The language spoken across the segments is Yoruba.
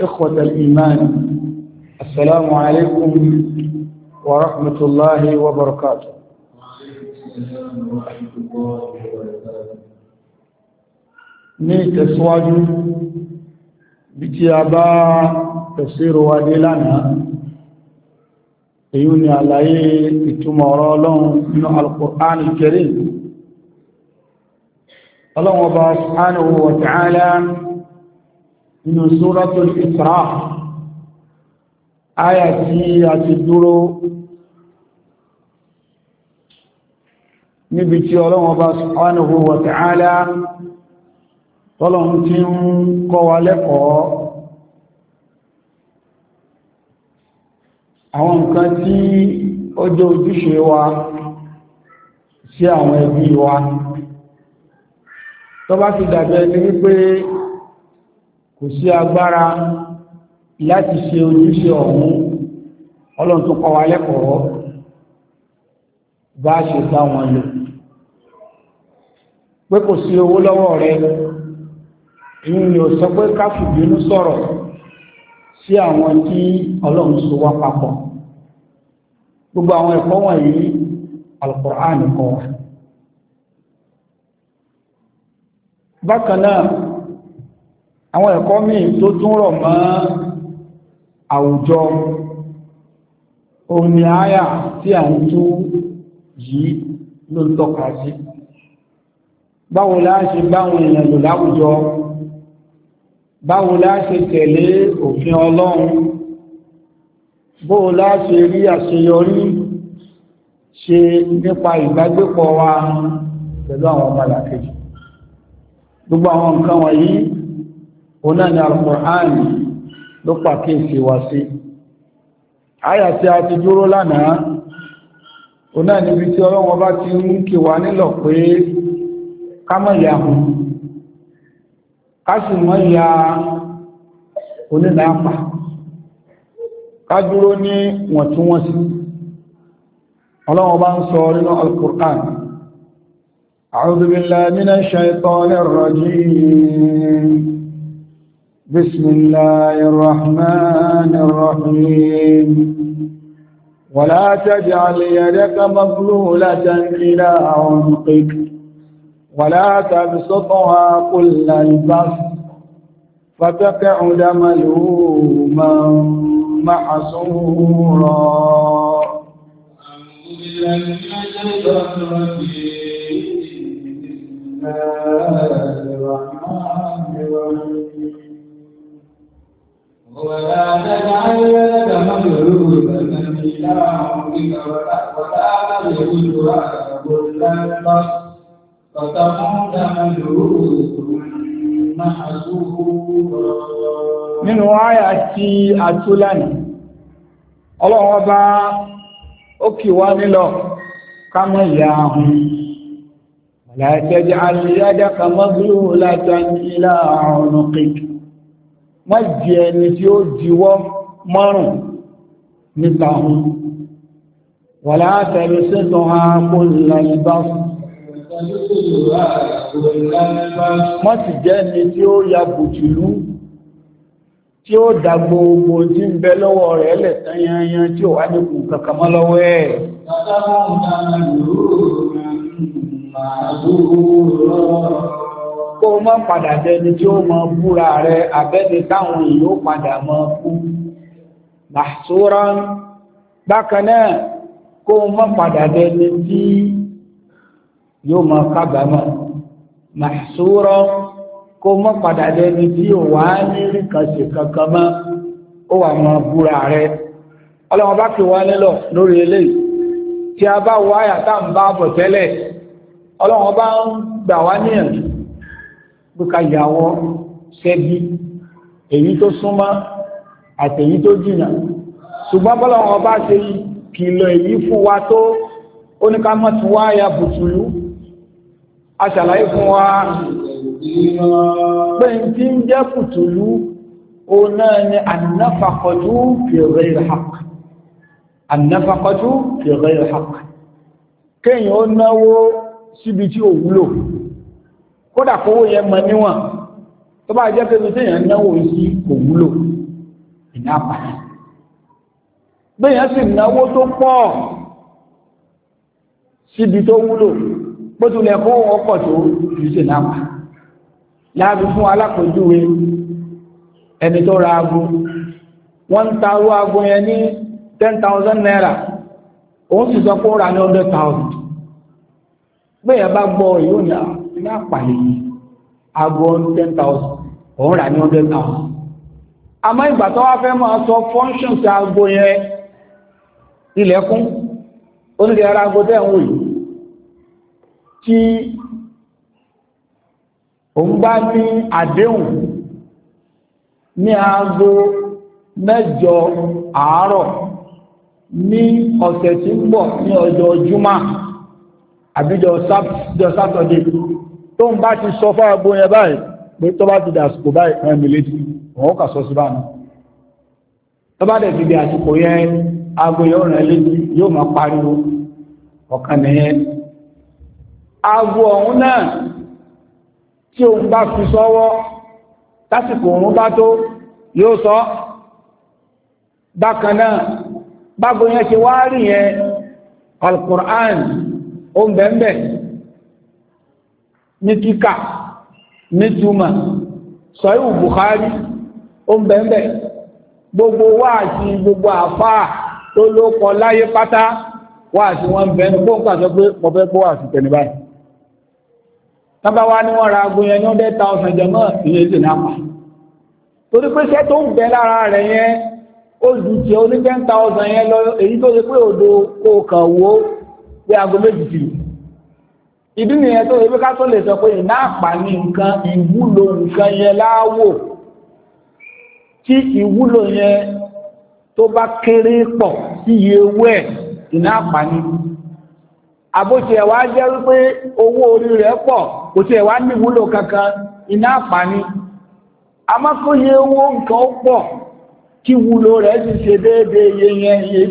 إخوة الإيمان السلام عليكم ورحمة الله وبركاته ní ìtẹ̀síwájú bí tí a bá tẹ̀síro wa dé lánàá èyí ni àlàyé ìtumọ̀ ọ̀rọ̀ ọlọ́run nínú Al-Qur'an ọlọ́run ọba subhanahu wa ta'ala nínú Suratul Isra áyà tí a ti dúró níbi tí Ọlọ́hun Ọba subhanahu wa ta'ala tọ́lọ́run ti ń kọ́ wa lẹ́kọ̀ọ́ àwọn nǹkan tí ó jẹ́ ojúṣe wa sí àwọn ẹbí wa tó ti dàbẹ̀ ní wípé kò sí agbára láti ṣe ojúṣe ọ̀hún ọlọ́run tó kọ́ wa lẹ́kọ̀ọ́ bá a ṣe bá wọn lò pé kò sí owó lọ́wọ́ rẹ ìyún ni ò sọ pé ká fìbínú sọ̀rọ̀ sí àwọn tí ọlọ́run so wá papọ̀ gbogbo àwọn ẹ̀kọ́ wọ̀nyí al kọ́ wa bákan náà àwọn ẹ̀kọ́ míì tó tún rọ̀ mọ́ àwùjọ òní àyà tí à ń tú yìí ló ń tọ́ka sí báwo la ṣe báwọn èèyàn lò láwùjọ báwo la ṣe tẹ̀lé òfin ọlọ́run bóò la ṣe rí àṣeyọrí ṣe nípa ìbágbépọ̀ wa pẹ̀lú àwọn ọmọlàkejì gbogbo àwọn nǹkan wọ̀nyí ona ni Al-Qur'an ló pàkíyèsí wa ya si a ti dúró lánàá oná níbi ti ọlọ́wọ́n bá ti ń kí wa nílọ̀ pé ka mọ̀ ya hùn ká sì mọ̀ ya onílàápà ká dúró ní wọ̀ntúnwọ̀nsí ọlọ́wọ́n bá ń sọ nínú Al-Qur'an أعوذ بالله من الشيطان الرجيم بسم الله الرحمن الرحيم ولا تجعل يدك مغلولة إلى عنقك ولا تبسطها كل البسط فتقعد ملوما محصورا أعوذ بالله من بسم الله الرحمن الرحيم ولا تجعل يدك مغلولة إلى عنقك ولا تبسط رأسك كل البسط فتموت مجروحا Nínú àyà tí a tó lánìí, ọlọ́run ọba ó kì wá nílọ ká mọ́ ìyá ahun. Màláìkẹ́ jẹ́ alìyájá kà mọ́ bí ó látà ní ilá àrùn kìkì wọ́n jẹ ẹni tí ó diwọ́ mọ́rùn níta hun wà látẹ̀lú sẹ́tọ̀ ha kó lè bá wọ́n sì jẹ́ ẹni tí ó ya bùtùlú tí ó dá gbogbo tí ń bẹ lọ́wọ́ rẹ̀ lẹ̀tán yanyan tí ó wá ní kù kankan lọ́wọ́ ẹ̀ Thank you. kó má padà dẹni tí ó mọ búra rẹ abẹ́ni táwọn èèyàn padà mọ kú màṣúra bákan náà kó má padà dẹni tí yóò mọ kábàámọ̀ màṣúra kó má padà dẹni tí ò wá ní kàṣe kankan mọ́ ó wà mọ búra rẹ ọlọ́wọ́n bá kí nílọ̀ lórí eléyìí tí a bá ń bá bọ̀ tẹ́lẹ̀ pé ká yàwọ́ sẹ́bí èyí tó súnmọ́ àti èyí tó jìnà ṣùgbọ́n bọ́lá wọn bá ṣe kìlọ̀ èyí fún wa tó ó ní ká mọ́ ti wá ya bùtùlù a ṣàlàyé fún wa pé n tí ń jẹ́ bùtùlù ó náà ni ànáfàkọ́tù fi ghayri haqq ànáfàkọ́tù fi kéèyàn ó náwó síbi tí ò wúlò kódà kówó yẹn mọ níwọ̀n tó bá jẹ́ pé mi téèyàn náwó sí kò wúlò ìná àpàdé béèyàn sì náwó tó pọ̀ síbi tó wúlò bó tilẹ̀ kó ọkọ̀ tó kì ṣe náà wà láàbí fún alákòójúwe ẹni tó ra aago wọ́n ń ta owó aago yẹn ní ten thousand naira òun sì sọ pé ó ra ní hundred thousand béèyàn bá gbọ́ ìyóò ní ní àpàlẹ̀ yìí aago ten thousand òun rà ní hundred thousand àmọ́ ìgbà tó wá fẹ́ máa sọ function ti aago yẹn ilẹ̀kùn onílẹ̀ ara aago tẹ̀ ń wò yìí tí òun bá ní àdéhùn ní aago mẹ́jọ àárọ̀ ní ọ̀sẹ̀ tí ń bọ̀ ní ọjọ́ júmọ́ àbíjọ sátọ̀dé tó ń bá ti sọ fáwọn agbóyẹ báyìí pé tó bá ti dàsìkò báyìí ẹ̀mì létí wọ́n kà sọ sí báyìí tó bá dẹ̀ ti di àsìkò yẹn agbóyẹ ọ̀rẹ́ létí yóò máa pariwo ọ̀kan nìyẹn agbo ọ̀hún náà tí òun bá fi sọ́wọ́ tásìkò òun bá tó yóò sọ bákan náà bágbóyẹ ṣe wá rí yẹn Al-Qur'an ó ń bẹ̀ẹ́ ní kíkà ní túmọ̀ sọ́yìn Bukhari ó ń bẹ̀ẹ̀bẹ̀ gbogbo wáàsí gbogbo àfáà tó ló kọ láyé pátá wáàsí wọn ń bẹ̀ẹ̀nu kó ń pàṣẹ pé mo fẹ́ kó wáàsí tẹ̀lé báyìí tábàwá ni wọ́n ra agbóyan ní ọdẹ ta ọ̀sán jẹmọ́ ìyẹn sì náà pa torí pé iṣẹ́ tó ń bẹ lára rẹ̀ yẹn ó ju ti oní ten thousand yẹn lọ èyí tó ṣe pé òdo kó kàn wó bí aago méjì ti ìdí nìyẹn tó ebi ká tó lè sọ pé iná àpàlì nǹkan ìwúlò nǹkan yẹn láwò tí ìwúlò yẹn tó bá kéré pọ̀ sí iye owó ẹ̀ iná jẹ́ wípé owó orí rẹ̀ pọ̀ kò tí ní ìwúlò kankan iná àpàlì amákòye owó nǹkan pọ̀ kí ìwúlò rẹ̀ sì ṣe déédéé iye yẹn iye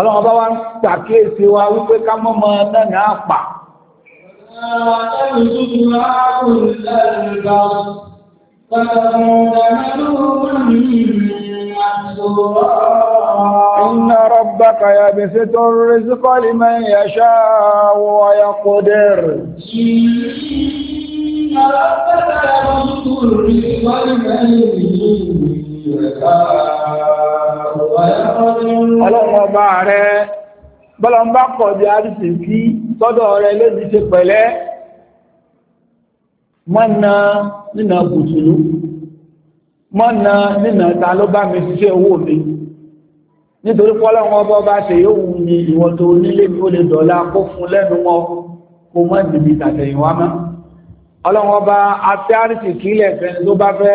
ọlọ́run bá wá ń pàkíyèsí wa wípé ká mọ́mọ náà ní àpà Inna rabbaka yabisitu rizqa liman yasha'u wa yaqdir. Inna rabbaka yabisitu rizqa liman yasha'u Ọlọ́run ọba rẹ̀ bọ́lọ̀ ń bá kọ̀ bí àrísì sí tọ́dọ̀ rẹ̀ lójú ṣe pẹ̀lẹ́ mọ́nà nínà kùtùlú mọ́nà nínà ta ló bá mi ṣiṣẹ́ owó mi nítorí pọ́lọ́run ọba bá ṣe yóò wù ní ìwọ̀n tó nílé mi ó lè dọ̀la kó fún lẹ́nu wọn kó mọ́ ìdìbì tàtẹ̀yìnwá mọ́ ọlọ́run ọba afẹ́ àrísì kílẹ̀ fẹ́ni tó bá fẹ́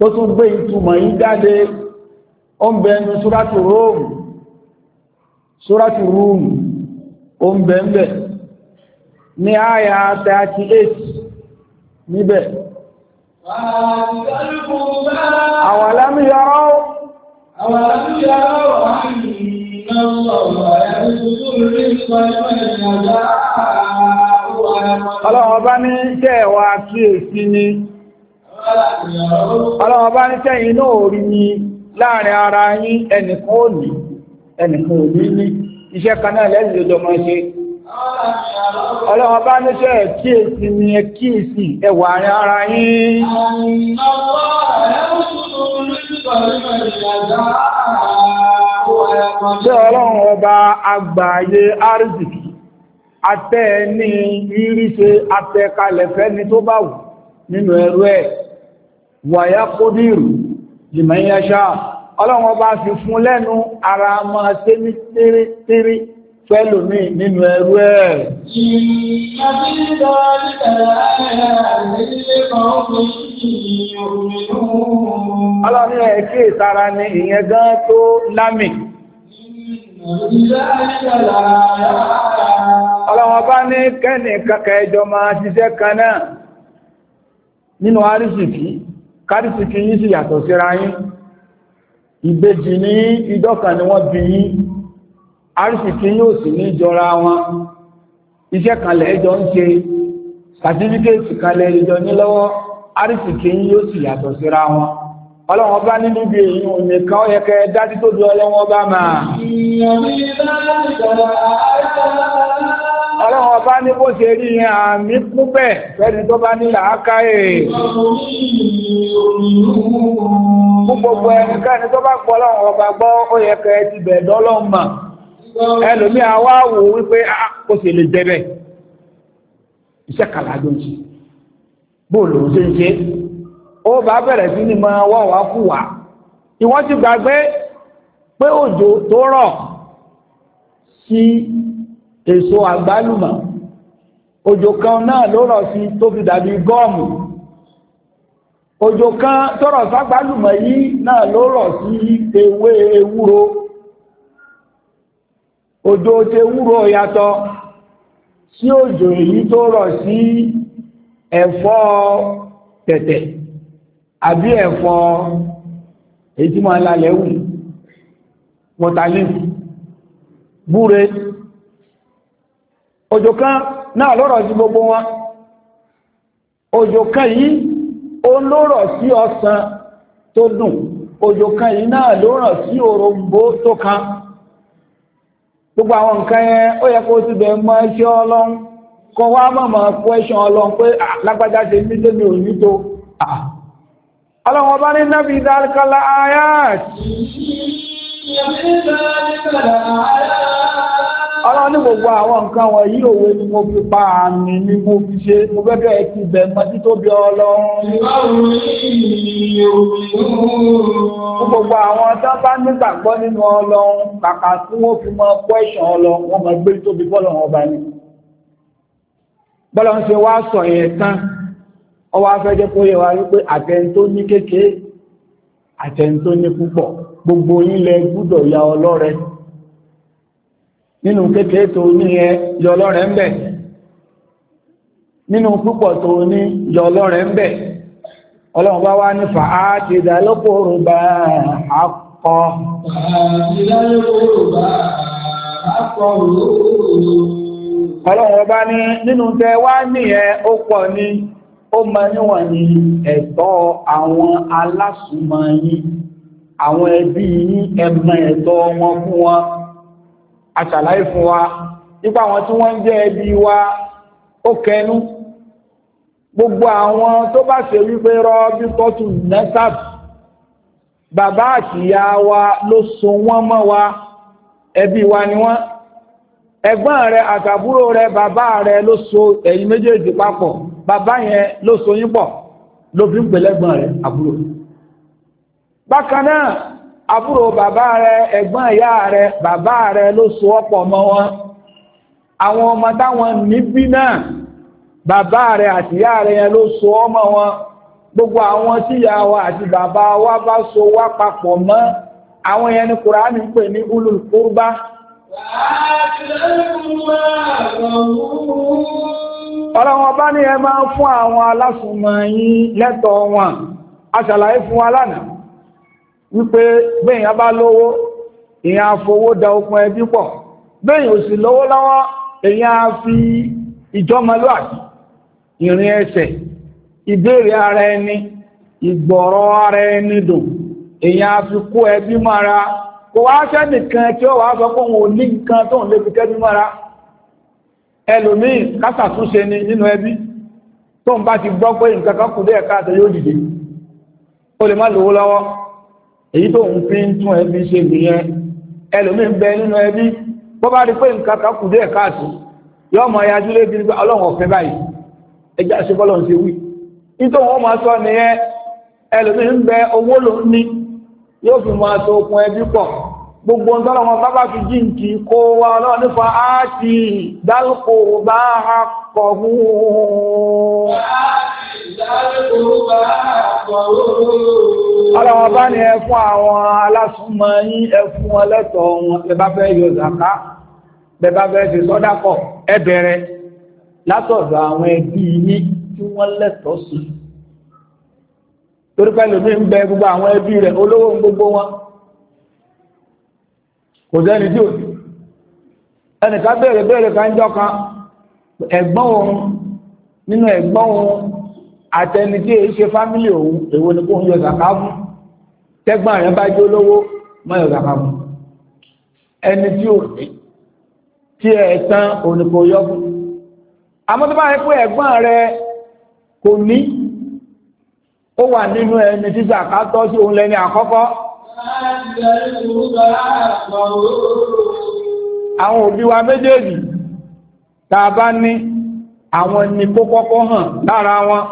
tó tún gbé ìtumọ̀ yí jáde ó ń bẹ ẹnu súrátù róòmù súrátù róòmù ó ń bẹ ń bẹ ní àyà 38 níbẹ̀ أولم يروا أولم يروا أن الله يرزق الرزق لمن يشاء Ọlọ́run ọba ní kẹwàá kíyèsí ni Ọlọ́run bá ní sẹ́yìn náà orí ni láàrin ara yín ẹnìkan ò ní, ẹnìkan ò ní ní, iṣẹ́ kan náà lẹ́yìn lójọ máa ṣe. Ọlọ́run bá ní sẹ́ kíyèsí ni ẹ kíyèsí ẹwà àrin ara yín. Ṣé ọlọ́run ọba àgbáyé Arzikì, atẹ́ ní rírí atẹ́kalẹ̀fẹ́ ni tó bá wù nínú ẹrú ẹ̀ wàyá kódìrù ìmọ̀nyẹ́ṣá ọlọ́run ọba fi fún lẹ́nu ara máa ṣe ní tírítírí pẹ́lú mi nínú ẹrú ẹ̀. ọlọ́run ẹ̀ kí ìtara ni ìyẹn gan tó lámì. ọlọ́run ọba ní kẹ́ni kàkà ẹjọ́ máa ṣiṣẹ́ kan náà nínú àrísìkí. kárìsì kí yí sí yàtọ̀ síra yín ìbejì ní ìdọ́kà ni wọ́n bí yín àrísì kí yóò sì ní ìjọra wọn iṣẹ́ kanlẹ̀ ẹjọ́ ń ṣe sàtífíkẹ́ẹ̀tì kanlẹ̀ ìjọ ní lọ́wọ́ àrísì kí yóò sì yàtọ̀ síra wọn ọlọ́wọ́n bá nínú èyí ọlọ́run ọba ní bó ṣe rí àmì púpẹ̀ fẹ́ni tó bá ní làákàyè gbogbo ẹnikẹ́ni tó bá pọ̀ ọlọ́run ọba gbọ́ ó yẹ kẹ́ ẹ ti bẹ̀ dọ́lọ́run mà ẹlòmí àwa wò wípé kò ah, sì lè jẹ bẹ́ẹ̀ iṣẹ́ kàlájọ jì bóòlù ṣe ń ṣe ó bá bẹ̀rẹ̀ sí ni máa wá wá fún wa ìwọ́n ti gbàgbé pé òjò tó rọ̀ sí èso àgbálùmọ̀ òjò kan náà ló rọ̀ sí tó fi dàbí gọ́ọ̀mù òjò kan tọ́rọ̀ ságbálùmọ̀ yìí náà ló rọ̀ sí ewé ewúro òjò tẹ wúro yàtọ̀ sí òjò èyí tó rọ̀ sí ẹ̀fọ́ tẹ̀tẹ̀ àbí ẹ̀fọ́ èyí tí máa ń búre òjò kan náà lọ́rọ̀ sí gbogbo wọn òjò kan yìí ó lọ́rọ̀ sí ọsàn tó dùn òjò kan yìí náà lọ́rọ̀ sí òròmbó tó kan gbogbo àwọn nǹkan yẹn ó yẹ kó o ti bẹ̀ mọ iṣẹ́ ọlọ́run kọ wá mọ̀mọ́ ọlọ́run pé ah, lágbájá ṣe ah. ní tó ọlọ́run ọlọ́run ní gbogbo àwọn nǹkan wọ̀nyí òwe ni mo fi pa àmì ni mo fi ṣe mo fẹ́ bẹ́ẹ̀ ti bẹ̀ mọ́ tító bí ọlọ́run. gbogbo àwọn tó bá nígbàgbọ́ nínú ọlọ́run kàkà tí wọ́n fi mọ kwẹ́sàn ọlọ́run wọ́n mọ gbé tóbi bọ́lọ́run ọba ni. bọ́lọ́run ṣe wá sọ yẹn tán ọwọ́ afẹ́jẹ́ kó yẹ wá wípé àtẹ̀ntó ní kékeré àtẹ̀ntó ní púpọ̀ gbogbo yín lẹ gbúdọ̀ ya ọlọ́rẹ nínú kékeré tó ní ẹ yọ lọ́rẹ̀ ń bẹ̀ nínú púpọ̀ tó ní yọ lọ́rẹ̀ ń bẹ̀ ọlọ́run bá wá ní fà á ti dá lókòrò bá a kọ́ ọlọ́run bá ní nínú tẹ wá ní ẹ ó pọ̀ ní ó ma níwọ̀n ní ẹ̀tọ́ àwọn alásùnmọ̀ yín àwọn ẹbí yín ẹ̀mọ ẹ̀tọ́ wọn fún wọn aṣàlàyé fún wa nípa àwọn tí wọ́n ń jẹ́ ẹbí wa ó kẹnu gbogbo àwọn tó bá ṣe wípé rọ́bí pọ́tù nẹ́sàp bàbá àtìyá wa ló so wọ́n mọ́ wa ẹbí wa ni wọ́n ẹ̀gbọ́n rẹ àtàbúrò rẹ bàbá rẹ ló so ẹ̀yin méjèèjì papọ̀ bàbá yẹn ló so yín pọ̀ ló fi ń pè lẹ́gbọ́n rẹ àbúrò bákan náà àbúrò bàbá rẹ ẹ̀gbọ́n ìyá rẹ bàbá rẹ ló so ọ̀pọ̀ mọ́ wọn àwọn ọmọ táwọn níbí náà bàbá rẹ àti ìyá rẹ yẹn ló so ọmọ wọn gbogbo àwọn tí ìyá wa àti bàbá wa bá so wá papọ̀ mọ́ àwọn yẹn ni Kùránì ń pè ní ulul qurba ọlọ́wọ́n bá ní ẹ máa ń fún àwọn alásùnmọ̀ yín lẹ́tọ̀ọ́ wọn a fún wa lánàá wípé bẹ́yìn bá lówó èyàn afowó da okun ẹbí pọ̀ bẹ́yìn ò sì lówó lọ́wọ́ èyàn fi ìjọmọlúwàbí ìrìn ẹsẹ̀ ìbéèrè ara ẹni ìgbọ̀rọ̀ ara ẹni dùn èyàn fi kó ẹbí mọ́ra kò wá sẹ́nìkan tí ó wàá sọ pé òun ò ní nǹkan tó ń lè kẹ́bí mọ́ra ẹlòmíì kásàtúnṣe ni nínú ẹbí tó ń bá ti gbọ́ pé nǹkan kan kù dé ẹ̀ka àtẹ yóò dìde lè má lówó lọ́wọ́ èyí tó ń fi ń tún ẹbí ṣe nìyẹn ẹlòmíín bẹ nínú ẹbí bó bá rí pé nǹkan kan kù díẹ̀ káàtó yọ ọmọ ẹyájú lébi nípa ọlọ́run ọ̀fẹ́ báyìí ẹjẹ́ àṣebọ́lọ̀ ń ṣe wí nítorí wọn máa sọ nìyẹn ẹlòmíín bẹ owó ló fi máa so okùn ẹbí pọ̀ gbogbo ń tọ́lọ̀ wọn bábá fi jíǹkì kó wa ọlọ́run nípa áàtì dálkò bá a kọ̀ mú ọlọ́run bá ní ẹ fún àwọn alásùnmọ́ yín ẹ fún wọn lẹ́tọ̀ọ́ wọn tẹ́ bá fẹ́ yọ zàká tẹ́ bá fẹ́ ṣe kò sẹ́ni tí ò sí ẹnìkan bẹ̀rẹ̀ bẹ̀rẹ̀ kan jọ kan ẹ̀gbọ́n òun nínú ẹ̀gbọ́n òun àtẹni tí èyí ṣe fámílì òun èwo ni kò ń yọ sàká fún tẹ́gbọ́n rẹ̀ bá jó lówó mọ́ yọ sàká fún ẹni tí ò sí tí ẹ tán òun kò yọ fún àmọ́ tó pé ẹ̀gbọ́n rẹ kò ní ó wà nínú ẹni tí sàká tọ́ sí òun lẹ́ni àkọ́kọ́. Àwọn òbí wa méjèèjì tá a bá ní àwọn ni kó kọ́kọ́ hàn lára wọn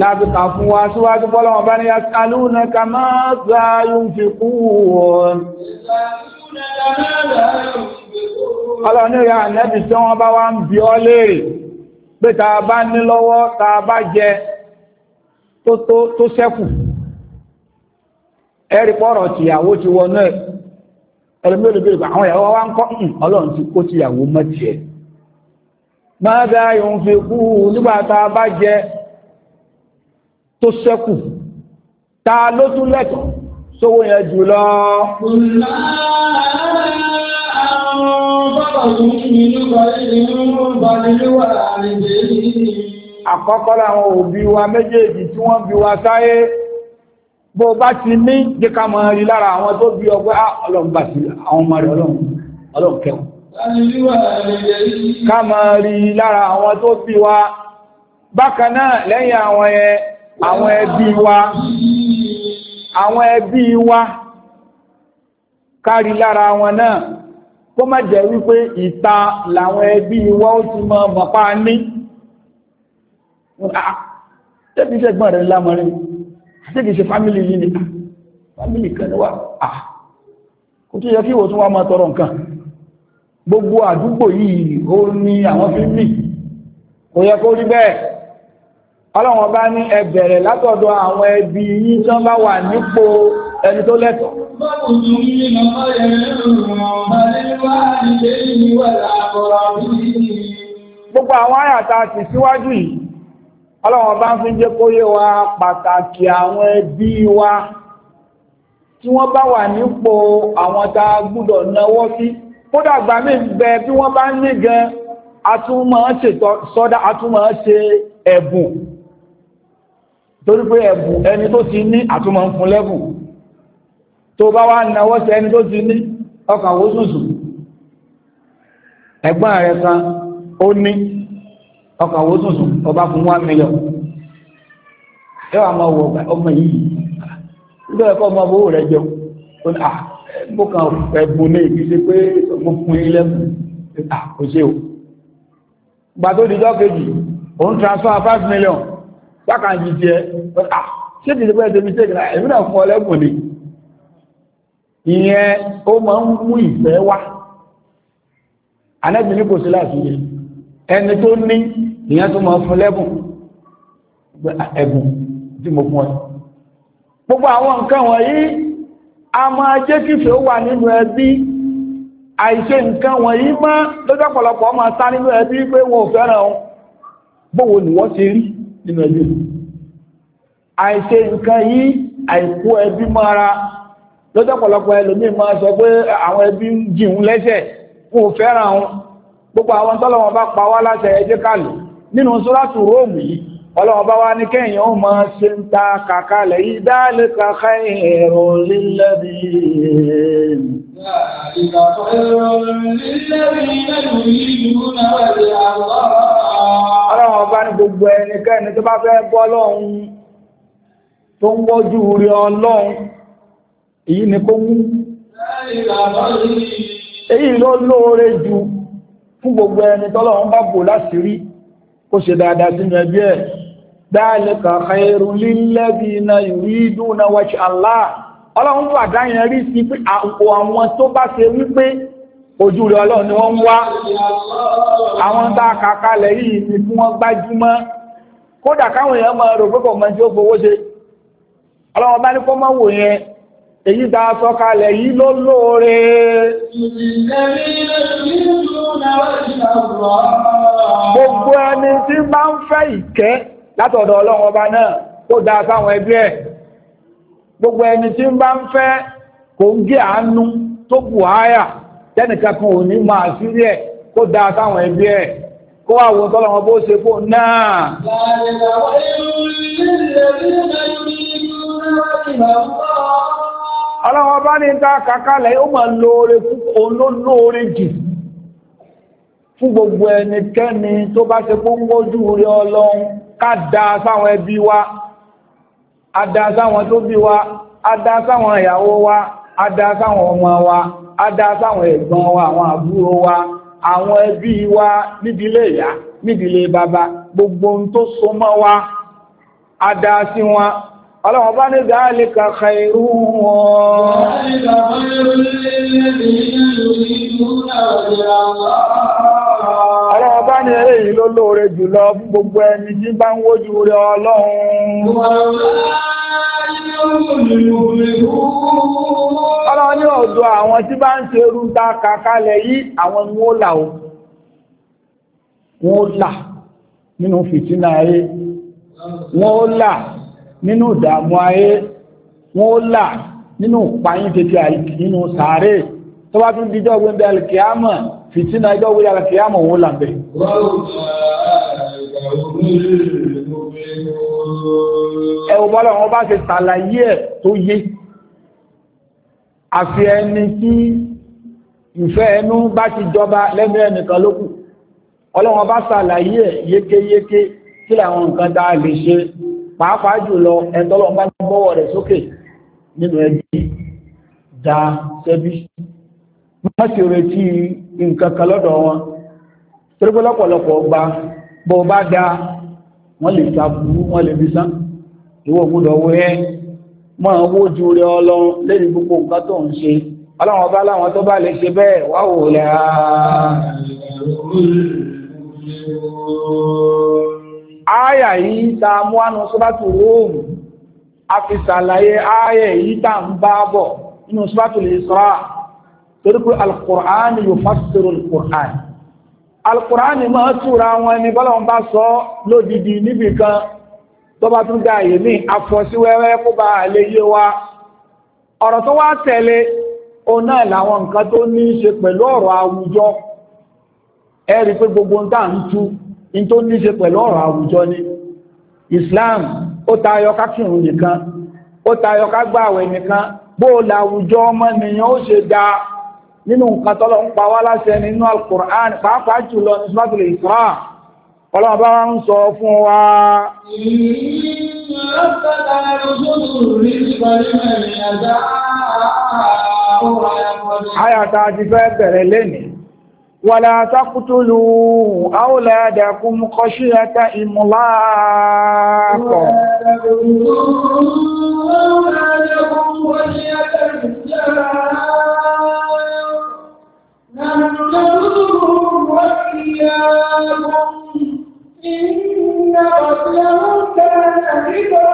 lábùkà fún wa síwájú bọ́lọ́wọ́n bá ní alúnà ká máa gbá yóò fi kú wọn. Ọlọ́ni rẹ̀ ànẹ́bì tí wọ́n bá wá ń bi ọ́ léèrè pé tá a bá ní lọ́wọ́ tá a bá jẹ tó ṣẹ́kù ẹ̀rí pọ́rọ̀ tìyàwó ti wọnú ẹ̀ ẹlẹ́mẹ́rin bèèrè pé àwọn ìyàwó wa ń kọ́ hmm, ọlọ́run ti kó tìyàwó mọ́ tiẹ̀ máa dá ìhun fi kú nígbà tá a bá jẹ tó ṣẹ́kù ta ló tún lẹ́tọ̀ọ́ sówó yẹn jù lọ. àkọ́kọ́ làwọn òbí wa méjèèjì tí wọ́n bí wa sáyé bó bá ti ní jẹ́ ká mọ̀ rí lára àwọn tó bí ọgbẹ́ ah, ọlọ́run bá sí àwọn ọmọ rẹ̀ ọlọ́run kẹwọ́n ká mọ̀ rí lára àwọn tó bí wa bákan náà lẹ́yìn àwọn ẹbí wa àwọn ẹbí wa kárí lára wọn náà kó má jẹ́ wípé ìta làwọn ẹbí wa ó ti mọ̀ mọ̀pá ní tẹ́bí ah, sẹ́gbọ́n rẹ̀ lámọ́rin ṣé kìí ṣe fámìlì yìí ni fámìlì kan ni wà á ah, kò tó yẹ kí ìwòsàn wa máa tọrọ nǹkan gbogbo àdúgbò yìí ó ní àwọn fi mì kò yẹ kó rí bẹ́ẹ̀ ọlọ́wọ́n bá ní ẹ látọ̀dọ̀ àwọn ẹbí yín tí bá wà nípò ẹni tó lẹ́tọ̀ọ́. gbogbo àwọn àyàtà ti síwájú yìí ọlọ́wọ́n bá ń fi jẹ́ kó wa pàtàkì àwọn ẹbí wa tí wọ́n bá wà nípo àwọn ta gbúdọ̀ náwó sí kódà gbà mí bẹ bí wọ́n bá ní gan atúmọ̀ ṣe sọ́dá atúmọ̀ ṣe ẹ̀bùn torí pé ẹ̀bùn ẹni tó ti ní àtúmọ̀ ń fún lẹ́bùn ọkọ̀ owó tuntun ọba fún one million ẹ wà máa wọ ọmọ yìí nígbà ẹ̀kọ́ ọmọ owó rẹ̀ jẹun ó ní à mo kàn fẹ́ bu ní ìgbésẹ̀ pé mo fún ilé mu à kò ṣe o gbà tó di dọ́kejì òun transfer five million bákanjì tiẹ̀ à ṣé ti di pé ẹ̀dẹ̀ mi ṣe kìlá èmi náà fún ọ lẹ́bùn ni ìyẹn ó máa ń mú ìfẹ́ wá anẹ́bí ní kò sí láti yẹn ẹni tó ní ìyẹn tó máa fún lẹ́bùn ẹ̀bùn tí mo fún ẹ gbogbo àwọn nǹkan wọ̀nyí a máa jẹ́ kí fèé wà nínú ẹbí àìṣe nǹkan wọ̀nyí má lọ́jọ́ pọ̀lọpọ̀ máa sá nínú ẹbí pé wọn ò fẹ́ràn wọn bówo ni wọ́n ti rí nínú ẹbí àìṣe nǹkan yìí àìkú ẹbí mọ́ra lọ́jọ́ pọ̀lọpọ̀ ẹlòmíì máa sọ pé àwọn ẹbí ń jìn lẹ́sẹ̀ wọn ò fẹ́ràn wọn gbogbo àwọn tọ́lọ́wọ́n bá pa wá láṣẹ ẹjẹ́ kàlù nínú sọ́látù róòmù yìí ọlọ́wọ́n bá wá ní kẹ́yìn ó máa ṣe ń ta kàkálẹ̀ yìí dáálé kàkà ẹ̀rọ lílẹ́bí ọlọ́wọ́n bá ní gbogbo èyí ló lóore jù fún gbogbo ẹni tọ́lọ́run bá bò rí. kó ṣe dáadáa sínú ẹbí ẹ̀ dáàlẹ́kà na lilladhina yuriduna wajha Allah ọlọ́run fà dáyẹn rí sí pé àwọn tó bá ṣe wípé ojú ni wọ́n ń wá àwọn tá a kà kalẹ̀ yìí ni kí wọ́n gbájúmọ́ kódà káwọn èèyàn máa rò tí ó bá ní kó wò yẹn èyí tá a sọ Gbogbo ẹni tí bá ń fẹ́ ìkẹ́ látọ̀dọ̀ ọlọ́run ọba náà tó dáa ẹbí ẹ̀. Gbogbo ẹni tí bá ń fẹ́ kò ń gé àánú tó bù áyà tẹ́nìkan kan ò ní máa sírí ẹ̀ kó dáa ẹbí ẹ̀. Kó wá wo bó ṣe náà. Ọlọ́run ọba ní kàkálẹ̀ ó fún gbogbo ẹnikẹ́ni tó bá ṣe póngójú rí ọlọ́run ká da sáwọn ẹbí wa a da sáwọn tó bí wa a da sáwọn ìyàwó wa a da sáwọn ọmọ wa a da sáwọn ẹ̀gbọ́n wa àwọn àbúrò wa àwọn ẹbí wa nídìílé ìyá nídìílé bàbá gbogbo ohun tó so mọ́ wa a sí wọn ọlọ́run bá ní dáálíkà kàìrú wọn. dáálíkà kàìrú lè lè lè nínú ìlú náà Ọlọ́run bá ní eré yìí ló lóore jùlọ fún gbogbo ẹni tí bá ń wójú rẹ Ọlọ́run. Ọlọ́run ní ọ̀dọ̀ àwọn tí bá ń ṣe irú ta kàkálẹ̀ yìí, àwọn ni wọ́n là ó. Wọ́n là nínú fìtínà ayé, wọ́n là nínú ìdààmú ayé, wọ́n là nínú ìpayín tètè àìkì nínú sàárè, tó bá tún díjọ́ gbẹ́ndẹ̀ alìkìámọ̀ fìtínà ẹjọ́ wíyà rẹ̀ fìyàmọ̀ òun làbẹ̀. ẹwọ bọ́lá wọn bá ṣe tàlàyé ẹ̀ tó yé àfi ẹni tí ìfẹ́ ẹnu bá ti jọba lẹ́nu ẹnìkan lókù ọlọ́wọ́n bá ṣàlàyé ẹ̀ yékéyéké kí làwọn nǹkan tá lè ṣe pàápàá jùlọ ẹ̀tọ́lọ́ bá gbọ́wọ́ rẹ̀ sókè nínú ẹbí dá sẹ́bí má sì retí nǹkan kan lọ́dọ̀ wọn torí pé lọ́pọ̀lọpọ̀ ọgbà bọ́ bá da wọ́n lè ta burú wọ́n lè fi sán ìwọ gbọ́dọ̀ wọ ẹ́ máa wó ju rẹ ọlọ́run lẹ́yìn gbogbo nǹkan tó ń ṣe ọlọ́run ọba láwọn tó bá lè ṣe bẹ́ẹ̀ wá wò lẹ́ Áyà yìí ta mú ánú sọ́dátù Róòmù, a fi ṣàlàyé áyà yìí ta ń bá bọ̀ nínú sọ́dátù lè sọ́rọ̀ torí pé alukur'ani yóò fásitì alukur'ani alukur'ani máa túra wọn ẹni bọ́lá wọn bá sọ lódìdí níbi kan tó bá tún gba àyè míì afọsíwẹ́wẹ́ kó ba àlè yé wa ọ̀rọ̀ tó wá tẹ̀lé òun náà làwọn nǹkan tó ní í ṣe pẹ̀lú ọ̀rọ̀ àwùjọ ẹ rí i pé gbogbo ń tà ń tú ní tó ní í ṣe pẹ̀lú ọ̀rọ̀ àwùjọ ni Islam ó tayọ ká kírun nìkan ó tayọ ká gbààwẹ̀ nìkan bó o làwùjọ ọmọnìyàn ó ṣe dáa nínú nǹkan tọ́lọ́ ń pa wá láṣẹ nínú al-Qur'an pàápàá jùlọ ní suratul Isra ọlọ́run bá ń sọ fún wa. Àyàtà ti fẹ́ bẹ̀rẹ̀ lénìí. ولا تقتلوا أولادكم خشية إملاق نحن نرزقهم وإياكم إن قتلهم كان ربا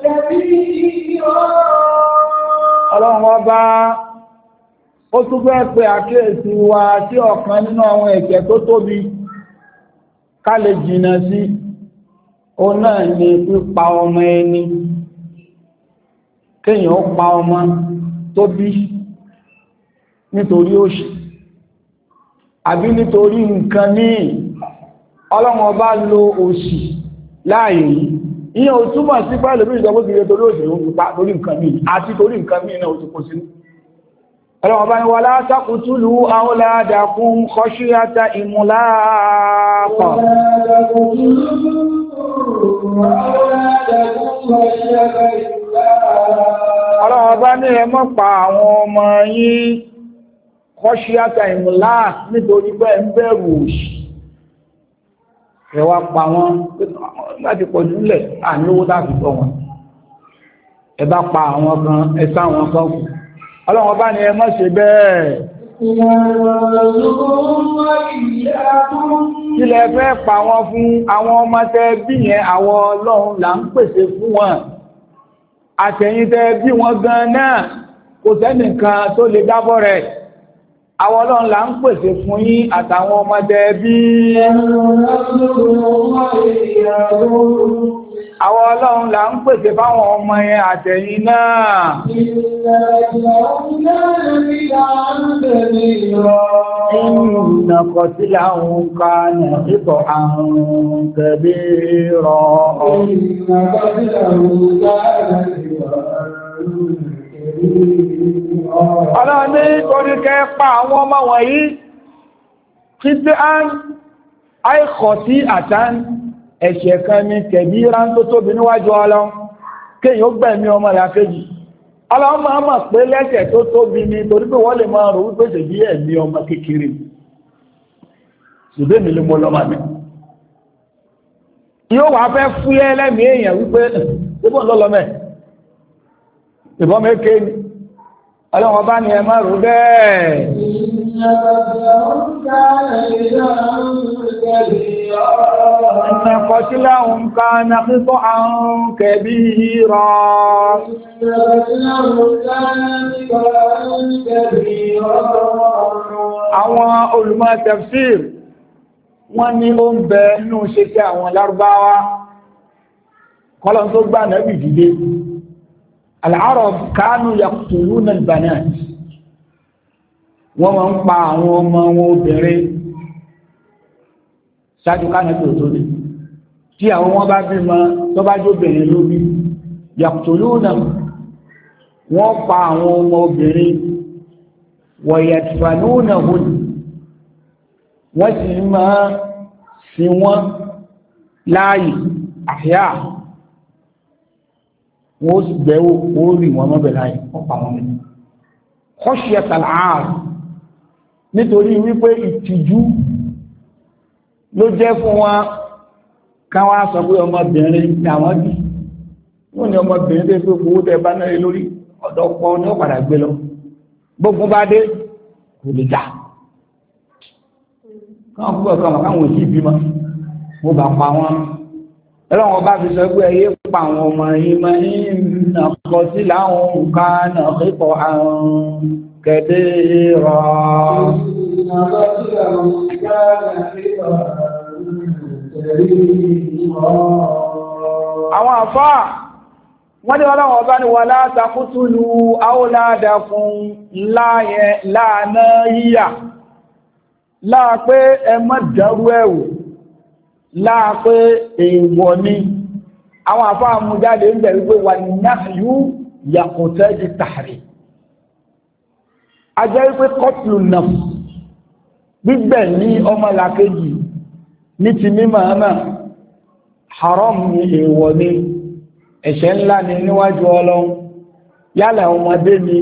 كبيرا الله ó tún fẹ́ pe àkíyèsí wa sí ọ̀kan nínú àwọn ẹ̀kẹ́ tó tóbi ká lè jìnnà sí ó náà ní pípa ọmọ ẹni kéèyàn ó pa ọmọ tó bí nítorí òṣì àbí nítorí nǹkan míì ọlọ́run ọba lo òṣì láàyè yìí ìyẹn ò túmọ̀ sí pẹ́lú ìjọba ti yẹ torí òṣì ló ń pa torí nǹkan míì àti torí nǹkan míì náà ó ti kó sínú ọlọ́wọ́ bá ní wà látàkùtùlù àwọ́ládàkùn kọ́ṣíyàtà ìmúláàpọ̀ ọlọ́wọ́ bá ní ẹ mọ́ pa àwọn ọmọ yín kọ́ṣíyàtà ìmúlá nítorí pé ń bẹ̀rù òṣì ẹwà pa wọn láti pọ̀jú lẹ̀ àníwó láti tọ́ wọn ẹ bá pa àwọn kan ẹ sáwọn kan kù ọlọ́run bá ní ẹ ṣe bẹ́ẹ̀ ilẹ̀ fẹ́ pa wọn fún àwọn ọmọ tẹ bí yẹn àwọn ọlọ́run là ń pèsè fún wọn àtẹ̀yìn tẹ bí wọn gan náà kò sẹ́nìkan tó lè dábọ̀ rẹ̀ àwọn ọlọ́run là ń pèsè fún yín àtàwọn ọmọ tẹ bí àwọn ọlọ́run là ń pèsè fáwọn ọmọ yẹn àtẹ̀yìn náà. Ìnà kọ̀ sí láwọn ká nà ipò àrùn kẹ̀bí rọ. Ọlọ́run ní orí kẹ́ pa àwọn ọmọ wọ̀nyí. Kìtì án, àìkọ̀ sí àtàn. ẹ̀ṣẹ̀ kan ní tó tóbi níwájú ọlọ́run kéèyàn ó gbẹ̀mí ọmọ rẹ̀ ọlọ́run máa mọ̀ pé lẹ́ṣẹ̀ tó tóbi ni torí pé wọ́n lè máa rò wípé ṣèbí ẹ̀mí ọmọ kékeré ṣùgbọ́n èmi ló mọ lọ́mọ mi yóò wá fẹ́ fúyẹ́ lẹ́mìí èèyàn wípé ìbọn ìbọn mẹ́kẹ́ ni ọlọ́run bá ní ẹ إن قتلهم كان خطأ كبيرا àwọn olùmọ̀ tafsir wọ́n ní ó ń bẹ inú ṣe tí àwọn lárúbáwá kọ́lọ̀ tó gbà nẹ́bì dìde al-Arab kánú yaqtuluna al-banat wọ́n máa ń pa àwọn ọmọ obìnrin ṣáájú kánàbí ò tó ní tí àwọn wọn bá bímọ tó bá jóbìnrin lóbi yàtòlúnà wọ́n pa àwọn ọmọ obìnrin wọ̀yẹ̀tìfàlúnà hùn wọ́n sì máa sí wọ́n láàyè àyà wọ́n sì gbẹ́wò orí wọn mọ́bẹ̀ láàyè wọ́n pa wọn nínú kọ́ṣíẹ̀tàlá nítorí wípé ìtìjú ló jẹ́ fún wa káwọn aṣọ pé ọmọbìnrin ni àwọn bí wọ́n ní ọmọbìnrin tó fi owó tẹ bá náà lórí ọ̀dọ̀ pọ̀ ní ọ̀padà gbé lọ gbogbo bá dé kò lè dà káwọn púpọ̀ káwọn káwọn òsì bímọ mo bá pa wọn ẹlọ́wọ́n bá fi sọ pé ẹyẹ pa àwọn ọmọ yìí máa ń nà kọ sí láwọn nǹkan náà kíkọ àrùn kẹ̀dé rọ̀ àwọn àfáà wọ́n ní ọlọ́run ọba ní wà látàkútùlù áwòláàdà fún láyẹ láàánà yíyà láà pé ẹ má dárú ẹ̀wò láà pé èèwọ̀ ni àwọn àfáà mú jáde ń bẹ̀rù pé wà náàyú yàkùtẹ́ di tààrí a jẹ́ wípé kọ́pùlù náà gbígbẹ̀ ní ọmọlàkejì ní ti mímọ̀ náà haram ni èèwọ̀ ni ẹ̀ṣẹ̀ ńlá ni níwájú ọlọ́run yálà ọmọdé ni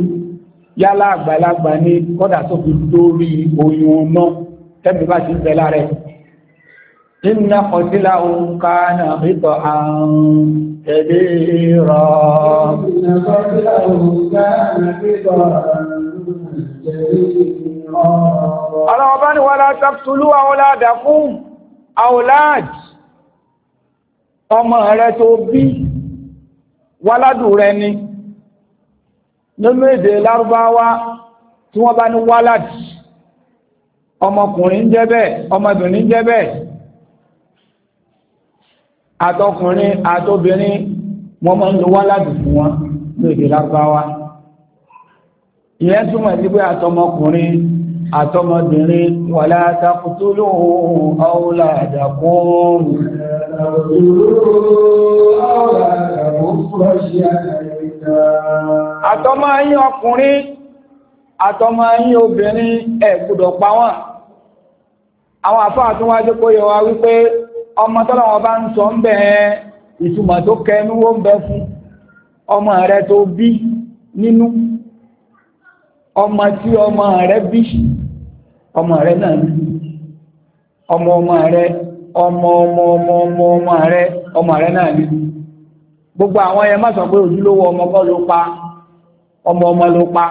yálà àgbàlagbà ni kọ́dà tó fi dórí oyún ọ̀nà tẹ́bí bá ti bẹ̀ lára ẹ̀ inna qatila kana rito an kabira inna qatila kana rito ni wọ́n lá tàbí tùlú àwọn ládàá fún aulad ọmọ rẹ tó bí wáládù rẹ ni nínú èdè lárúbáwá tí wọ́n bá ní wálad ọmọkùnrin jẹ́ bẹ́ẹ̀ ọmọbìnrin jẹ́ bẹ́ẹ̀ àtọkùnrin àtobìnrin wọ́n máa ń lo wáládù fún wọn ní èdè lárúbáwá ìyẹn túmọ̀ sí pé àtọmọkùnrin àtọmọbìnrin wàlá takùtúlù ọ̀ọ́lá àdàkùn àtọmọ yín ọkùnrin àtọmọ yín obìnrin ẹ gbọ́dọ̀ àwọn àfáà tó kó yọ wá wípé ọmọ bá ń sọ ń bẹ̀ ìtumọ̀ tó kẹnu ó ń bẹ ọmọ rẹ tó bí nínú ọmọ tí ọmọ rẹ bí ọmọ rẹ náà ní ọmọ ọmọ rẹ ọmọ ọmọ ọmọ ọmọ ọmọ rẹ ọmọ rẹ náà ní gbogbo àwọn yẹn má sọ pé ojúlówó ọmọ kọ́ ló pa ọmọ ọmọ ló pa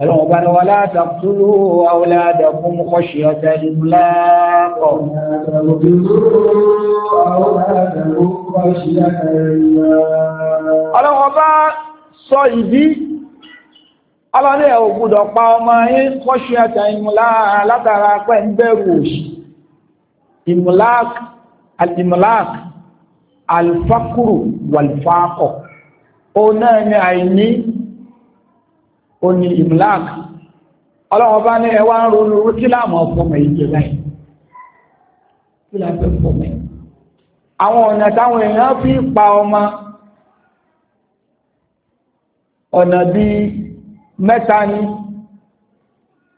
ọlọ́run bá ní wọn látàkùtúlù awladakum khashyata imlaq. ọlọ́run bá sọ ìdí ọlọ́ni ẹ̀ ò gbúdọ̀ pa ọmọ yín kọ́ṣù ẹ̀tẹ̀ ìmúlá látara pẹ́ ń bẹ̀rù òṣì ìmúlák alfakuru wàlfakọ̀ ó náà ní àìní ó ní ìmúlák ọlọ́wọ́ bá ní ẹwà ń ronú kí láàmú ọ̀fọ́mọ̀ ìjẹ báyìí kí láàmú ọ̀fọ́mọ̀ àwọn ọ̀nà táwọn èèyàn fi pa ọmọ ọ̀nà bíi mẹ́ta ni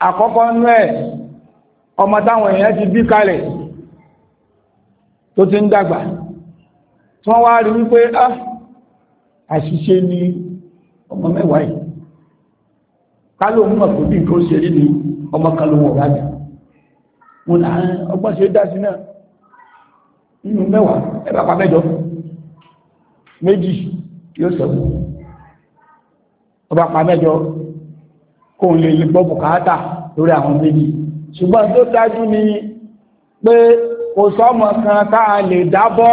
àkọ́kọ́ nú ẹ̀ ọmọ táwọn èèyàn ti bí kalẹ̀ tó ti ń dàgbà tí wọ́n wá rí wípé á ah, àṣìṣe ni ọmọ mẹ́wàá yìí kálò mọ̀ kò bí nǹkan ṣe rí ni ọmọ kan ló wọ̀ rájà wọn là ń ah, ọgbọ́n ṣe dá sí náà nínú mẹ́wàá ẹ bá pa mẹ́jọ méjì yóò sọ̀rọ̀ ọba pa mẹ́jọ kò lè lè gbọ́ bùkátà lórí àwọn méjì ṣùgbọ́n tó dájú ni pé kò sọ́mọ kan tá lè dábọ́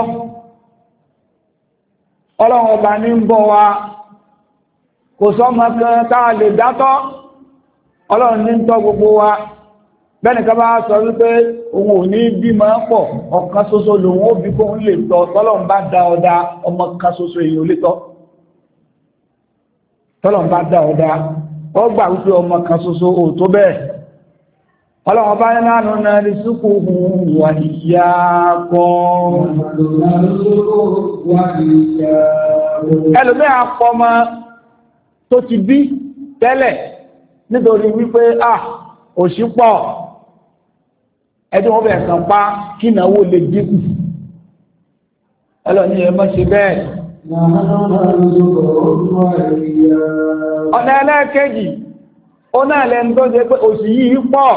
ọlọ́run ọba ní bọ́ wa kò sọ́mọ kan tá lè dátọ́ ọlọ́run ní ń gbogbo wa bẹ́ẹ̀ni sọ wípé òun ò ní pọ̀ ọ̀kan lòun ó bí ọmọ kan èèyàn lè tọ́ ó gbà wípé ọmọ kan ṣoṣo ò tó bẹ́ẹ̀ ọlọ́wọ́n bá ní láàánú náà ní súnkù wà ìyá kan ẹlòmí àpọmọ tó ti bí tẹ́lẹ̀ nítorí wípé à òṣì pọ̀ ẹjọ́ wọn bẹ̀rẹ̀ kan pa kí ìnáwó lè dínkù ọlọ́ni ẹ má ṣe bẹ́ẹ̀ ọ̀nà ẹlẹ́ẹ̀kejì ó náà lẹ́nu tó ṣe pé òṣì yìí pọ̀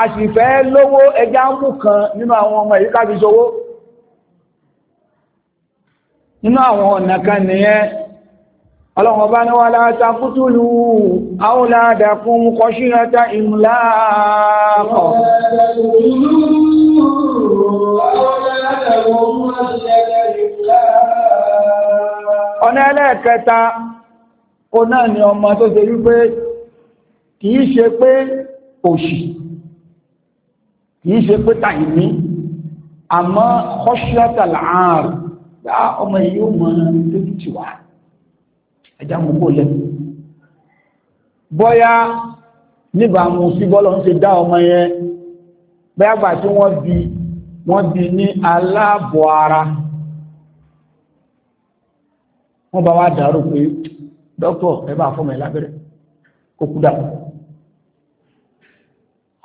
àṣìfẹ́ lówó ẹja ń mú kan nínú àwọn ọmọ èyí kábi ṣòwò nínú àwọn ọ̀nà kan nìyẹn ọlọ́run ọba ní wà láta fútúlù áwòládàkún kọṣírata ìmúláàkọ̀ Thank you ọ̀nà ẹlẹ́ẹ̀kẹta ó náà ni ọmọ tó ṣe wípé kìí ṣe pé òṣì kìí ṣe pé tàìní àmọ́ kọ́ṣíọ́tàlá ààrùn dá ọmọ yìí ó mọ lójú tì wá ẹja mú kó lẹ́nu bọ́yá níbàámu sí bọ́lọ̀ ń ṣe dá ọmọ yẹn bẹ́ẹ̀ gbà tí wọ́n bí wọ́n bí ní aláàbọ̀ ara wọ́n bá wá dàrú pé dókítọ̀ ẹ bá fún mi lábẹ́rẹ́ kó kú dà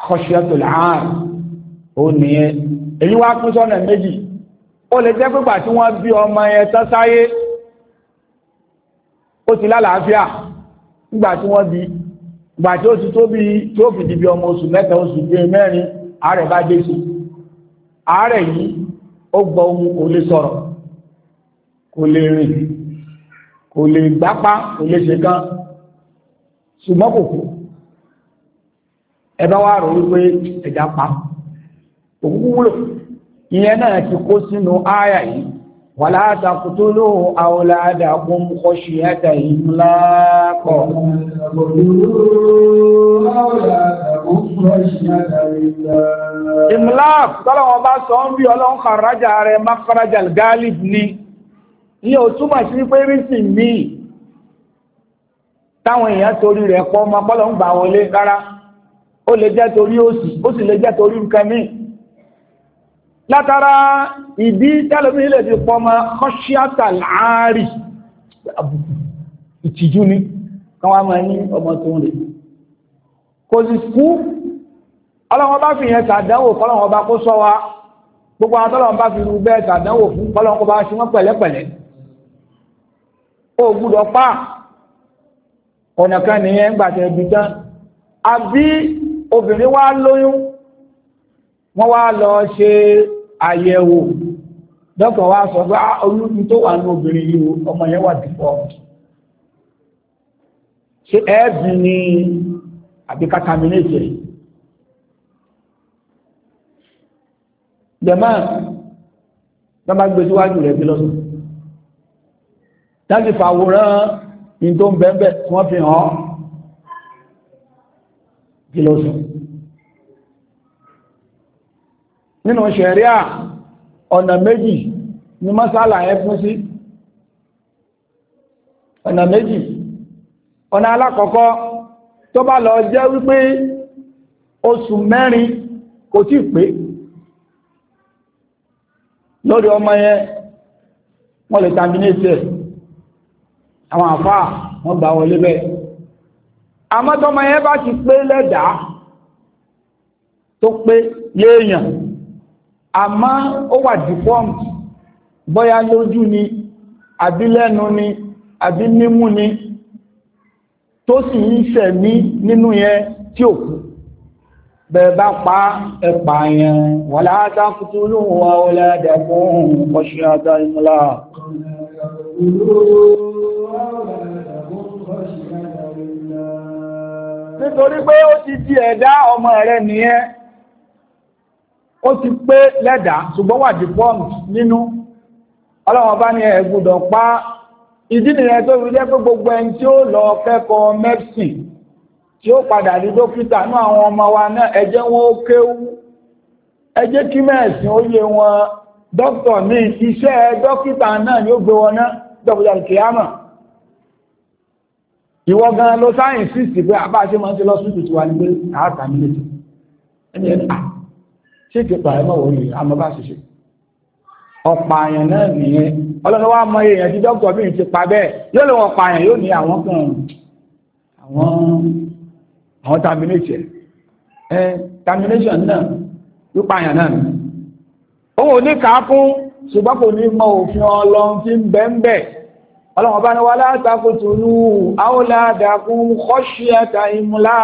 khashyatul aar ó nìyẹn èyí wá pín sọ́nà méjì ó lè jẹ́ pípa tí wọ́n bí ọmọ yẹn tán sáyé ó ti lálàáfíà nígbà tí wọ́n bí ìgbà tí ó ti tó bí tí ó fìdí bí ọmọ oṣù mẹ́ta oṣù bíi mẹ́rin ààrẹ bá dé sí ààrẹ yìí ó gbọ́ ohun kò lè sọ̀rọ̀ kò lè rìn kò lè gbápá kò lè ṣe kan ṣùgbọ́n kò kú ẹ bá wá rò wípé ẹ̀dá pa òkú wúlò ìyẹn náà ti kó sínú ááyà yìí wala taqtulu awladakum khashyata imlaq imlaq tọ́lọ́wọ́n bá sọ ń bí ọlọ́nkà rájà rẹ̀ makarajal galib ni ní o túmọ̀ sí pé rísì míì táwọn èèyàn torí rẹ̀ pọ́ ọmọ pọ́lọ̀ ń gbà wọlé rárá ó lè jẹ́ torí òsì ó sì lè jẹ́ torí nǹkan míì látara ìdí tẹ́lẹ̀mí ilẹ̀ ti pọ́ ọmọ kọ́ṣíátà láàárì ìtìjú ni kan wá máa ní ọmọ tó ń rè kò sì kú ọlọ́wọ́n bá fi yẹn sàdánwò kọ́lọ́wọ́n bá kó sọ wa gbogbo àtọ́lọ́wọ́n bá fi rú bẹ́ẹ̀ sàdánwò fún kọ́lọ́wọ́n bá ṣe wọ́n pẹ̀lẹ́pẹ̀lẹ́ O gbúdọ̀ pa ọ̀nà kan nìyẹn gbàtẹ̀ ibi tán àbí obìnrin wá lóyún wọ́n wá lọ ṣe àyẹ̀wò dókítà wá sọ pé ah, olóyún tó wà ní obìnrin yìí ọmọ yẹn wà dìpọ̀ ṣe ẹ́ẹ̀bì ni àbí kàtàmínẹ́tì jẹ̀mọ́ lọ́ba gbèsè wájú rẹ̀ bí lọ́sọ̀rọ̀ tàbí fàwòrán in tó ń bẹ́ẹ̀bẹ̀ wọ́n fi hàn kí ló sùn nínú ṣẹ̀ríà ọ̀nà méjì ni mọ́sálà ẹ fún sí ọ̀nà méjì ọ̀nà alákọ̀ọ́kọ́ tó bá lọ jẹ́ wípé oṣù mẹ́rin kò tí pé lórí ọmọ yẹn wọ́n lè tàbí ní ìṣẹ́ àwọn àfáà wọ́n gbà wọlé bẹ́ẹ̀ àmọ́ tọ́mọ yẹn bá ti pé lẹ́dàá tó pé léèyàn àmọ́ ó wà dìfọ́ọ̀mù bóyá lójú ni àbí lẹ́nu ni àbí nímú ni tó sì ń ṣẹ̀mí nínú yẹn tí ò kú bẹ́ẹ̀ bá pa ẹ̀pà yẹn wọ́n láta kútú lóhùn wa ó lẹ́dẹ̀kùn ọ̀ṣẹ́ àtàlùmọ́lá. Nítorí pé ó ti di ẹ̀dá ọmọ rẹ̀ nìyẹn, ó ti pé lẹ́dà ṣùgbọ́n wà dìpọ́ǹtì nínú. Ọlọ́run bá ní ẹ gbọ́dọ̀ pa ìdí nìyẹn tó rí jẹ́ pé gbogbo ẹni tí ó lọ kẹ́kọ̀ọ́ mẹ́sìn tí ó padà di dókítà ní àwọn ọmọ wa náà ẹ jẹ́ wọn ó kéwú ẹ jẹ́ kí mẹ́sìn ó yé wọn dókítà míì iṣẹ́ dókítà náà ni ó gbé wọn náà dókítà kìámà ìwọ gan ló sáyẹ̀nsì sí pé àbá ah, ṣe máa ń ṣe lọ́sùtù ti wà ní pé àátà mi létí ẹni ẹni ah, ṣé kí pàrọ̀ mọ̀ wòye àmọ́ bá ṣiṣẹ́ ọ̀pọ̀ àyàn náà nìyẹn ọlọ́run wa mọ èèyàn tí dókítà bíi ti pa bẹ́ẹ̀ yóò lè wọ́n pa àyàn yóò ní àwọn kan àwọn àwọn terminate ẹ termination náà ló pa àyàn náà òun ò ní kàá fún ṣùgbọ́n kò ní mọ òfin ọlọ́run tí ń bẹ́ẹ̀ ọlọ́wọ́n bá ní wà látàkùtù ní àwòládàkùn kọ́ṣíẹ́ta ìmúlá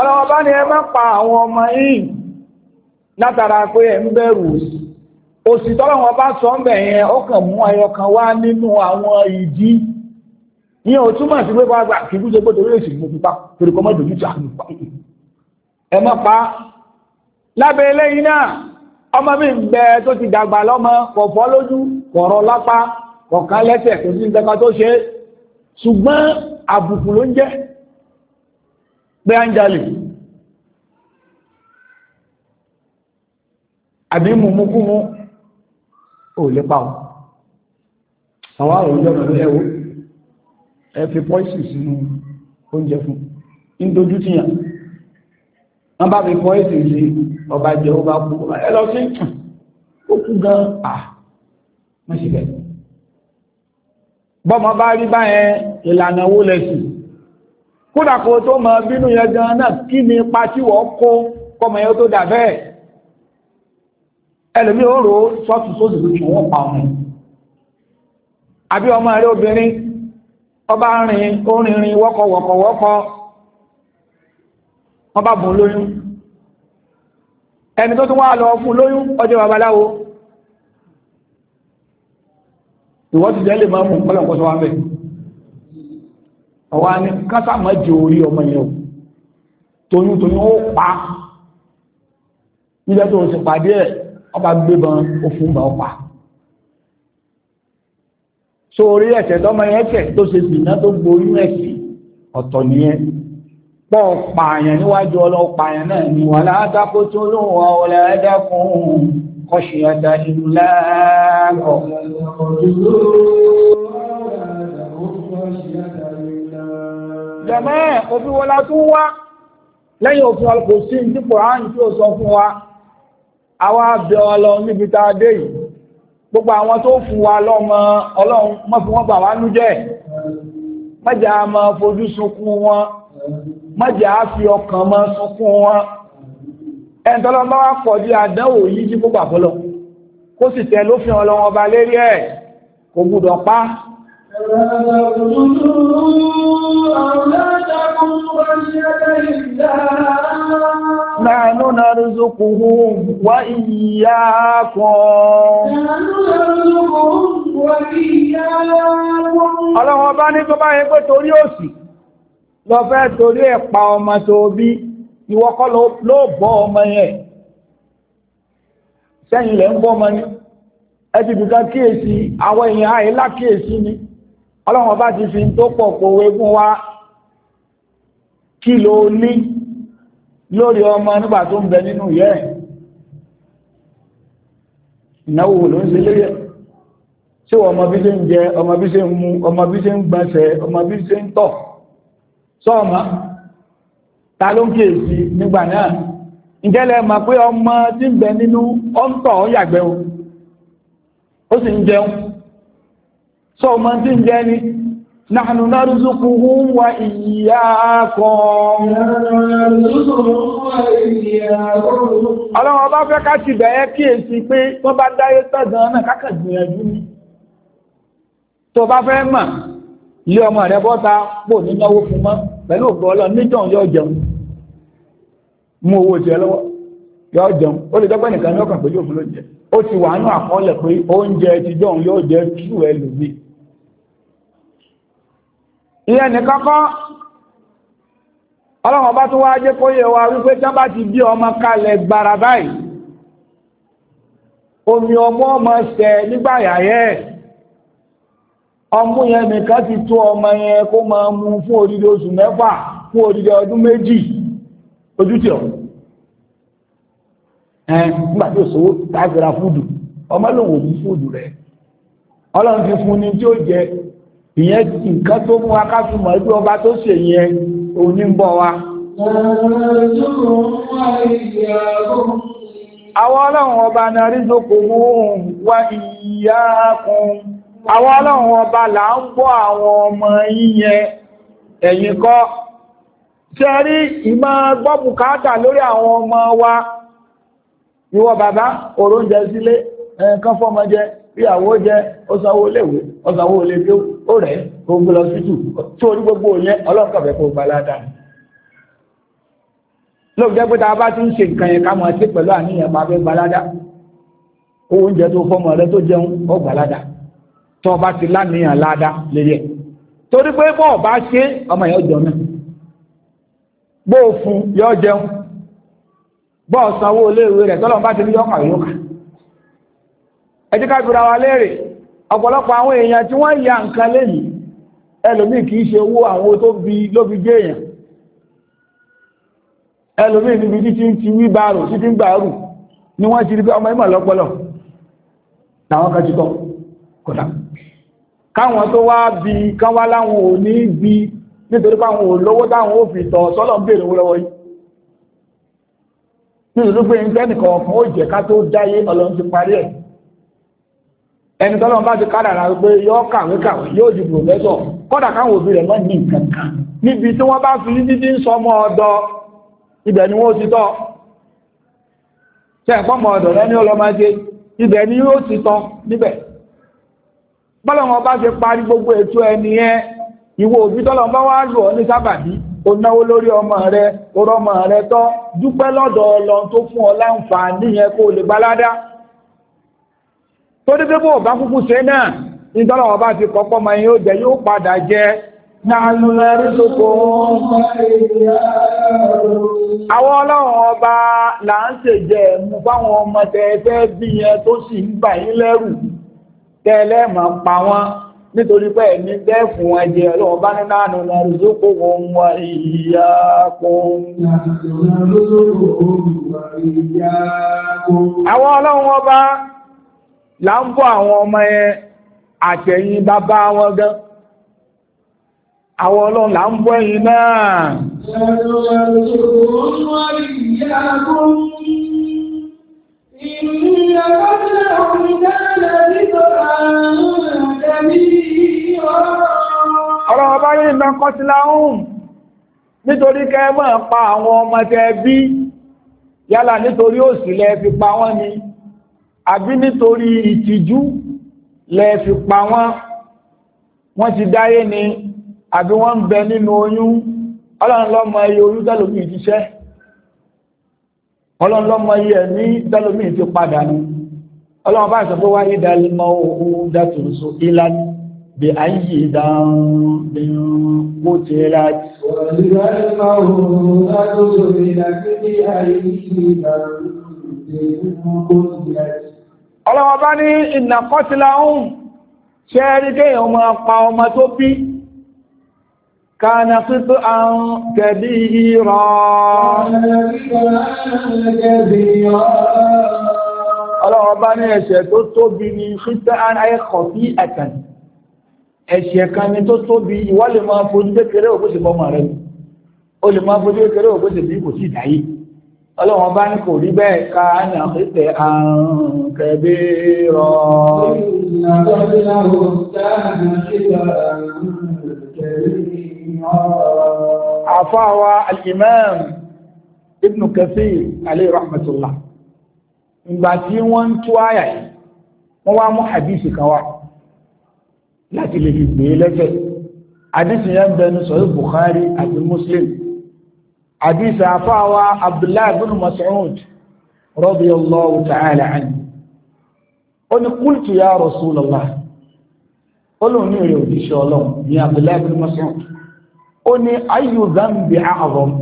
ọlọ́wọ́n bá ní ẹ má pa àwọn ọmọ yìí látara pé ẹ ń bẹ̀rù òsì tọ́lọ́wọ́n bá sọ ń bẹ̀ yẹn ó kàn mú ẹyọ kan wá nínú àwọn ìdí ní o túmọ̀ sí pé bá gbà kí kú ṣe pé torí pípa torí kọ́mọ́dé ojú jà ẹ má pa á lábẹ́ eléyìí náà ọmọ mi ń bẹ tó ti dàgbà lọ́mọ kò fọ́ lójú kò rọ lápá kò kán lẹ́sẹ̀ kò sí nǹkan tó ṣe ṣùgbọ́n àbùkù ló ń jẹ́ pé à ń jalè àbí mùmúkúmú ò lè pa ọ́ àwọn àròjọ pẹ̀lú ẹ̀wọ́ ẹ fi pọ́ìsì sínú oúnjẹ fún ń dojú wọ́n bá mi fọ́ èsì sí ọba jẹ́ ọba kú ẹ lọ sí ó kú gan à wọ́n sì bẹ̀. bọ́mọ bá rí báyẹn ìlànà owó lẹ́sìn kódà kó tó mọ bínú yẹn gan náà kí ni ipa tí wọ́n kó kọ́mọ yẹn tó dà bẹ́ẹ̀ ẹlòmíì ó rò ó sọ́ọ̀tù sóòtù lójú wọn pa ọmọ àbí ọmọ rẹ obìnrin ọba rìn orin rìn wọ́kọ̀wọ́kọ̀wọ́kọ̀ wọ́n bá bùn lóyún ẹni tó tún wá lọ fún lóyún ọjọ́ babaláwo ìwọ́ ti jẹ́ lè máa mú ọlọ́nkọ́ tó wá bẹ̀ ọwá ní kásàmọ́ jẹ orí ọmọ yẹn o toyún toyún ó pa nígbà tó o sì pàdé ẹ̀ ọba gbébọn òfin bá ọ pa so orí ẹ̀ṣẹ̀ tọ́mọ yẹn ẹ̀ṣẹ̀ tó ṣe sì ná tó gborí ẹ̀sìn ọ̀tọ̀ nìyẹn pọ̀ pààyàn níwájú ọlọ́wọ́ pààyàn náà ni wọ́n látàkó tó lóhùn ọ̀lẹ́ ẹ̀dẹ́kùn kọ́ṣíọ́dá ìlú láàkọ̀. jẹ̀mẹ́ òfin wọlá tún wá lẹ́yìn òfin ọlọ́pọ̀ sí ní Kùránì tí ó sọ fún wa àwa bẹ ọlọ́run níbi tá dé yìí gbogbo àwọn tó fún wa lọ́mọ ọlọ́run mọ́ wọ́n bà wá nújẹ́ mẹ́jà máa fojú sunkún wọn mọ́jẹ̀ á fi ọkàn mọ́ sunkún wọn ẹ̀ntọ́lọ́ bá wá pọ̀ bí àdánwò yìí jí púpà fọ́lọ́ kó sì tẹ lófin ọlọ́wọ́n ba lérí ẹ̀ kò gbúdọ̀ pa Nàánú na rúzùkú wá ìyá kan. Ọlọ́wọ́n bá ní tó bá yẹ pé torí òsì, lọ torí ẹ̀ pa ọmọ tó bí ìwọ kọ́ ló bọ́ ọmọ yẹn sẹ́yìn lẹ́ ń bọ́ ọmọ ni ẹ ti dùkà kíyèsí àwọn èèyàn àìlá kíyèsí ni ọlọ́run ọba ti fi tó pọ̀ wa kí ló ní lórí ọmọ nígbà tó ń bẹ nínú ló ń ṣe ṣé ọmọ bí ṣe ń jẹ ọmọ bí ṣe ń mu sọ́ọ̀mọ́ ta ló ń kíyèsí nígbà náà ìjẹ́lẹ̀ mọ̀ pé ọmọ tí ń bẹ nínú ọ́ntọ̀ yàgbẹ́ o ó sì ń jẹun sọ́ọ̀mọ́ tí ń jẹ ni nahnu narzuquhum wa iyyakum ọlọ́wọ́ bá fẹ́ ká ti bẹ̀ẹ́ kíyèsí pé wọ́n bá dáyé tọ́gbọ̀n náà kákàgbìyànjú ni tó bá fẹ́ mọ̀ ilé ọmọ rẹ bọ́ta pò ní náwó fún mọ́ pẹ̀lú òkú ọlọ́run níjọ́ yóò jẹun mú owó jẹ lọ́wọ́ yóò jẹun ó lè dọ́gbẹ́ nìkan yóò kàn pé yóò fún ló jẹ ó ti wà nínú àkọọ́lẹ̀ pé oúnjẹ ti jọ yóò jẹ tú ẹ lòmí ìyẹn nìkan kọ́ ọlọ́run bá tún wá jẹ́ kó yẹ wa wípé tí wọ́n bá ti bí ọmọ kalẹ̀ gbàrà báyìí omi ọmọ ọmọ ṣẹ nígbà yàyẹ́ ẹ̀ ọmú yẹn nìkan ti tó ọmọ yẹn kó máa mú fún odidi oṣù mẹ́fà fún odidi ọdún méjì ojú tí ọ nígbà tí fúdù ọmọ fúdù rẹ ọlọ́run ti fún ni tí ó jẹ ìyẹn tó mú wa ká fi ọba tó ṣe yẹn òun ní ń bọ̀ wa. àwọn ọlọ́run ọba ní wọ́n wá ìyá kan. àwọn ọlọ́run ọba là ń bọ́ àwọn ọmọ yíyẹn ẹ̀yìn kọ́ ṣe rí ìmọ̀ gbọ́ bùkátà lórí àwọn ọmọ wa ìwọ bàbá oróúnjẹ sílé ẹ̀ẹ̀kan fọ́mọ jẹ ìyàwó jẹ ọsàwó léwu ọsàwó léwu ó rẹ̀ gbogbo lọ sí tù tí orí gbogbo yẹn ọlọ́kọ̀ọ̀fẹ́ kò gbà ládàá lóòrùn jẹ́ pé tá a bá ti ń ṣe nǹkan yẹn ká mọ̀ sí pẹ̀lú àníyàn bá fẹ́ gbà ládàá oúnjẹ tó fọ́mọ rẹ tó jẹun ó gbà ládàá tó ọba ti láníyàn láda lérí torí pé bó bá ṣe ọmọ yẹn jọ náà bó fún yọ jẹun bó ọ̀sánwó iléèwé rẹ̀ tọ́lọ́run bá ti wa léèrè ọ̀pọ̀lọpọ̀ àwọn èèyàn tí wọ́n ya nǹkan lẹ́yìn ẹlòmíì ṣe owó àwọn tó ló fi èèyàn ẹlòmíì níbi títí ti wí títí ni wọ́n ti rí ọmọ ìmọ̀ lọ́pọlọ làwọn kan ti káwọn tó wá bí kán wá láwọn ò ní bí nítorí páwọn ò lówó táwọn ò fi tọ̀ sọ́lọ̀ ń bèèrè lọ́wọ́ yìí nítorí pé ẹnìkan ọ̀kan ó jẹ́ ká tó dáyé ọlọ́run ti parí ẹ̀ ẹni tọ́lọ́ bá ti kádàrà pé yóò kàwé kàwé yóò di pòfẹ́sọ̀ kọ́dà káwọn òbí rẹ̀ náà nǹkan kan níbi tí wọ́n bá fi dídí ń sọ ọmọ ọ̀dọ̀ ibẹ̀ ni wọ́n ti tọ́ ṣe ọmọ ọ̀dọ̀ lẹ́ni ọlọ́mọdé ibẹ̀ ni yóò ti tọ́ níbẹ̀ bọ́lọ̀wọ́n bá ti parí gbogbo ètò ẹni ẹ ìwọ òbí tọ́lọ̀ bá wá lò ní sábàbí o náwó lórí ọmọ rẹ orọ ọmọ rẹ tọ́ dúpẹ́ lọ́dọ̀ Ọlọ́run tó fún ọ láǹfààní yẹn kó lè gbaládá tó dédé bó bá kúkú ṣe náà ní tọ́lọ̀wọ́n bá ti kọ́kọ́ mọ jẹ yóò padà jẹ Àwọn ọlọ́run ọba là ń ṣèjẹ́ mú fáwọn ọmọ bí yẹn tó sì ń gbà yín lẹ́rù tẹ́lẹ̀ máa pa wọ́n nítorí pé ẹ̀mí bẹ́ẹ̀ fún wọn jẹ ọlọ́run bá ní náà nínú àrùsókò wọn wà ìyá àwọn ọlọ́run là ń bọ́ ẹ̀yìn náà. ẹ̀rọ àrùsókò wọn wà Ọ̀rọ̀ ọba yìí mẹ́ kọ́sílá ohun nítorí kẹ́ẹ̀mọ́ pa àwọn ọmọ tẹ bí yálà nítorí òṣì lẹ fi pa wọ́n ni, àbí nítorí ìtìjú lẹ fi pa wọ́n, wọ́n ti dáyé ni, àbí wọ́n ń bẹ nínú oyún, ọlọ́run lọ́mọ iye oyún ìjíṣẹ́ ọlọ́lọ́mọ yẹ ní tẹ́lómi ti padà ní ọlọ́mọ bá sọ pé wá ìdálẹ́mọ ohun dẹ́tù sọ ìlànà bí a ń yí ìdáhùn bí ó ti láti. ìdálẹ́mọ ohun dẹ́tù sọ ìlànà bí a ń yí ìdáhùn bí ó ti láti. ọlọ́mọ bá ní ìnàkọ́sílá ń ṣe é rí kéèyàn máa pa ọmọ tó bí. كان قطعا كبيرا ọlọ́wọ́ bá ní ẹ̀ṣẹ̀ tó tóbi ní ṣíta àìkọ̀ bí ẹ̀kàn ẹ̀ṣẹ̀ kan ni tó tóbi ìwọ lè máa fojú kékeré òkúsì bọ́mọ̀ rẹ̀ o lè máa fojú kékeré òkúsì bí kò sí ìdáyé àfáwà al-imam ibn kathir alayhi rahmatullah ìgbà tí wọ́n ń tú àyà yìí wọ́n wá mú hadisi kan wá láti lè fi gbé lẹ́fẹ̀ hadisi yẹn bẹnu sọ̀rọ̀ bukhari àti muslim hadisi àfáwà abdullahi ibn mas'ud radiyallahu ta'ala anhu ó ní qultu ya rasulallah ó lóun ní èrè òjíṣẹ́ ọlọ́run ní abdullahi ibn ó ní ayyu dhanbi a'zam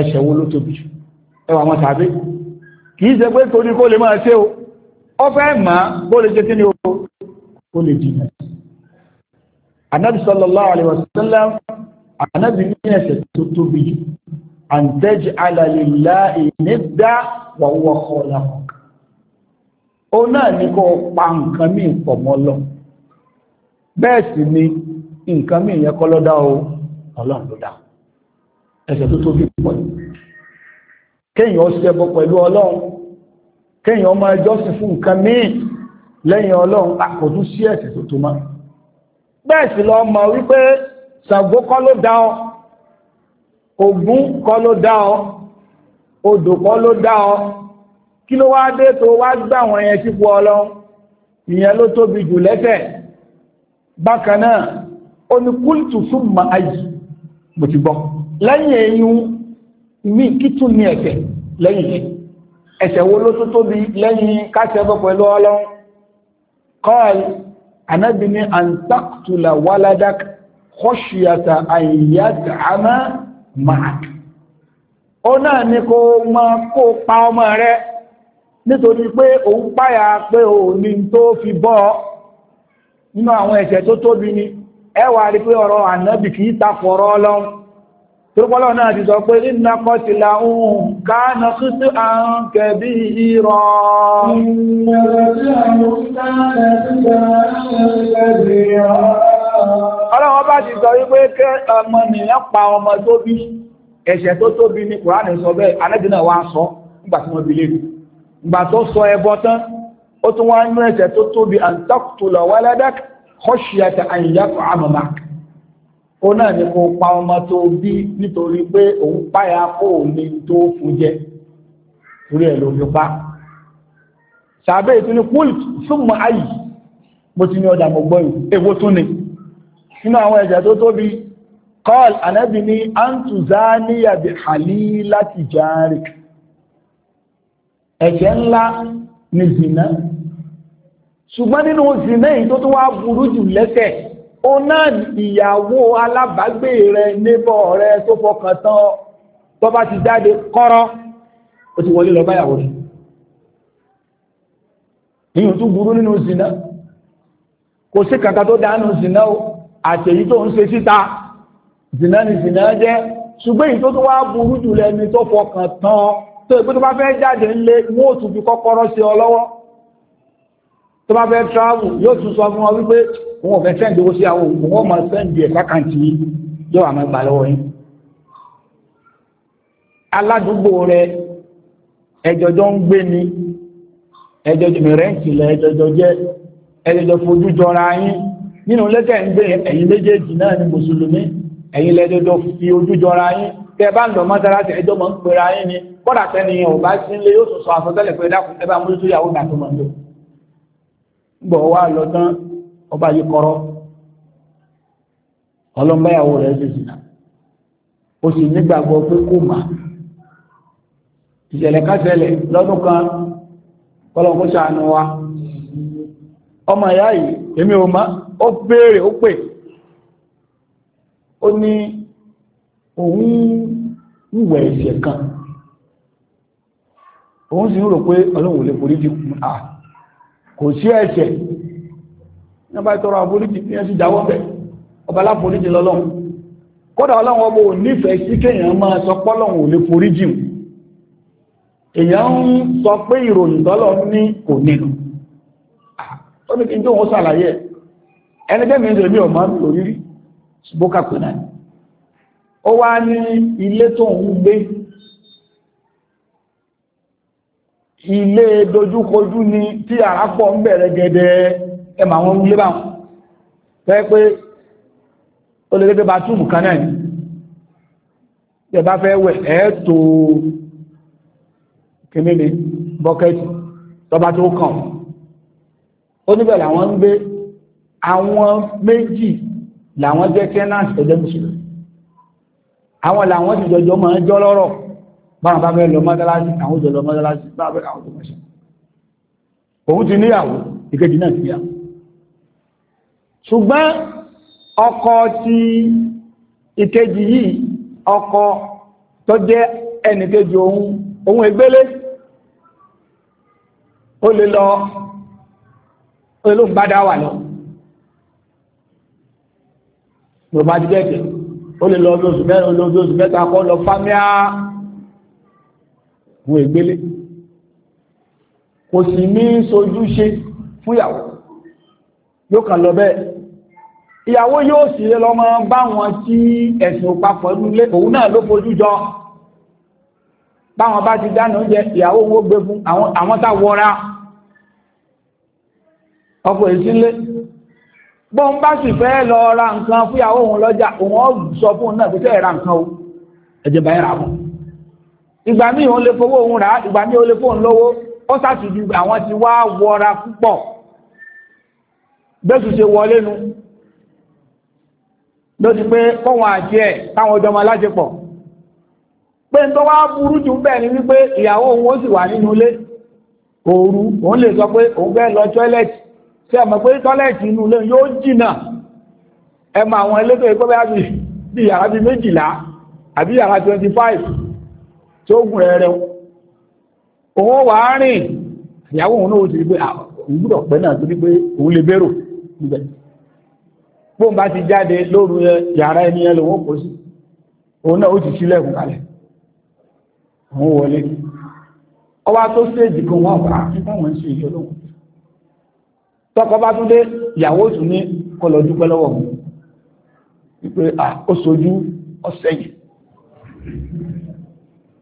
ẹ̀ṣẹ̀ wo ló tóbi jù ẹwà wọn tàbí kìí ṣe pé torí kó lè máa ṣe o ọ fẹ́ mà á kó lè ṣe kí ni o kó lè jìnà anabi sallallahu alaihi wasallam anabi ní ẹ̀ṣẹ̀ tó tóbi jù ó náà ní kó pa nǹkan pọ̀ mọ́ lọ bẹ́ẹ̀ sì ni nǹkan ọlọ́run ló dá ẹ̀ṣẹ̀ tó tóbi pọ̀ kéèyàn ṣẹbọ pẹ̀lú ọlọ́run kéèyàn máa jọ́sìn fún nǹkan míì lẹ́yìn ọlọ́run àkọ́jú sí ẹ̀ṣẹ̀ tó tó máa bẹ́ẹ̀ sì lọ mọ̀ wípé Ṣàngó kọ́ ló dá ọ Ògún kọ́ ló dá ọ odò kọ́ ló dá ọ kí ló wá dé tó wá gbà wọn yẹn sípò ọlọ́run ìyẹn ló tóbi jù lẹ́ṣẹ̀ bákan náà ó ní ayé mo ti gbọ́ lẹ́yìn ẹ̀yìn mi kí tún ní ẹ̀ṣẹ̀ lẹ́yìn yìí ẹ̀ṣẹ̀ wo ló tó tóbi lẹ́yìn káṣẹ́ bọ́ pẹ̀lú ọlọ́run kọ́ọ̀l anábì ní antaktula waladak kọ́ṣíyàtà àyíyàtà àmà máàkì ó náà ni kó máa kó pa ọmọ rẹ nítorí pé òun páyà pé òun ní tó fi bọ́ nínú àwọn ẹ̀ṣẹ̀ tó tóbi ni ẹwà rí pé ọ̀rọ̀ ànábì kì í takọ̀rọ̀ ọlọ́run tó náà ti sọ pé nínú kọtìlà ohun káàna kútù àrùn kẹbí ìrọ̀ ọlọ́run bá ti sọ wípé ọmọ nìyàn pa ọmọ tó bí ẹ̀ṣẹ̀ tó tóbi ní kùránì sọ bẹ́ẹ̀ ọmọ náà wá sọ nígbà tí wọ́n bi nígbà tó sọ ẹbọ tán ó tún wá ń tó tóbi kọ́ṣíyàtà àyíyàtọ̀ àmàmà ó náà ní kó pa ọmọ tó bí nítorí pé òun páyà kó ní tó fún jẹ torí ẹ̀ ló fi pa sàbẹ̀ ìtúni kúlù súnmọ́ ayì mo ti ní ọjà mo gbọ́ tún ni nínú àwọn ẹ̀jẹ̀ tó tóbi kọ́ọ̀lù ànábì ní antuzaniyabi halilati jarik ẹ̀jẹ̀ ńlá ni zina ṣùgbọ́n nínú zina yìí tó tún wá burú jù lẹ́sẹ̀ ó náà ìyàwó alábàágbé rẹ níbọ̀ rẹ tó fọkàn tán tó bá ti jáde kọ́rọ́ ó ti wọlé lọ báyàwó rẹ̀ ìyùn tún burú nínú zina kò sí kankan tó dánú zina o àtẹ̀yí tó ń ṣe síta zina ni zina jẹ́ ṣùgbọ́n èyí tó tún wá burú jù lẹ́ni tó fọkàn tán tó ìpínlẹ̀ bá fẹ́ jáde ńlé wọ́n ò tún fi kọ́kọ́rọ́ sí ọ lọ́wọ́ tó bá fẹ́ travel yóò tún sọ fún ọ wípé wọn ò fẹ́ sẹ́ǹdì owó sí àwọn òògùn wọn máa sẹ́ǹdì ẹ̀ sákàǹtì yóò àmọ́ gbà lọ́wọ́ yín aládùúgbò rẹ ẹjọjọ ń gbé ni ẹjọjọ mìrẹ́ǹtì lẹ ẹjọjọ jẹ ẹjọjọ fojú jọra yín nínú lẹ́kẹ̀ ń gbé ẹ̀yin méjèèjì náà ni mùsùlùmí ẹ̀yin lẹ́jọjọ fi ojú jọra yín tẹ bá ń lọ mọ́sálásí ẹjọ́ mọ̀ ń pera yín ni kọ́dà tẹ́ni ọ̀bá sílé yóò tún sọ àsọtẹ́lẹ̀ pé dákùn tẹ́ bá mú gbọ́ wá lọ tán ọba yìí kọ́rọ́ ọlọ́mbáyàwó rẹ̀ ṣe sìnà ó sì nígbàgbọ́ pé kò mà ìṣẹ̀lẹ̀ kásẹ̀lẹ̀ lọ́dún kan wa ọmọ ìyá yìí èmi ò má ó béèrè ó pè ó ní òun ìwẹ̀ ẹ̀ṣẹ̀ kan òun sì ń rò pé ọlọ́run ò lè forí kò sí ẹ̀ṣẹ̀ nígbà ìtọrọ àforíjì ní ẹ̀sì jáwọ́ bẹ̀ ọba aláforíjì lọ́lọ́run kódà ọlọ́run ọba ò nífẹ̀ẹ́ sí kéèyàn máa sọ pọ́lọ́run ò lè foríjì èèyàn ń sọ pé ìròyìn ní kò nínú ó ní kí n tó ẹni náà ó wá ilé dojúkojú ni tí ara pọ̀ ń bẹ̀rẹ̀ gẹ̀dẹ̀ ẹmà wọn ń lébà wọn fẹ́ pé ó lè gẹ́gẹ́ bá túùbù kan náà ni ìjọba fẹ́ wẹ̀ ẹ́ tó kìíní ni bọ́kẹ́tì tọba tó kàn ó làwọn ń gbé àwọn méjì làwọn jẹ́ tenant ẹ̀jẹ̀ mùsùlùmí àwọn làwọn ti jọjọ máa ń jọ́ lọ́rọ̀ báwọn bá bẹ́ẹ̀ lọ mọ́dálásí àwọn òjò lọ mọ́dálásí bá bẹ́ẹ̀ àwọn òjò mọ́ṣẹ́ òun ti níyàwó ìkejì náà ti níyàwó ṣùgbọ́n ọkọ ti ìkejì yìí ọkọ tó jẹ́ ẹnìkejì ohun ohun ìgbélé ó lè lọ olóògbádá wà lọ ló bá jẹ́ ẹ̀kẹ́ ó lè lọ olóòsù mẹ́ta kọ́ lọ fámíà fún egbélé kò sì ní sojúṣe fúyàwó yóò kàn lọ bẹ́ẹ̀ ìyàwó yóò sì lọ mọ báwọn tí ẹ̀sùn òpapọ̀ nílé òun náà ló fojú jọ báwọn bá ti dáná oúnjẹ ìyàwó owó gbé fún àwọn tá wọra ọkọ̀ èyí sílé bó bá sì fẹ́ lọ ra nǹkan fúyàwó òun lọ́jà òun ó sọ fún un náà pé ẹ̀ ra nǹkan o ẹ̀jẹ̀ báyìí rà fún un ìgbà míì òun lè fowó òun rà á ìgbà míì òun lè fóun lówó ó sàtìjú àwọn ti wá wọra púpọ̀ bẹ́ẹ̀ tún ṣe wọlé nu ló ti pé kọ́wọn àti ẹ̀ káwọn ọjọ́ ọmọ aláṣepọ̀ pé ń tọ́ wá burú jù bẹ́ẹ̀ ni wípé ìyàwó òun ó sì wà nínú ilé òru òun lè sọ pé òun fẹ́ lọ tọ́lẹ̀tì tí ẹ mọ̀ pé tọ́lẹ̀tì inú ilé yóò jìnà ẹ mọ àwọn ilé tó yẹ kó yàrá bíi méjìlá àbí yàrá twenty five tí ó gùn rẹ̀rẹ̀ òun wà á rìn ìyàwó òun náà ti rí pé òun gbúdọ̀ pẹ́ náà torí pé òun lè bẹ̀rù bá ti jáde lóru yàrá ẹni yẹn lòun kò sí òun náà ó ti sílẹ̀kùn kalẹ̀ òun wọlé tó kan wọn bá ń ìjọ tọkọ bá tún dé ìyàwó tún ní wípé ó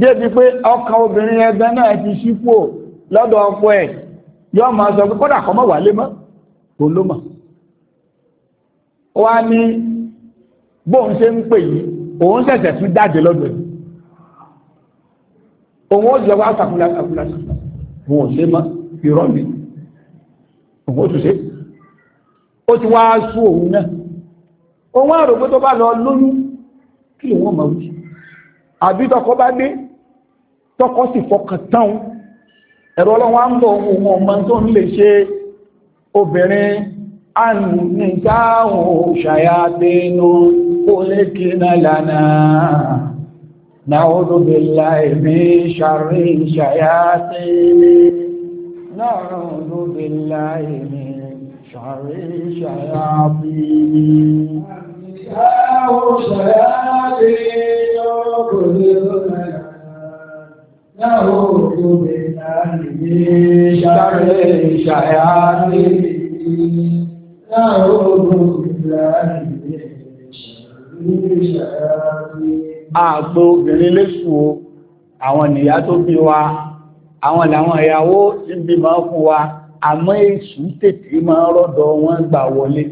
débi pé ọkàn obìnrin ẹgbẹ́ náà ti ṣípò lọ́dọ̀ ọkọ ẹ̀ yọ́ máa sọ pé kódà kọ́ mọ̀ wálé mọ́ tó ló mọ̀ wá ní bóun ṣe ń pè yìí òun ṣẹ̀ṣẹ̀ tún jáde lọ́dọ̀ yìí òun ó jọ wá sàkúlà sàkúlà òun ò ṣe mọ́ irọ́ mi òun ó tún ṣe ó ti wá sún òun náà òun á tó bá lọ lóyún kí òun ó wí àbí tọkọ bá dé tọ́kọ́ sì fọkàn tán ẹ̀rọ ọlọ́wọ́ ń bọ̀ ohun ọmọ tó ń lè ṣe obìnrin ànìkáhùn ṣàyàtínú kó lè kí náà lánàá نعوذ بالله من شر شياطين نعوذ بالله من شر Láwọ́ òkú obìnrin náà lè ní ṣàrẹ́ ìṣàyà òkú obìnrin náà lè ní ìṣàyà obìnrin léṣù o, àwọn nìyá tó bí wa, àwọn làwọn ìyàwó ti bí máa fún wa, àmọ́ èṣù tètè máa rọ́dọ̀ wọn gbà wọlé.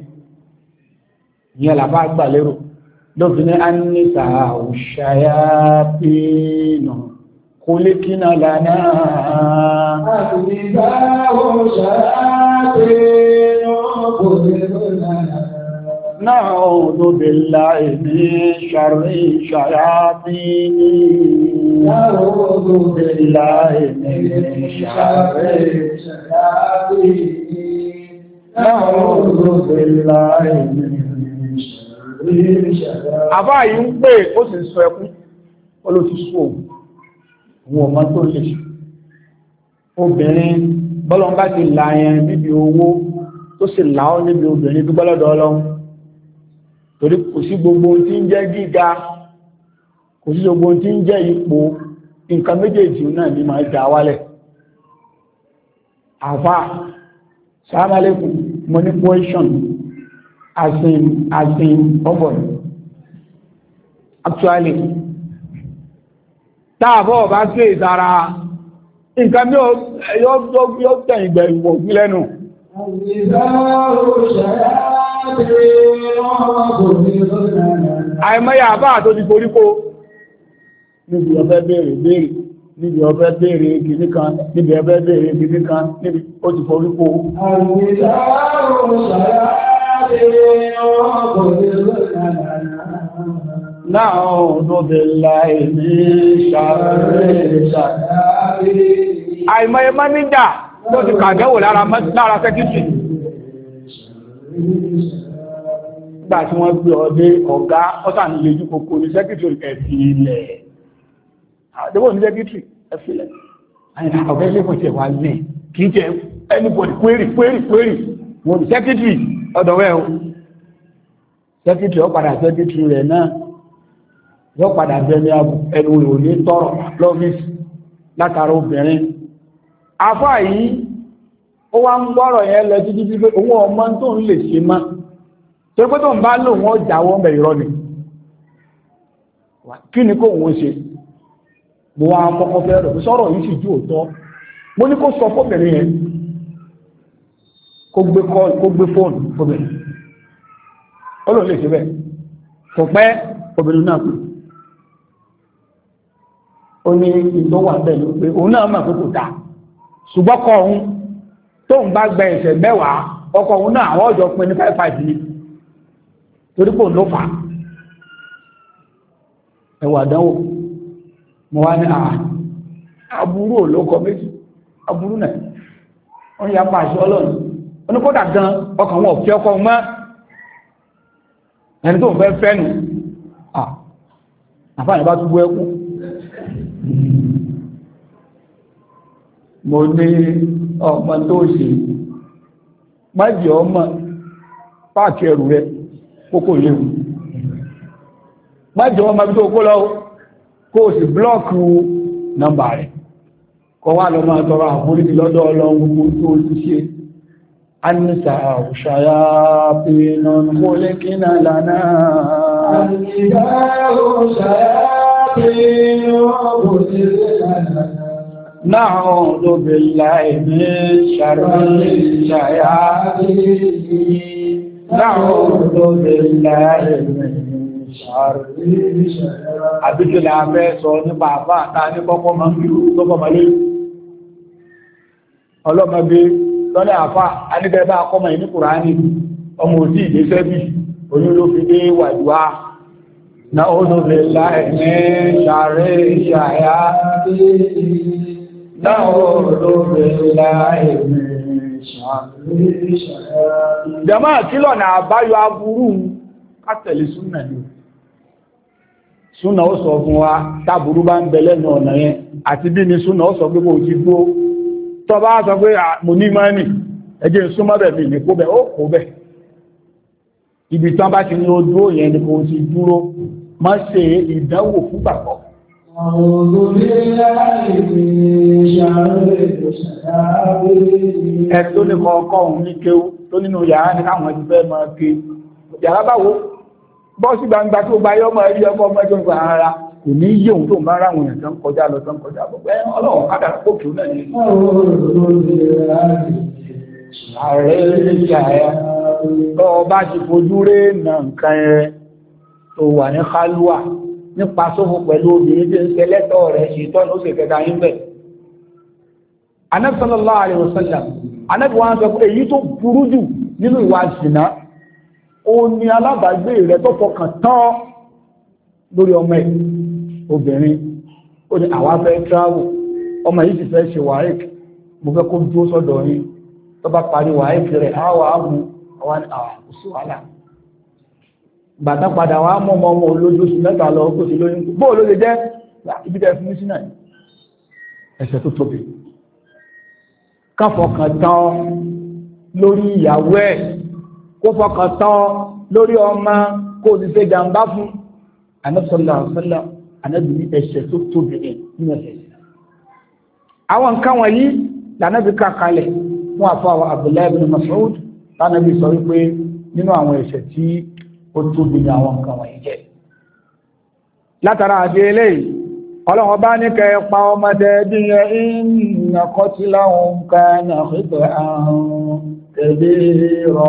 Ìyẹn làbá gbà lérò. Lófin ní Anisa òṣàyà pínà. خلقنا لنا أكذباء شياطين نعوذ بالله من شر شياطين نعوذ بالله من شر شياطين نعوذ بالله من شر شياطين Àbá yìí ń pè ó sì sọ ẹkún, ó ló ti sọ òun wọn ò mọ tó ṣe obìnrin bọ́lọ́n bá ti là yẹn níbi owó tó sì là ọ́ níbi obìnrin tó gbọ́lọ́dọ̀ ọlọ́run torí kò sí gbogbo tí ń jẹ́ gíga kò sí gbogbo tí ń jẹ́ ipò nǹkan méjèèjì náà ni máa dá wálẹ̀ àfà sàmàlẹ́kùn manipulation as in as in ọgbọ̀n actually táàbọ̀ bá sí ìsára nǹkan bí ó tẹ̀yìn gbẹ̀rù ògùn lẹ́nu àìmọ́yà àbá tó ti foríkó níbi ọ̀fẹ́ béèrè béèrè níbi ọ̀fẹ́ béèrè gidi kan níbi ọ̀fẹ́ béèrè gidi kan níbi ó ti foríkó àìmọ́yà tó ti نعوذ بالله من شر àìmọye mọ́níjà ló ti kàgẹ́wò lára sẹ́kítì gbà tí wọ́n gbé ọdé ọ̀gá ọ́sà ní lójú kòkó ní sẹ́kítì ẹ̀fì ilẹ̀ àdébò ní sẹ́kítì ẹ̀fì ilẹ̀ àyìnà ọ̀gá ilé mọ̀ tẹ̀ wà lẹ̀ kì í jẹ́ anybody query query query wọ́n sẹ́kítì ọ̀dọ̀wẹ́ o sẹ́kítì ọ̀padà sẹ́kítì rẹ̀ náà yóò padà bẹni ẹnu òní tọrọ lọ́fíìsì látara obìnrin afá yìí ó wá ń gbọ́rọ̀ yẹn lọ títí tí pé òun ọmọ tó ń lè ṣe mọ́ tó pé tó ń bá lòun ó jáwọ́ ń bẹ̀ ni kí ni kò wọ́n ṣe mo wá kọ́kọ́ fẹ́ rẹ̀ sọ̀rọ̀ yìí sì ju òótọ́ mo ní kó sọ fóbìnrin yẹn kó gbé kọ́ọ̀lù kó gbé fóònù fóbìnrin ó lòun lè ṣe bẹ́ẹ̀ kò pẹ́ obìnrin náà kù ó ní ìtọ́ wà bẹ́ẹ̀ ló pé òun náà mọ̀ pé kò ta ṣùgbọ́n kọ òun tóun bá gba ẹ̀sẹ̀ mẹ́wàá ọkọ òun náà àwọn ọ̀jọ̀ pin ní five five ni torí pò ń ló fà á ẹwà dánwò mo wá ní àà aburú ò ló kọ méjì aburú náà wọ́n yà pa àṣọ ọlọ́run oníkódà gan ọkàn wọn ò fi ọkọ mọ́ ẹni tó ń fẹ́ fẹ́ nu àfààní bá tún bú ẹkún mo ní ọmọ tó ṣe májì ọmọ páàkì ẹrù rẹ kókò léwu májì ọmọ tó kó lọ kó o sì blọ́ọ̀kì nọ́mbà rẹ̀ kọ wá lọ máa tọrọ àforíjì lọ́dọ̀ ọlọ́run gbogbo tó ti ṣe anisa òṣàyà pé nọ̀nkólẹ́kínà lánàá anisa òṣàyà نعوذ بالله من شر الشياطين نعوذ بالله من شر àbíkí la fẹ́ sọ nípa àbá àta ní kọ́kọ́ máa ń bí lọ́pọ̀ mọ́lé ọlọ́mọbí lọ́lẹ̀ àfá anígbẹ́bá akọ́mọ̀ ìní kùránì ọmọ òsì نعوذ بالله من شر شياطين نعوذ بالله من شر شياطين جماعة àbáyọ aburú súnà ó wa táburú bá ń bẹ lẹ́nu ọ̀nà yẹn àti bí ni súnà ó sọ pé kò ti gbó tó sọ pé mo ní mọ́ ẹjẹ́ mi ní kó ó kó bẹ̀ ibi tán bá ti ní ojú òyìn ni kò ti dúró má ṣe ìdánwò fún gbàgbọ́. ẹ tó ní kọ̀ọ̀kan òun ní kéwú tó nínú yàrá ní káwọn ti fẹ́ máa ké yàrá báwo bọ́ọ̀sì gbangba tó gba yọmọ rí ọmọ ọmọ ẹjọ́ ìgbà ara kò ní yí òun tó ń bá ara àwọn èèyàn tó ń kọjá lọ tó ń kọjá bọ̀ pé ọlọ́run kádà pòkì náà ni. ààrẹ ìjà ẹ̀ tọ́ bá ti fojú rẹ̀ nà nǹkan ẹ tó wà ní kálúà nípa sófò pẹ̀lú obìnrin tí ń ṣe lẹ́tọ̀ rẹ̀ ṣe tọ́nà ó sì kẹta yín bẹ̀. Ànábì sallallahu alaihi wasallam Ànábì wọn sọ pé èyí tó burú jù nínú ìwà ìsìnà ó ní alábàágbé rẹ̀ tó fọkàn tán lórí ọmọ ẹ̀ obìnrin ó ní àwa fẹ́ travel ọmọ yìí sì fẹ́ ṣe wàhálà mo fẹ́ kó dúró sọ́dọ̀ yín tó bá parí wàhálà rẹ̀ á wà àwọn àkóso ah, wàhálà gbàtà padà wà mọ́ ọmọ ọmọ olóṣooṣù mẹ́ta lọ kó sí lóyún bóò ló lè jẹ́ ibi tẹ́ fún mi sí náà ẹ̀ṣẹ̀ tó tóbi káfọkàn tán lórí ìyàwó ẹ̀ kó fọkàn tán lórí ọmọ kó ti ṣe jàǹbá fún anásọ́lá ọ̀sọ́lá anábì ní ẹ̀ṣẹ̀ tó tóbi ẹ̀ nínú ẹ̀ṣẹ̀ àwọn nǹkan wọ̀nyí lànàbì kàkalẹ̀ fún àfọwọ́ Abdullahi bin Mas'ud tánàbí sọ wípé nínú àwọn ẹ̀ṣẹ̀ tí ó tóbi ní àwọn nǹkan wọ̀nyí jẹ́ látara àti eléyìí ọlọ́run bá ní kẹ́ pa ọmọdé bí yẹ ìnà kọ́tí láwọn nǹkan náà àrùn tẹ̀lé rọ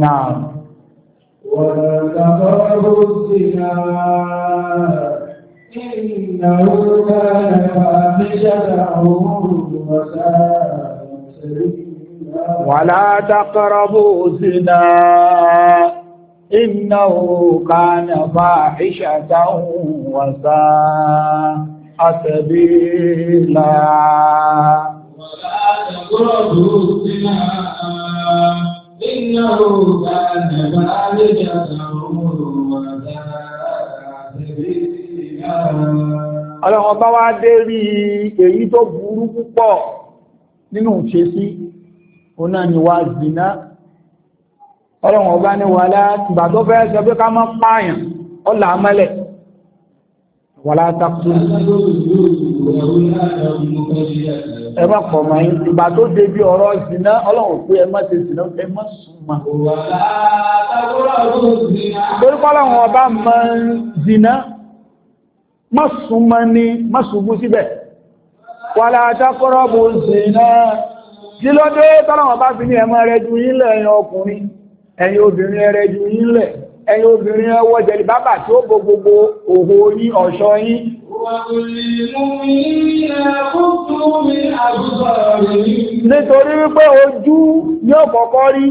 Náà. إنه كان فاحشة ولا تقربوا الزنا إنه كان فاحشة وساء سبيلا ولا تقربوا الزنا إنه كان فاحشة وساء ọlọ́run bá wá dé rí èyí tó burú púpọ̀ nínú ṣe sí ọ̀nà ni wá zina ọlọ́run ọba ní wà látìgbà tó fẹ́ sọ pé ká má pààyàn ọlà amẹ́lẹ̀ wà látàkùn ẹ má pọ̀ mọ́ yín ìgbà tó dé bí ọ̀rọ̀ zina ọlọ́run pé ẹ má ṣe zina ẹ má súnmọ́. torí kọ́ ọlọ́run ọba mọ zina mọ́sùnmọ́ ní mọ́sùnmú síbẹ̀ wà látàkọ́rọ̀ bó zìnà tí ló dé tọ́lọ̀wọ̀n bá fi ní ẹmọ rẹ̀ ju yínlẹ̀ ẹ̀yin ọkùnrin ẹ̀yin obìnrin rẹ̀ ju yínlẹ̀ ẹ̀yin obìnrin ẹwọ́ jẹ̀lì bábà tí ó bo gbogbo ní ọ̀ṣọ́ yín nítorí wípé ojú yóò kọ́kọ́ rí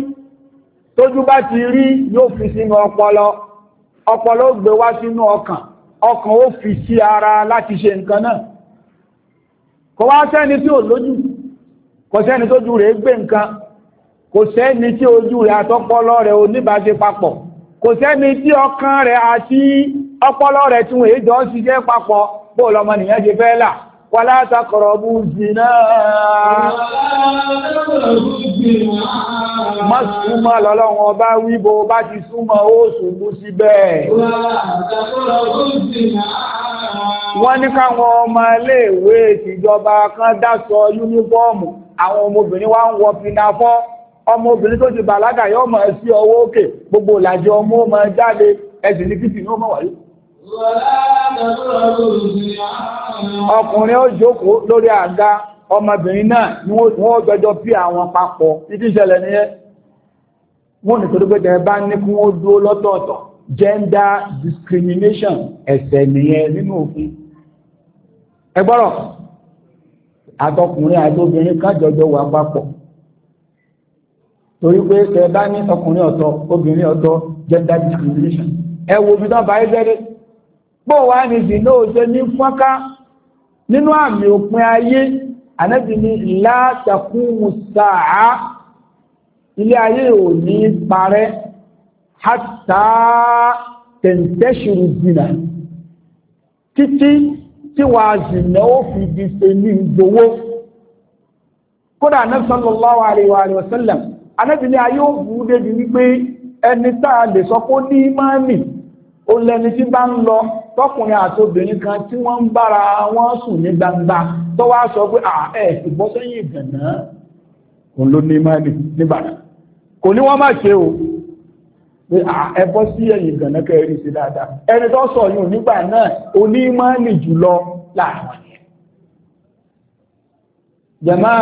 tójú bá ti rí yóò fi sínú ọpọlọ ọpọlọ gbé wá sínú ọkàn ọkàn ó fi sí ara láti ṣe nǹkan náà kò wá sẹ́ni tí ò lójú kò sẹ́ni tó ju rẹ̀ gbé nǹkan kò sẹ́ni tí ojú rẹ̀ àtọpọlọ rẹ̀ oníbàṣe papọ̀ kò sẹ́ni tí ọkàn rẹ̀ àti ọpọlọ rẹ̀ tí wọ́n èjọ́ ṣiṣẹ́ papọ̀ bó lọmọ nìyẹn ṣe fẹ́ là wàlá àtàkọ̀rọ̀bù zìnà má súnmọ́ lọ́lọ́wọ́n bá wíbo bá ti súnmọ́ ó ṣùgbú síbẹ̀ wọ́n ní káwọn ọmọ iléèwé ìjọba kan dáṣọ yúnífọ́ọ̀mù àwọn ọmọbìnrin wá ń wọ pinafọ́ ọmọbìnrin tó ti bàlágà yóò mọ̀ sí ọwọ́ òkè gbogbo ìlàjì ọmọ ọmọ jáde ẹ̀sìn ní kìtì ní ó wáyé ọkùnrin ó jókòó lórí àga ọmọbìnrin náà ni wọ́n jọjọ bí àwọn papọ̀ títí ìṣẹ̀lẹ̀ nìyẹn wọ́n nítorí pé tẹ̀ bá ní kí wọ́n dúró lọ́tọ̀ọ̀tọ̀ gender discrimination ẹ̀ṣẹ̀ nìyẹn nínú òfin ẹ gbọ́rọ̀ àtọkùnrin àti obìnrin kan jọjọ wà papọ̀ torí pé tẹ̀ bá ní ọkùnrin ọ̀tọ̀ obìnrin ọ̀tọ̀ gender discrimination ẹ wo bí wọ́n bá yẹ jẹ́rẹ́ pọ̀ wá ní ìdìná òjò ní fọ́nká nínú àmì òpin ayé ànábì ní látàkùn mùsàá ilé ayé ò ní parẹ́ hátà tẹ̀ǹtẹ́ṣùrù zìnà títí tí wà zìnà ó fi di ṣe ní gbowó kódà náà sallallahu alaihi wa sallam ànábì ní ayé ò bú débi wípé ẹni tá a lè sọ pé ó ní ìmáàmì ó lẹ́ni tí bá ń lọ tọkùnrin àti obìnrin kan tí wọ́n ń bára wọn sùn ní gbangba tó wá sọ pé à ẹ ìgbọ́sẹ́yìn ìgànnà òun ló ní mẹ́rin níbàdàn kò ní wọ́n má ṣe o pé à ẹ bọ́ sí ẹ̀yìn ìgànnà kẹrin sí dáadáa ẹni tó sọ yìí nígbà náà onímọ̀ọ́nì jùlọ láàrin wọn yẹn. jẹ̀máà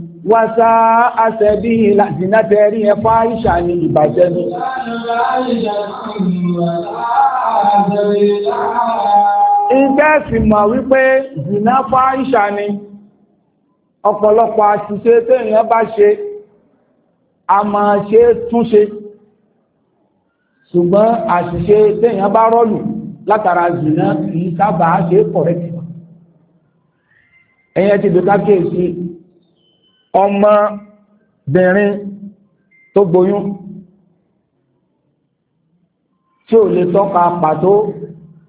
wàṣà àṣẹbí ìlàjìnà tẹ̀rí ẹ fáìṣà ní ìbàjẹ́ ni. Ìgbẹ́ sì mọ̀ wípé ìdìnà fáìṣà ni ọ̀pọ̀lọpọ̀ àṣìṣe téèyàn bá ṣe a máa ṣe túnṣe ṣùgbọ́n àṣìṣe téèyàn bá rọ́lù látara ìdìnà kì í sábà ṣe kọ̀rẹ́tì. Ẹ̀yẹn ti dùn ká kéèsì ọmọbìnrin tó gboyún tí ò lè tọ́ka pàtó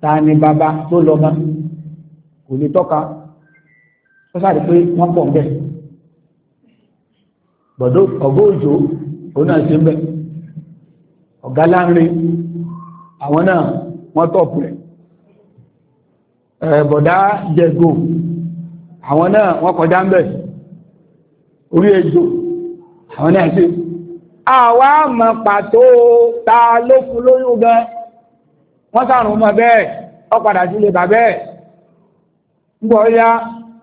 ta ni bàbá tó lọ́mọ kò lè tọ́ka ó sáré pé wọ́n pọ̀ bẹ́ẹ̀ bọ̀dọ̀ ọ̀gọ́ òjò òun náà ṣe ń bẹ̀ ọ̀gá láńre àwọn náà wọ́n tọ̀pù rẹ̀ ẹ̀bọ̀dá jẹ̀gò àwọn náà wọ́n kọjá ń bẹ̀ orí ejò àwọn náà ṣe àwa taa pàtó ta ló fún lóyún wọ́n sàrùn ọmọ bẹ́ẹ̀ ọ sílé bàbẹ́ ẹ̀ ya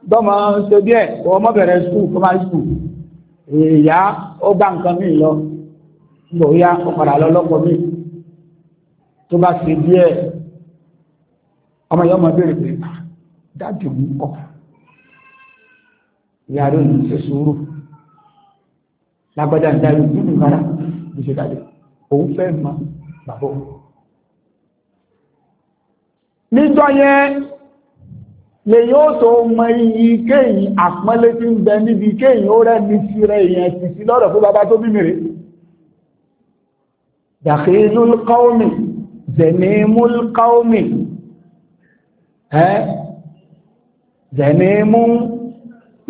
dọ́mọ ṣe bí ẹ̀ ọmọ bẹ̀rẹ̀ skul kọmá skul ìyá ó gbá nǹkan lọ ya ó padà tó bá ṣe bí ẹ̀ ọmọ bẹ̀rẹ̀ ah, dájú ìyá rẹ̀ lágbájá ń darí nínú rárá bí ṣe dájú òun fẹ́ mọ bàbá òun. nítọ́ yẹn lèyìn ó tó mọ iyì kéyìn àpọ́nlé tí ń bẹ níbi kéyìn ó rẹ́ ní tirẹ̀ èèyàn sì sí lọ́rọ̀ fún bàbá tó bí mèrè. dakhilul qawmi zanimul qawmi ẹ́ zanimu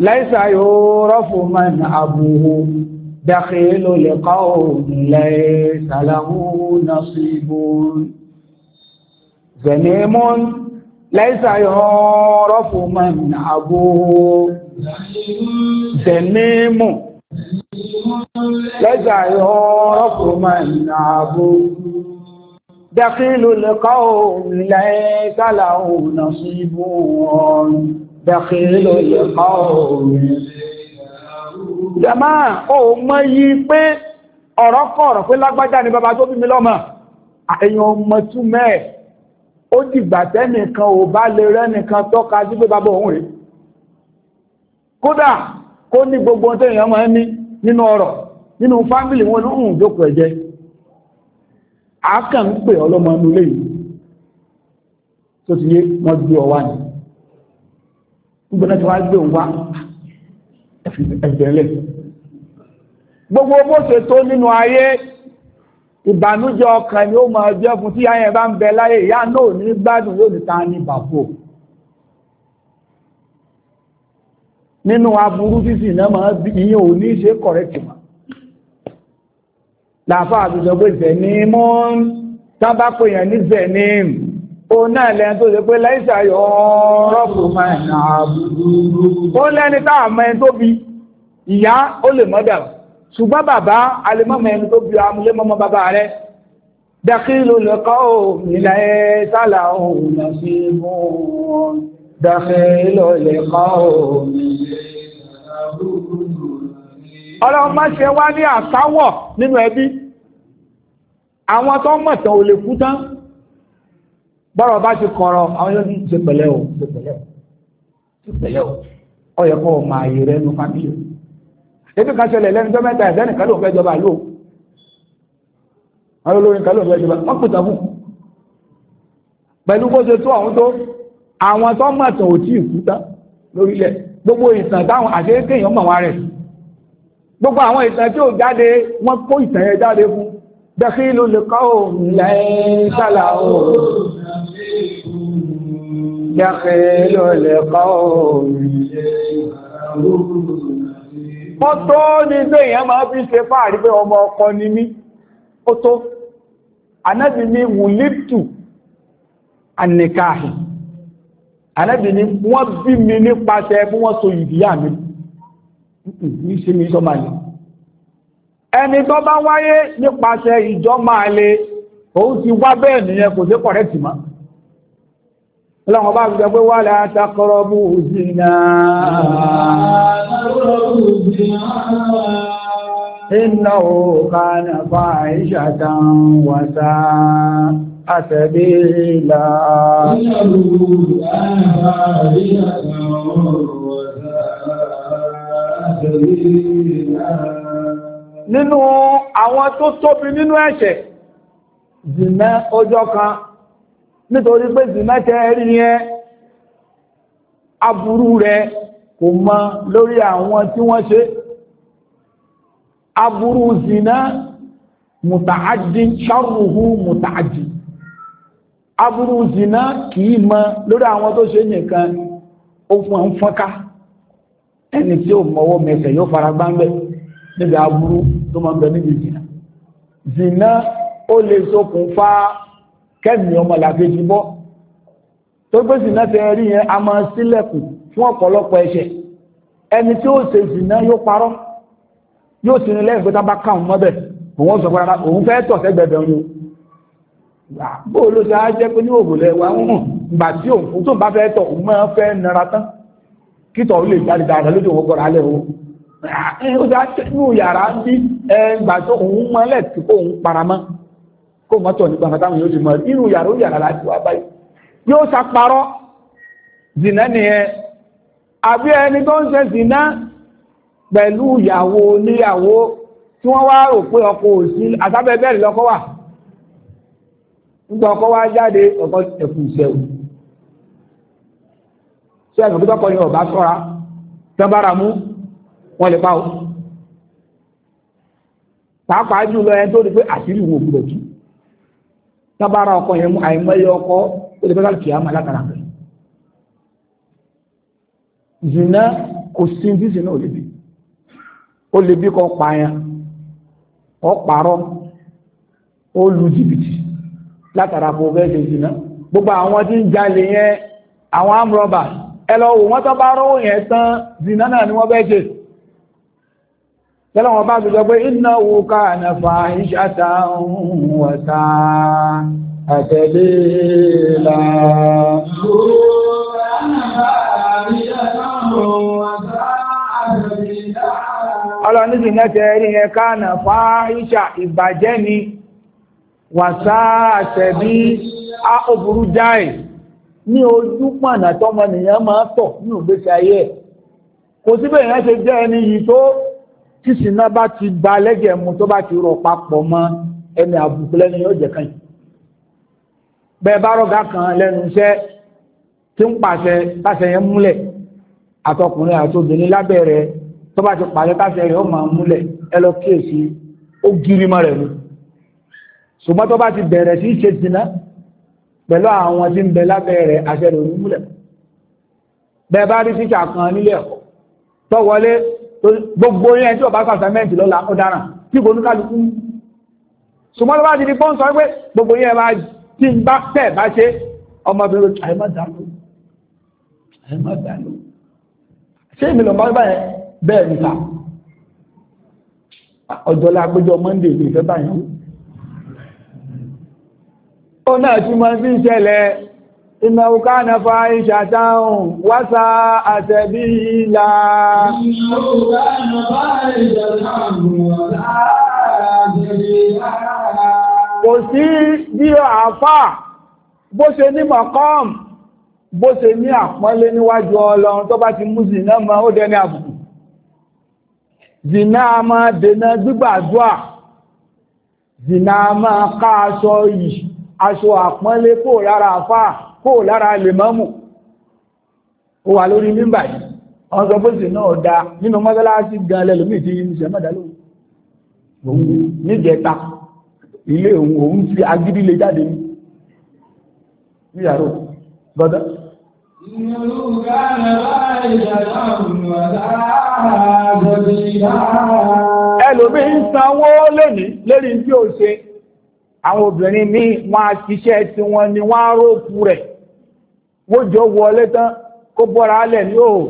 laysa yurafu man abuhu. داخل لقوم ليس له نصيب زميم ليس يعرف من أبوه زميم ليس يعرف من أبوه داخل القوم ليس له نصيب داخل القوم jàmá ò mọ yí pé ọ̀rọ̀ kọ̀ ọ̀rọ̀ pé lágbájá ni bàbá tó bí mi lọ́mọ o ọmọ túmọ̀ ẹ̀ ó dìgbà tẹ́nìkan ò bá lè rẹ́nìkan tọ́ka sí pé bàbá òun rèé kódà kó ní gbogbo tó èèyàn máa ń ní nínú ọ̀rọ̀ nínú fámìlì wọn ní òun jókòó ẹ̀jẹ̀ àákàn ń pè ọlọ́mọ inú lè tó ti yé wọ́n gbé ọ wá ní gbogbo náà ti wá gbé òun ẹ̀bẹ̀lẹ̀ gbogbo bó ṣe tó nínú ayé ìbànújẹ́ ọkàn ni ó máa jẹ́ fún tí ayẹ bá ń bẹ láyé ìyá náà ní gbádùn yóò ní ta ní bàbò nínú aburú títì náà máa bí ìyẹn ò ní ṣe kọ̀rẹ́tì mà làáfà àtúnṣe pé zẹ̀ ní mọ́ tábà yẹn ní zẹ̀ ní mọ́ òun náà lẹ́yìn tó ṣe pé láìsà yọ rọ́pù máa ń àbúrú ó lẹ́ni táà mọ ẹni tó bí ìyá ó lè mọ́dà ṣùgbọ́n bàbá alẹ́mọ́mọ ẹni tó bí amúlẹ́mọ́mọ́ bàbá rẹ̀ dákìlù lẹ́kọ́ òmìnira ẹ̀ sálà òun lọ sí mú dákìlù lẹ́kọ́ òmìnira ọlọ́run má ṣe wá ní àsáwọ̀ nínú ẹbí àwọn tó mọ̀ tán ò lè kú tán bọ́rọ̀ bá ti kọ̀rọ̀ àwọn yóò ní ṣe pẹ̀lẹ́ o ṣe pẹ̀lẹ́ o ṣe pẹ̀lẹ́ o ọ yẹ kó o máa yè rẹ nu fámìlì o ebi kan ṣẹlẹ̀ lẹ́nu tó mẹ́ta ẹ̀dẹ́nì kan ló fẹ́ jọba lò àwọn olórin kan ló fẹ́ jọba wọ́n pèsè fún pẹ̀lú bó ṣe tó àwọn tó àwọn tó mọ̀ tán tí ì kú lórílẹ̀ gbogbo ìtàn táwọn àṣeyé kéèyàn mọ̀ wá rẹ̀ gbogbo àwọn ìtàn tí ò jáde wọ́n kó ìtàn yẹn jáde fún bẹ́ẹ̀ ló lè kọ́ òun lẹ́yìn sálà òun. يخيل لقوم Wọ́n tó ni mí, ó tó, ànábì wọ́n bí mi nípasẹ̀ fún wọ́n so ìdíyà mi, ní ṣe mi sọ máa lè. Ẹni tó bá wáyé nípasẹ̀ ìjọ máa lè, òun ti wá bẹ́ẹ̀ nìyẹn kò sí kọ̀rẹ́tì máa ọlọ́run bá gbẹ pé wà láta kọ́rọ̀ bú zina iná òkà na fa ìṣàtàn wàsá àtẹ̀bí ìlà nínú àwọn tó tóbi nínú ẹ̀ṣẹ̀ zina ọjọ́ kan nítorí pé zìmẹ́tẹ́ rí yẹn aburú rẹ kò mọ lórí àwọn tí wọ́n ṣe aburú zìná mùtàájì ṣàrùhù mùtàájì aburú zìná kìí mọ lórí àwọn tó ṣe nìkan ó fún ọ ń fọ́nká ẹni tí ó mọwọ́ mẹsẹ̀ yóò fara gbáńgbẹ́ níbi aburú tó máa ń bẹ níbi zìná zìná ó lè ṣokùnfà kẹ́mi ọmọ làkejì bọ́ tó gbé sìnà tẹ rí yẹn a máa sílẹ̀kùn fún ọ̀pọ̀lọpọ̀ ẹ̀ṣẹ̀ ẹni tí ó ṣe sìnà yóò parọ́ yóò sì ní lẹ́yìn pé tá bá káwọn mọ́bẹ̀ òun sọ fún ara òun fẹ́ tọ̀ sẹ́gbẹ̀bẹ̀ òun bó ló ṣe á jẹ́ pé ní òbò lẹ́wà ń hùn gbà tí òun fún tó bá fẹ́ tọ̀ òun máa fẹ́ nara tán kí tọ̀ lè jáde dáadáa lójú òun gbọ́dọ̀ alẹ́ òun ó ṣe á tẹ́nu yàrá bí ẹgbà tó òun mọ́lẹ̀ tí kò òun paramọ́ kó mọ́tọ̀ nípa àtàwọn yóò ti mọ̀ inú yàrá ó yàrá láti wá báyìí yóò ṣàparọ́ zìnà nìyẹn àbí ẹni tó ń ṣe zìnà pẹ̀lú ìyàwó oníyàwó tí wọ́n wá rò pé ọkọ òsì àtàbẹ̀ bẹ́ẹ̀ lọ́kọ́ wà nígbà ọkọ wá jáde ọkọ ẹ̀kú ìṣẹ̀wò ṣé ẹ̀mí pípọ́kọ ni ọba sọ́ra tán bára mú wọn lè pa ó pàápàá jùlọ ẹni tó rí pé àṣírí wo gbọdọ̀ tún tábàárà ọkọ yẹn mú àìmọye ọkọ ó lè fẹ́ ká kìá máa látara pẹ̀. zina kò sí ní zina ò lè bí ó lè bí kọ́ pààyàn kọ́ pààrọ̀ ó lu jìbìtì látara bó bẹ́ẹ̀ ṣe zina gbogbo àwọn tí ń jalè yẹn àwọn amúrọ̀bà ẹ lọ wò wọ́n tó bá rówó yẹn tán zina náà ni wọ́n bẹ́ẹ̀ ṣe tẹ́lẹ̀ wọn bá fi sọ pé iná wo ká nàfà ìṣàtà wọ̀ta àtẹ̀lé la. ọlọ́ni sì náà tẹ́ rí yẹn ká nàfà ìṣà ìbàjẹ́ ni wàsá àtẹ̀bí á ó burú jáì ní ojú pànà tọmọnìyàn máa tọ̀ ní ògbésí ayé kò síbẹ̀ yẹn jẹ́ ẹni yìí tó tí sinna bá ti gba lẹ́jẹ̀ mu tó bá ti rọ̀ papọ̀ mọ́ ẹni àbùkù lẹ́nu yóò jẹ́ kàn yìí bẹ́ẹ̀ bá rọ̀gá kan lẹ́nu iṣẹ́ tí ń pàṣẹ káṣẹ yẹn múlẹ̀ àtọkùnrin àti obìnrin lábẹ́ rẹ̀ tó bá ti pàṣẹ káṣẹ yẹn ó máa múlẹ̀ ẹ lọ kíyèsí ó gírí mọ́ rẹ̀ ni ṣùgbọ́n tó bá ti bẹ̀rẹ̀ sí ṣe sinna pẹ̀lú àwọn tí ń bẹ lábẹ́ rẹ̀ àṣẹ rẹ̀ ò ní múlẹ̀ bẹ́ẹ̀ bá rí gbogbo yẹn tí ọba pàṣẹmẹ́ntì lọ́la ọ̀daràn tí kò ní kálukú ṣùgbọ́n lọ́wọ́ ti di pọ́n sọ pé gbogbo yẹn máa tí ń bá tẹ̀ bá ṣe ọmọbìnrin àìmọ́ dàlú àìmọ́ dàlú ṣé ìmìlọ̀ bá báyẹn bẹ́ẹ̀ níta ọjọ́ lágbẹ́jọ́ Monday ní ìfẹ́ báyẹn ó náà ti máa ń fi ń ṣẹlẹ̀ إنه كان na وساء سبيلا إنه كان فاحشة وساء سبيلا kò sí bí àáfàá bó ṣe ní mọ̀kọ́m bó ṣe ní àpọ́nlé níwájú ọlọ́run tó bá ti mú zìnà ma ó dẹni àbùkù zìnà máa dènà gbígbàdúà zìnà máa ká aṣọ yìí aṣọ àpọ́nlé kò rárá àáfàá kó lára lè mọ́mù ó wà lórí mímbà yìí wọ́n sọ pé sì náà da nínú mọ́sálásí gan lẹ́lòmí ti ń ṣe mọ́dálò òun níjẹta ilé òun òun fi agídí lè jáde ní yàrá bọ́dọ̀ ẹlòmí ń sanwó lónìí lórí tí ó ṣe àwọn obìnrin ní wọ́n a ṣiṣẹ́ tí wọ́n ni wọ́n á rókú rẹ̀ wọ́n jọ wọlé tán kó bọ́ra alẹ̀ ní òò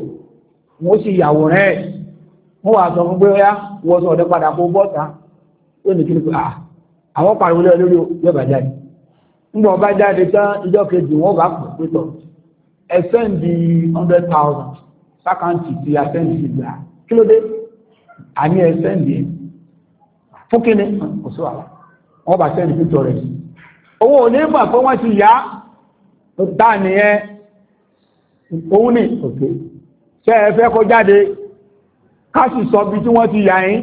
wọ́n sì yàwòrán ẹ̀ wọ́n wà sọ fún pé ọyá wọ́n sọ ọ̀dẹ́ padà kó bọ́ta ó ní kíni pé à ah, àwọn pariwo lé lórí yóò jáde nígbà bá jáde tán ìjọ kejì wọ́n bá pè pé tọ̀ ẹ sẹ́ǹdì hundred thousand sákàǹtì ti àsẹ́ǹdì ìgbà kí ló dé àmì ẹ sẹ́ǹdì ẹ̀ fún kíni kò sí wàhálà wọ́n bá sẹ́ǹdì píktọ̀ rẹ̀ owó ò ní bà fún wọn ti yá tó dá nìyẹn òun ní òkè ṣe ẹ fẹ́ jáde káṣì sọ bí tí wọ́n ti yà yín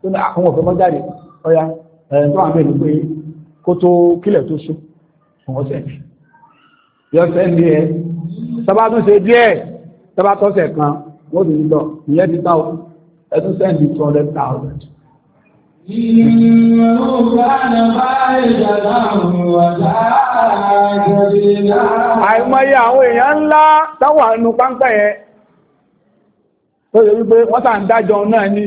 tó ní àwọn òfin mọ́ jáde ọya ẹ̀rìn tó wà mẹ́rin pé kó tó kílẹ̀ tó ṣú wọ́n sẹ̀ ẹ sábà díẹ̀ sábà kan Àìmọye àwọn èèyàn ńlá táwà nù páńpẹ́ yẹn tó yẹ wípé wọ́n tà ń dájọ náà ni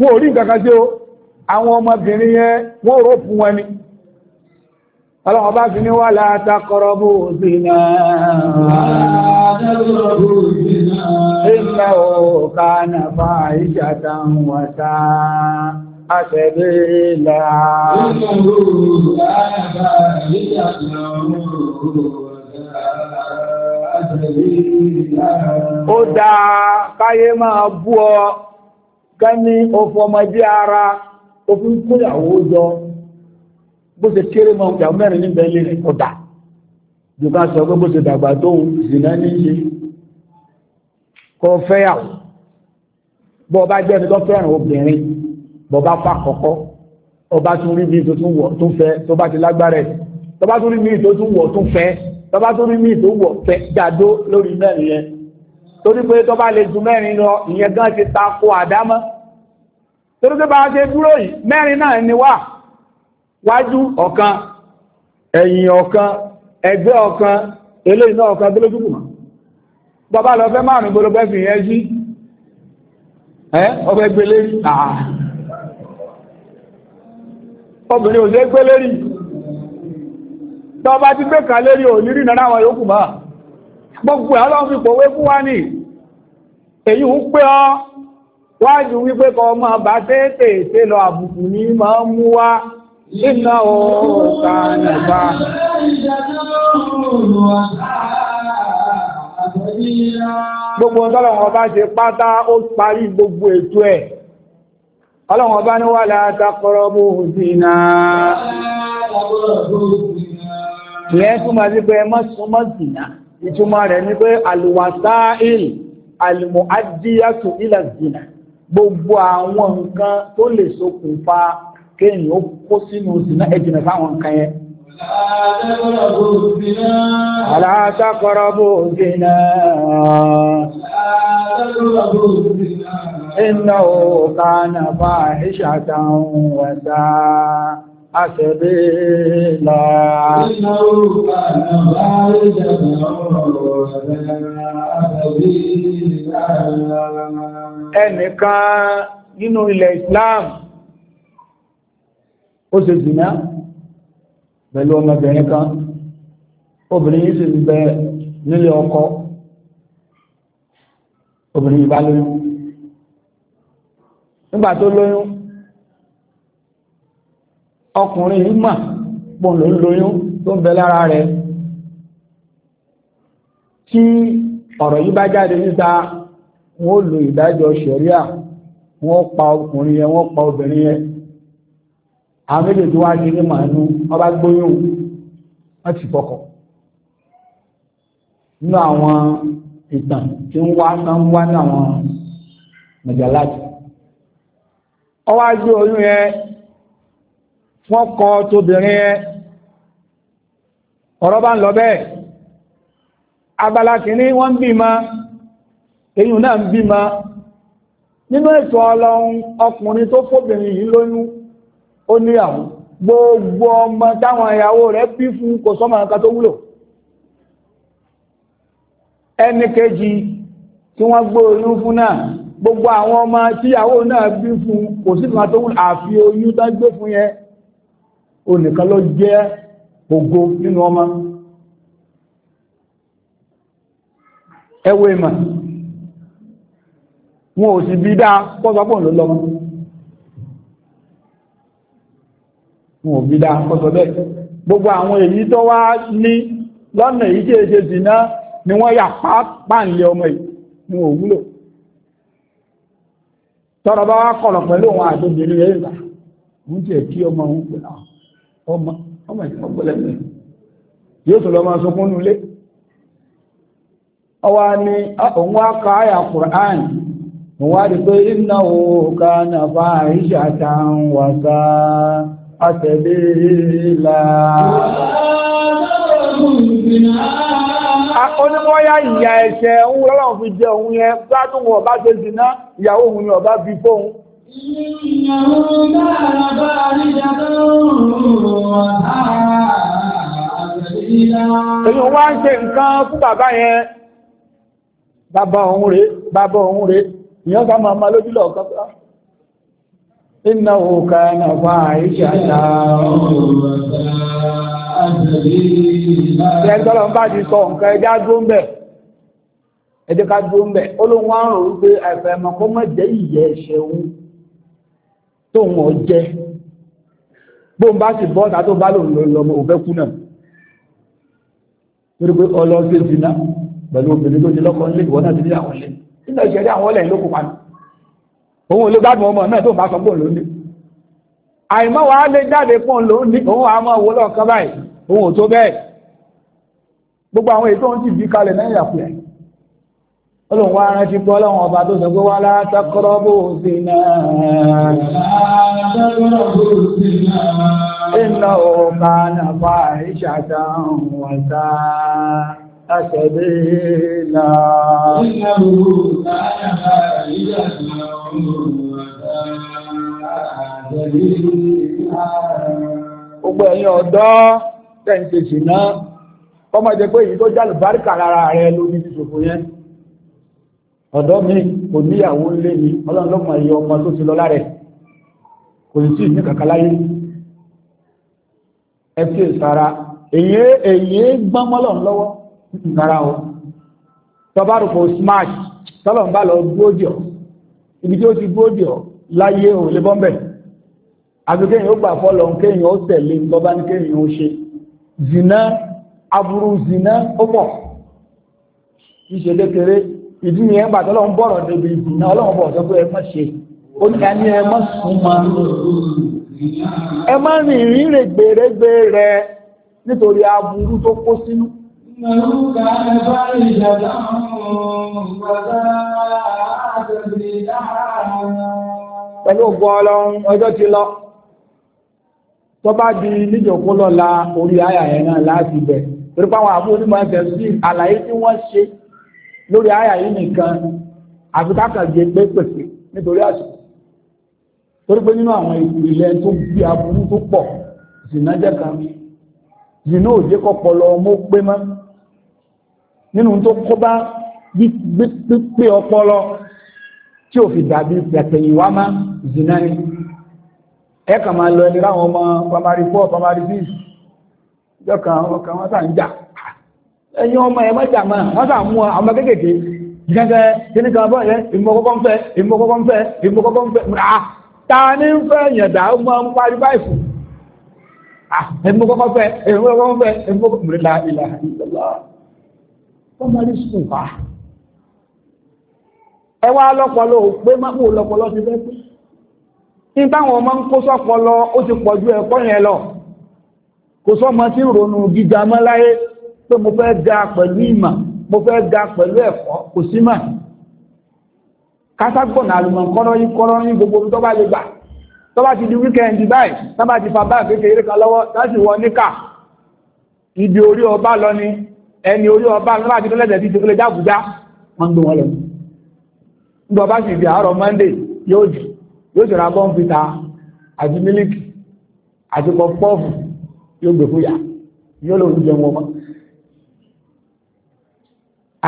wọ́n ò rí tí ó àwọn ọmọbìnrin yẹn wọ́n rò fún wọn ni ọlọ́wọ́ bá fi ní wà látàkọrọ bó zina ìlẹ̀ òkà nàfà ìjàdà wọ́n àṣẹ̀bẹ̀lá. Ó dáa káyé máa bú ọ, ká ní ọfọ ọmọdé ara, òfin kúyàwó jọ, bó ṣe kéré mọ́ ìyàwó mẹ́rin ní bẹ̀lẹ̀ rẹ̀ ọ̀dà. Jùká sọ pé bó ṣe dàgbà tó zìnà ní ṣe, kọ fẹ́yàwó, bọ́ bá jẹ́ ẹni tó fẹ́ràn obìnrin bọ̀bá fà kọ́kọ́ ọba tún rí mi tó tún wọ̀ tó fẹ́ tó bá ti lágbára ẹ̀ tọba tó rí mi tó tún wọ̀ tó fẹ́ tọba tó rí mi tó wọ̀ fẹ́ dàdó lórí mẹ́rin yẹn torí pé tọba lè ju mẹ́rin lọ ìyẹn gan ti ta ko àdámọ́ torí pé bá a ṣe dúró yìí mẹ́rin náà ni wà wájú ọ̀kan ẹ̀yìn ọ̀kan ẹgbẹ́ ọ̀kan eléyìí náà ọ̀kan tó lójú kùmọ̀ bàbá lọ fẹ́ márùn-ún gbọ́dọ̀ fẹ́ fi yẹn sí ẹ́ ọ̀fẹ́ gbélé àà obìnrin ò jẹ́ gbé lérí tọ́ bá ti gbé kan lérí ò ní rí náà àwọn yòókù máa gbogbo ẹ̀ ọlọ́run fi pòwé fún wá ní èyí ń pé ọ wájú wípé kọ ọmọ bá tẹ́ẹ̀tẹ̀ẹ̀tẹ̀ lọ àbùkù ní máa ń mú wá iná ọ̀ọ̀kànàbà gbogbo ọ̀tọ́lọ̀ ọba ṣe pátá ó parí gbogbo ètò ẹ̀ ọlọ́run ọba ní wà látàkọ́rọ̀ bó zina ìyẹn túnmọ̀ sí pé mọ́súnmọ́ zina ìtumọ̀ rẹ̀ ní pé alùwàsáìl alùmọ̀ adíyàtò ilẹ̀ zina gbogbo àwọn nǹkan tó lè ṣokùnfà kéèyàn ó kó sínú zina ẹ̀jìnà fáwọn nǹkan yẹn Àlátàkọ̀rọ̀ bó zina. إنه كان فاحشة وساء سبيلا إنه كان فاحشة وساء سبيلا ẹnìkan nínú ilẹ̀ Islam ó ṣe jìnà pẹ̀lú ọmọbìnrin kan obìnrin yìí sì ń bẹ nílé ọkọ obìnrin yìí bá lóyún nígbà tó lóyún ọkùnrin yìí mà pọ̀ ló ń lóyún tó ń bẹ lára rẹ̀ tí ọ̀rọ̀ yìí bá jáde níta wọ́n lo ìdájọ́ ṣẹ̀ríà wọ́n pa ọkùnrin yẹn wọ́n pa obìnrin yẹn àwọn méjèèjì wá ní ní màánú ọba gbóyún wọ́n ti fọkọ̀ nínú àwọn ìtàn tí ń wá ń wá ní àwọn mẹjọ láti ọwọ́ agbé oyún yẹn wọ́n kọ́ tóbìnrin yẹn ọ̀rọ̀ bá ń lọ bẹ́ẹ̀ abala kìíní wọ́n ń bímọ èyàn náà ń bímọ nínú ètò ọlọ́run ọkùnrin tó fóbìnrin yìí lóyún ó níyàwó gbogbo ọmọ táwọn ìyàwó rẹ̀ bí fún kò sọ́mọ nǹkan tó wúlò ẹnì kejì tí wọ́n gbé oyún fún náà gbogbo àwọn ọmọ tíyàwó náà bí fún kò sí ìgbà tó wù àfi oyún tó gbé fún yẹn onìkan ló jẹ́ ògo nínú ọmọ ẹwọ ìmọ̀ wọn ò sì bí dáa pọ́sọpọ̀ ló lọ́mọ wọn ò bí dáa pọ́sọ bẹ́ẹ̀ gbogbo àwọn èyí tó wá ní lọ́nà èyí tí èṣe ni wọ́n yà pàǹlẹ̀ ọmọ yìí ni tọ́rọ bá wá kọ̀rọ̀ pẹ̀lú òun àti obìnrin rẹ̀ ìgbà wọ́n ti ẹ̀kí ọmọ òun ah, ọmọ ọmọ ìjọba gbọ́lẹ̀ mi yóò tó máa sọ fún ni òun wá òun wá di pé onímọ̀ọ́yá ìyà ẹ̀ṣẹ̀ òun lọ́lọ́run fi jẹ òun yẹn gbádùn wọn ọba ṣe jìnnà ìyàwó òun ni ọba bí fóun. èyí wá ń ṣe nǹkan fún bàbá yẹn bàbá òun rèé bàbá ẹ̀ẹ́dọ́lọ́ bá ti sọ nǹkan ẹjá dúró ń bẹ̀ ẹjẹ́ ká dúró ń bẹ̀ ó ló wọ́n rò wípé ẹ̀fẹ̀ ẹ̀mọ̀ kó mọ̀ jẹ́ ìyẹ́ ẹ̀ṣẹ̀ òun tó wọ́n jẹ́ bóun bá sì bọ́ ta tó bá lòun lọ́mọ òfẹ́ kú náà torí pé ọlọ́sẹ̀ dínà pẹ̀lú obìnrin tó ti lọ́kọ nílé ìwọ náà ti ní àwọn ilé nígbà ìṣẹ̀lẹ̀ àwọn ọlẹ́yìn ló kópa òun ò lè gbádùn ọmọ náà tó bá sọ pé òun ló ní àìmọ́ wàá lè jáde fún lòun ní òun wàá mọ́ owó lọ́ọ̀kan báyìí òun ò tó bẹ́ẹ̀ gbogbo àwọn ètò òun sì bí kalẹ̀ náà yàpẹ́ ọlọ́run wá rántí pé ọlọ́run ọba tó sọ pé wá látàkọ́rọ́ bó ṣe náà iná ọba nàfà ìṣàtà wọ̀ta àṣẹ̀dé náà. iná ọba nàfà ìṣàtà wọ̀ta. Gbogbo ẹ̀yin ọ̀dọ́ tẹ̀ǹtẹ̀ sì náà, kọ́mọ̀ jẹ pé èyí tó jálù báríkà lára rẹ lórí ìṣòfò yẹn. Ọ̀dọ́ mi kò níyàwó lé ní ọlọ́lọ́mọ ẹ̀yọ ọmọ tó ti lọ lárẹ̀, kò sí o. Tọ́bárùkù smash, tọ́lọ̀ ń bá lọ ti gbóòdì ọ̀ láyé òun lè àbí kéèyàn ó gbà fọ́lọ̀ kéèyàn ó tẹ̀lé tọ́bá ní kéèyàn ó ṣe zina aburú zina ó pọ̀ ìṣe kékeré ìdí ni ẹgbà tó lọ́n bọ̀rọ̀ débi zina ọlọ́run bọ̀ sọ pé ẹ má ṣe ó ní ká ní ẹ má súnmọ́ ẹ má rìn rìn rè gbèrègbè rẹ nítorí aburú tó kó sínú. Pẹ̀lú ògbọ́ ọlọ́run ọjọ́ ti lọ tọ́ba di níjọ̀kú lọ́la orí àyà yẹn náà láti bẹ̀ torí báwọn àbúrò onímọ̀ ẹ̀fẹ̀ sí àlàyé tí wọ́n ṣe lórí àyà yìí nìkan àfi kákàgbé pé pèsè nítorí àsìkò torí pé nínú àwọn ìpìlẹ̀ tó bí aburú tó pọ̀ zìnà jẹ́ kan zìnà òjé kọpọlọ ọmọ pé mọ́ nínú tó kó bá gbígbé ọpọlọ tí ò fi dàbí pẹ̀tẹ̀yìnwá má zìnà ni ẹ̀kà máa lọ ẹni ráwọn ọmọ primary four primary six jọ́kà àwọn kan wọ́n sà ń jà ẹ̀yin ọmọ ẹ̀ mọ́jà mọ́ wọ́n sà mú ọmọ kéékèèké gẹ́gẹ́ kíní kan bọ́ yẹn ìmọ̀kọ́kọ́ ń fẹ́ ìmọ̀kọ́kọ́ ń fẹ́ ìmọ̀kọ́kọ́ ń fẹ́ ah, ta ní ń fẹ́ yẹ̀dá ó máa ń parí báyìí fún ah, ìmọ̀kọ́kọ́ fẹ́ ìmọ̀kọ́kọ́ fẹ́ ìmọ̀kọ́kọ́ mìíràn ìlà ìlà ní báwọn ọmọ ń kó sọ́pọ̀ lọ ó ti pọ̀ ju ẹ̀kọ́ yẹn lọ kò sọ́mọ tí ń ronú gíga mọ́ láyé pé mo fẹ́ ga pẹ̀lú ìmọ̀ mo fẹ́ ga pẹ̀lú ẹ̀kọ́ kò sí mọ̀ káságbọ̀nà àlùmọ̀kọ́rọ́ yìí kọ́rọ́ ní gbogbo tó bá lè gbà tó bá ti di wíkẹ́ndì báyìí tó bá ti fa báyìí kékeré kan lọ́wọ́ láti wọ níkà ìdí orí ọba lọ ni ẹni orí ọba lọ́wọ́ àti tọ́lẹ̀dẹ̀ ti ti kúlẹ̀ jábùjá wọ́n gbé wọn lọ. ń bọ̀ bá sì di àárọ̀ Monday yóò dì yóò ṣe ra kọ́mpútà àti mílíkì àti pọ́pọ́ọ̀fù yóò gbé fúyà yóò lòun jẹun ọmọ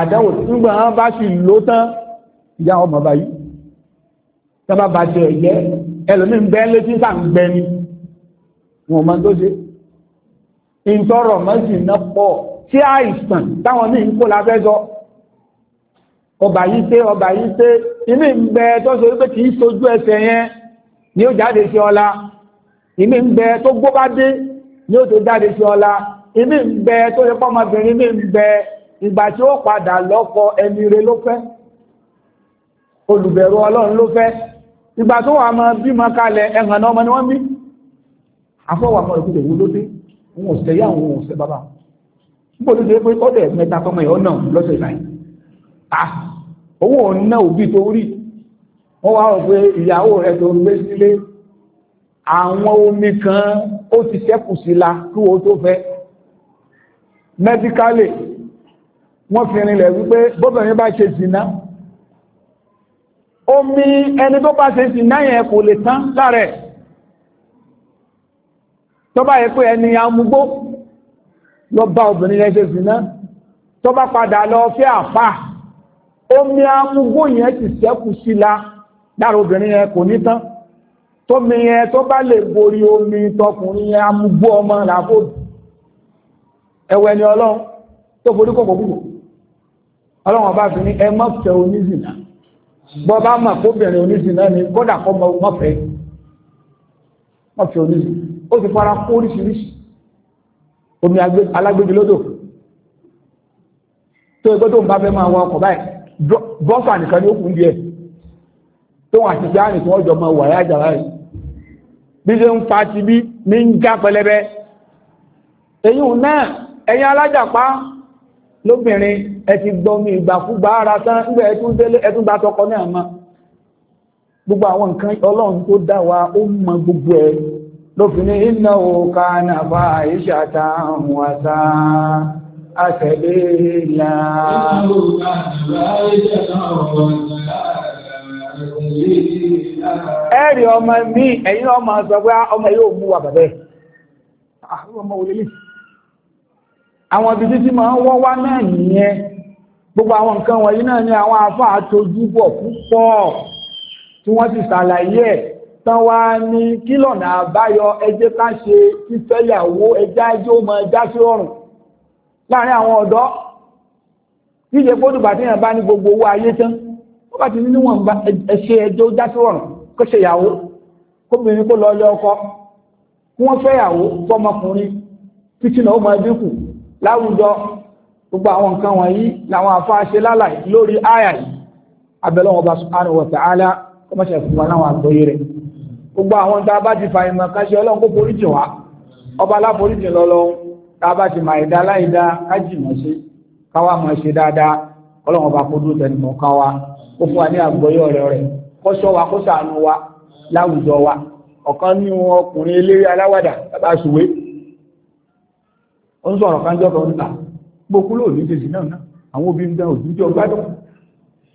àdáwò nígbà wọn bá sì lò tán ìyá ọmọ báyìí tábà bá ṣe ẹ̀jẹ̀ ẹlòmíín bẹ́ẹ̀ létí sàn gbẹ ni wọn máa tó ṣe ìtọrọ mọ́sìn náà pọ̀ sí àìsàn táwọn míì ń kó la fẹ́ sọ ọba yìí ṣe ọba yìí ṣe ìmí ń bẹ tó ṣe wípé kì í sojú ẹsẹ̀ yẹn ni ó jáde sí ọlá ìmí ń bẹ tó gbó bá dé ni ó tó jáde sí ọlá ìmí ń bẹ tó ṣe pọ́mọbìnrin ìmí ń bẹ ìgbà tí ó padà lọ́kọ ẹni re ló fẹ́ olùbẹ̀rù ọlọ́run ló fẹ́ ìgbà tó wà máa bímọ kalẹ̀ ẹ̀hàn ọmọ ni wọ́n bí afọwọ́ àwọn ìkúté wo ló dé wọn ò sẹ́yà wọn ò sẹ́ bàbá wọn bó ló dé pé ó dẹ̀ mẹ́ta fọmọ yìí ó nà lọ́sẹ̀ ìgbà yìí Ah, owó ọ̀nà òbí tó rí wọ́n wá rọ̀ pé ìyàwó rẹ̀ tó ń gbé sílé àwọn omi kan ó ti ṣẹ́kù sí la kí o tó fẹ́ mẹ́díkálì wọ́n fi rinlẹ̀ wípé bọ́bẹ̀rin bá ṣe zìnà omi ẹni tó bá ṣe zìnà yẹn kò lè tán lára ẹ̀ yẹ pé ẹni amúgbó lọ bá obìnrin yẹn ṣe zìnà tó padà lọ fẹ́ àfáà omi amúgbó yẹn ti sẹ́kù sí la dára obìnrin yẹn kò ní tán tómi yẹn tó bá lè borí omi tọkùnrin yẹn amúgbó ọmọ làbóbi ẹ̀wẹ̀ ni ọlọ́run tó forí kọ̀kọ̀ kúrò ọlọ́run ọba fi ní ẹ má fẹ́ onízìnà bọ́ bá mọ̀ kóbìnrin onízìnà ni kódà kọ́ mọ mọ́fẹ́ mọ́fẹ́ onízìnà ó ti fara kó oríṣiríṣi omi alágbègbè lódò tó ẹgbẹ́ tó ń bá fẹ́ máa wọ ọkọ̀ báyìí bọ́sà nìkan ní ndị díẹ̀ tó wọ́n àti sáà nìkan ọjọ́ mọ wà yájà bí ṣe ń fa ti bí ní ń já pẹlẹbẹ èyí náà alájàpá lóbìnrin ẹ ti ìgbàkúgbà nígbà gbogbo àwọn nǹkan ọlọ́run tó dá wa ó mọ gbogbo ẹ lófin ní àtẹ̀léèlà. Ẹ̀rì ọmọ mi, ẹ̀yin ọmọ sọ pé ọmọ yóò mú wa bàbẹ́. Àwọn ah, ọmọ olélè. Àwọn ibi títí máa ń wọ́n wá náà nìyẹn. Gbogbo àwọn nǹkan wọ̀nyí náà ni àwọn afọ́ àtojú bọ̀ púpọ̀ tí wọ́n ti ṣàlàyé ẹ̀. Tán wá ní kílọ̀nà àbáyọ ẹjẹ́ ká ṣe fífẹ́yàwó ẹjá ẹjọ́ máa já sí ọ̀run láàrin àwọn ọ̀dọ́ níjẹ́ fódùgbà tí yàn bá ní gbogbo owó ayé tán ó bá ti ní níwọ̀n bá ẹ̀ṣẹ̀ ẹjọ́ dásírọ̀rùn kó ṣe ìyàwó kóbìnrin kó lọ ilé ọkọ kí wọ́n fẹ́ ìyàwó fọmọkùnrin títí náà ó máa dínkù láwùjọ gbogbo àwọn nǹkan wọ̀nyí làwọn àfáàṣe lálàyé lórí àyà yìí abẹ́lọ́wọ́ bá subhanahu wa ta'ala kó má ṣe fún wa láwọn àgbóyé rẹ̀ gbogbo àwọn tá a bá ti fa ìmọ̀ káṣí ọlọ́run kó foríjì wá ọba aláforíjì lọ́lọ́run kábà ti máa ìdá láìdá kájì mọ̀ sí káwá mọ̀ ṣe dáadáa ọlọ́run bá kó dúró tẹnu mọ́ káwá ó fún wa ní àgbọ́yé ọ̀rẹ́ rẹ̀ kó ṣọ́ wa kó ṣàánú wa láwùjọ wa ọ̀kan ní ọkùnrin eléré aláwàdà bàbá ṣùwé ó ń sọ̀rọ̀ kánjọ́ kan níta gbogbo ló ní tèsí náà àwọn òbí ń dá òjújọ gbádùn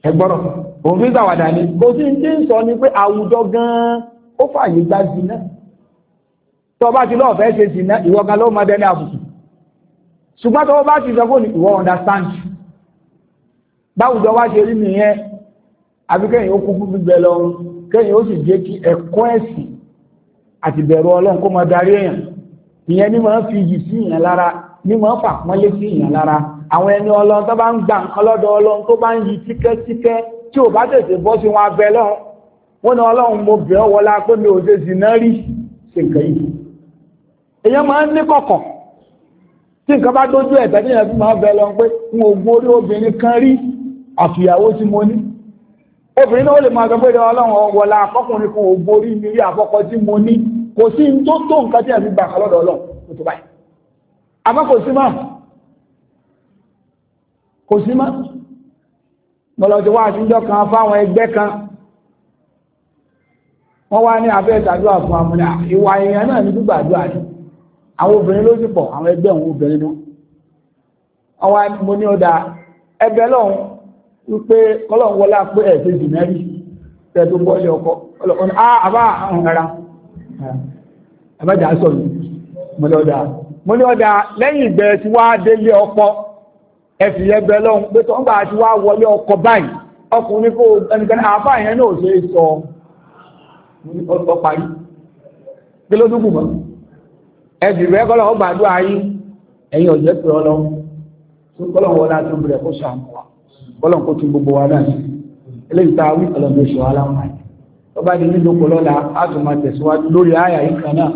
ẹgbọ́rọ̀ òun fi ṣàwàdà ni kò sí ní sọ ni pé àwùjọ gan-an ó fààyè gbá sí náà tọ́ bá ti lọ́ọ̀fẹ́ ṣe sí náà ìwọ kan ló máa dẹni àbùkù ṣùgbọ́n tó bá ti sọ́kò ní ìwọ understand báwùjọ wá ṣe rí nìyẹn àbí kẹ́yìn ó kú fún gbígbẹ lọ kẹ́yìn ó sì jẹ́ kí ẹ̀kọ́ ẹ̀sìn àti bẹ̀rù ọlọ́run kó máa darí èèyàn ìyẹn ní máa ń fi iyì sí èèyàn lára ní máa ń fàpọ́nlé sí èèyàn lára àwọn ẹni ọlọ́run tó bá ń gbà nǹkan lọ́dọ̀ ọlọ́run tó bá ń yí tíkẹ́tíkẹ́ tí ò bá tètè bọ́ sí wọn abẹ lọ́run wọn ni ọlọ́run mo bẹ̀ ọ́ wọlá pé mi ò ṣe sì tí nǹkan bá dójú ẹ̀ tẹ́lẹ̀ yẹn fi máa bẹ lọ pé n ò gun orí obìnrin kan rí àfìyàwó tí mo ní obìnrin náà lè máa sọ pé ìdáwọ́ ọlọ́run wọlá akọkùnrin kan ò borí mi rí àkọ́kọ́ tí mo ní kò sí ní tó tó nǹkan tí ẹ̀ fi gbà kan lọ́dọ̀ ọlọ́run kò tó báyìí àmọ́ kò sí máa kò sí máa mọ̀lọ́dún wá àtijọ́ kan fáwọn ẹgbẹ́ kan wọ́n wá ní abẹ́ ìtàdúrà fún amúnà ìwà èèyàn náà ní gbígbàdúrà yìí àwọn obìnrin ló sì pọ̀ àwọn ẹgbẹ́ òun obìnrin nú àwọn mo ní ọ̀dà ẹgbẹ́ lọ́hùn wípé kọ́lọ́hún wọlá pé ẹ̀ ṣe jù mẹ́rin tẹ́ bọ́ ilé ọkọ ah àbá àwọn rárá àbájá mo ní ọ̀dà mo ní ọ̀dà lẹ́yìn ìgbẹ́ tí wá délé ẹgbẹ́ lọ́hùn pé tó ń wá wọlé báyìí ọkùnrin sọ ọ ẹbí rẹ̀ kọ́lọ̀ ọgbà àdúrà yín ẹ̀yin ọ̀jẹ́ pé ọlọ́ kọ́lọ̀ wọn láti ń bẹ̀rẹ̀ kó sàmù wa kọ́lọ̀ kó tún gbogbo wa náà eléyìí tá a wí kọ́lọ̀ mi sọ aláwọ̀ tó bá di nílùú kọ́ lọ́la á tún máa tẹ̀síwájú lórí àyà yìí kan náà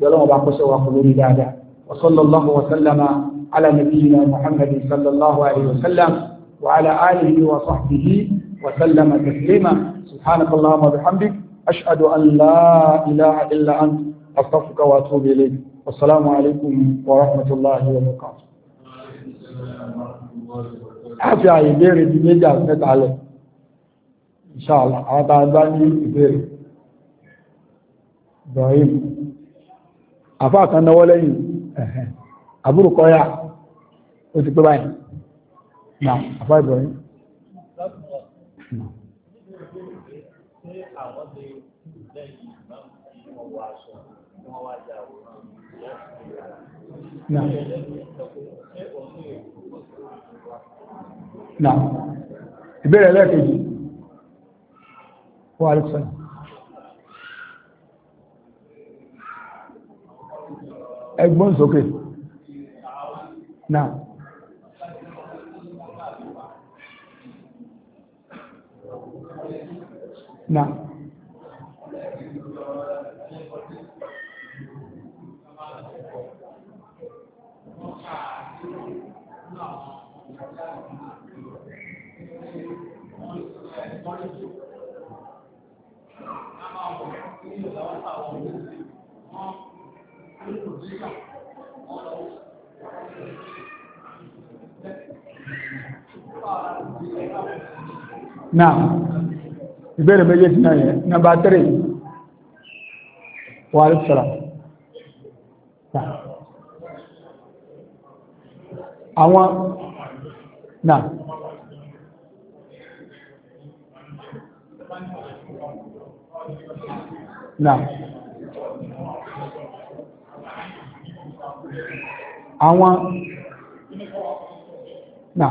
yọlọ́ wọn bá kó wa kó lórí dáadáa wa sallallahu wa sallama ala nabiyyina muhammadin sallallahu alayhi wa sallam wa ala alihi wa sahbihi wa sallama taslima subhanakallahumma wa bihamdik ashhadu an la ilaha illa anta astaghfiruka wa atubu ilayk والسلام عليكم ورحمة الله وبركاته àti àyè ìbéèrè di méjì àti mẹ́ta alẹ́ ìṣàlá àwọn àgbà ní ìbéèrè Ibrahim àfáà kan náwọ́ lẹ́yìn ẹ̀hẹ̀n ó ti pé báyìí Àwọn ti lẹ́yìn ìbámu tí aṣọ, wọ́n wá Naam. Naam. Ìbéèrè lẹ́ẹ̀kejì. Wà alẹ́sàn. Ẹgbọ́n sókè. Naam. Naam. náà ìbẹ̀rẹ̀ méjèèjì náà yẹ nàbà tẹ́rẹ̀ wà ní sọ́ra àwọn náà náà àwọn náà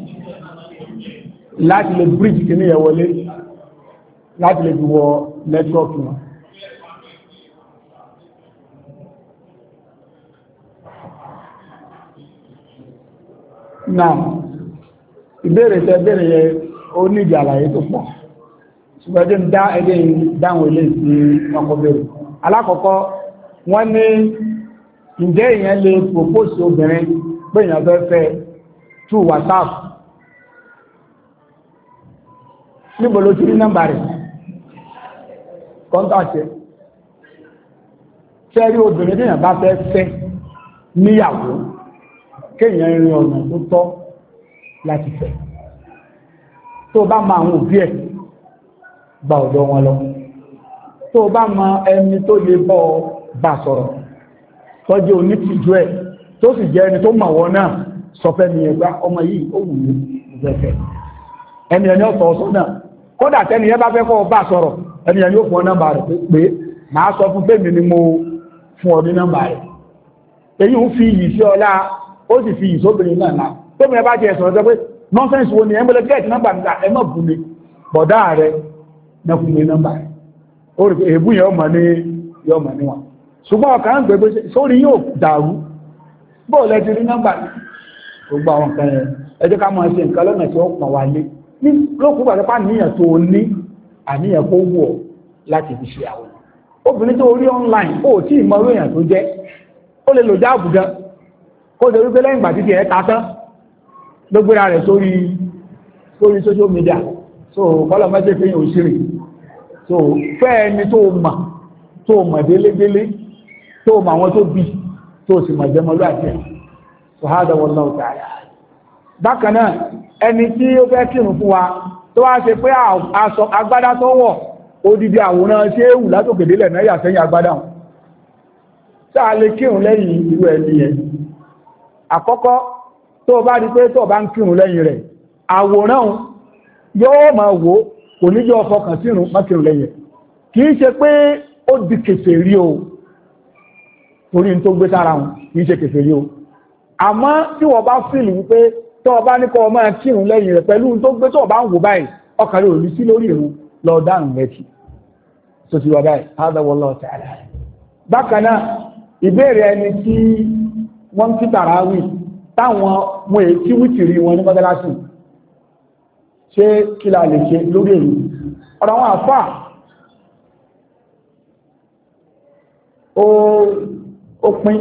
láti lè bíríjì kìíní yẹ wọlé láti lè wọ nẹ́tíwọ́ọ̀kì wọn. náà ìbéèrè tẹ yẹ ó nídìí àlàyé tó pọ̀ ṣùgbọ́n ń dá ẹgbẹ́ dáhùn ilé sí ọkọ̀ béèrè alákọ̀ọ́kọ́ wọ́n ní ǹjẹ́ èèyàn lè propose obìnrin pé èèyàn fẹ́ fẹ́ WhatsApp níbo ló ti rí nọ́mbà rẹ̀ kọ́ńtàtì ẹ̀ fẹ́ rí obìnrin tí èèyàn bá fẹ́ fẹ́ níyàwó kéèyàn rin ọ̀nà tó tọ́ láti fẹ́ tó bá ma àwọn òbí ẹ̀ gba ọ̀dọ̀ wọn lọ tó bá ma ẹni tó lè bọ́ bá sọ̀rọ̀ tọ́jú onítìjú ẹ̀ tó sì jẹ́ ẹni tó mọ̀ náà sọ fẹ́ mi ẹgbá ah, ọmọ yìí ó wù mí ẹni ẹni ọ̀sọ̀ ọ̀sọ̀ náà kódà tẹ́ni yẹn bá fẹ́ kọ́ bá sọ̀rọ̀ ẹni yẹn yóò fún ọ nọ́mbà rẹ̀ pé màá sọ fún pé mi ni mo fún ọ ní nọ́mbà rẹ̀ èyí ń fi iyì sí ọlá ó sì fi iyì sóbìnrin náà náà tóbi ẹ bá jẹ ẹsọ̀rọ̀ sọ pé nọ́ńsẹ̀nsì wo ni ẹ ń bẹ̀rẹ̀ gẹ́ẹ̀tì nọ́mbà nígbà ẹ mọ̀ bùnmi bọ̀dá rẹ̀ náà fún mi nọ́mbà rẹ̀ ó rí pé èébú yẹn ọmọ ní yọ ọmọ níwọ̀n ṣùgbọ́n ọkàn ń gbẹgbẹ sórí yóò dàrú bóòlù ẹ ti rí nọ́mbà gbogbo àwọn ní lókùn pàtàkì àníyàn tó ní àníyàn kó wù ọ láti fi ṣe àwọn obìnrin tó rí online ó tí ì mọ orí èèyàn tó jẹ́ ó lè lò já àbùdá kó ṣe wípé lẹ́yìn ìgbàtí ti ẹ̀ tán ló rẹ̀ sórí social media so kọ́lọ̀ mẹ́sẹ̀ fi hàn òṣèré so fẹ́ ẹni tó mọ̀ tó mọ̀ délédélé tó mọ̀ àwọn tó bì tó sì mọ̀ jẹmọlú àti ẹ̀ so hádà wallahu ta'ala bákan náà ẹni tí ó fẹ́ kírun fún wa tó wá ṣe pé aṣọ agbádá tó wọ̀ odidi àwòrán ṣe é wù látòkè délẹ̀ náà yà sẹ́yìn agbádá hùn sáà lè kírun lẹ́yìn irú ẹni yẹn àkọ́kọ́ tó bá rí pé tó bá ń kírun lẹ́yìn rẹ̀ àwòrán yóò máa wò kò níjọ́ ọfọkàn sírun má kírun lẹ́yìn kì í ṣe pé ó di kèfèrí o torí tó gbé sára hùn kì í ṣe kèfèrí o àmọ́ tí wọ́n bá fìlì wípé tọ́ ọba ní kọ́ máa kírun lẹ́yìn rẹ̀ pẹ̀lú tó gbé tọ́ ń wò báyìí ọkàn rẹ̀ òní sí lórí ìrun lọ dáhùn tó ti wà ìbéèrè ẹni tí wọ́n ń títàrà wì táwọn wọn ní ṣé kí la lè ṣe lórí ọ̀rọ̀ ó pín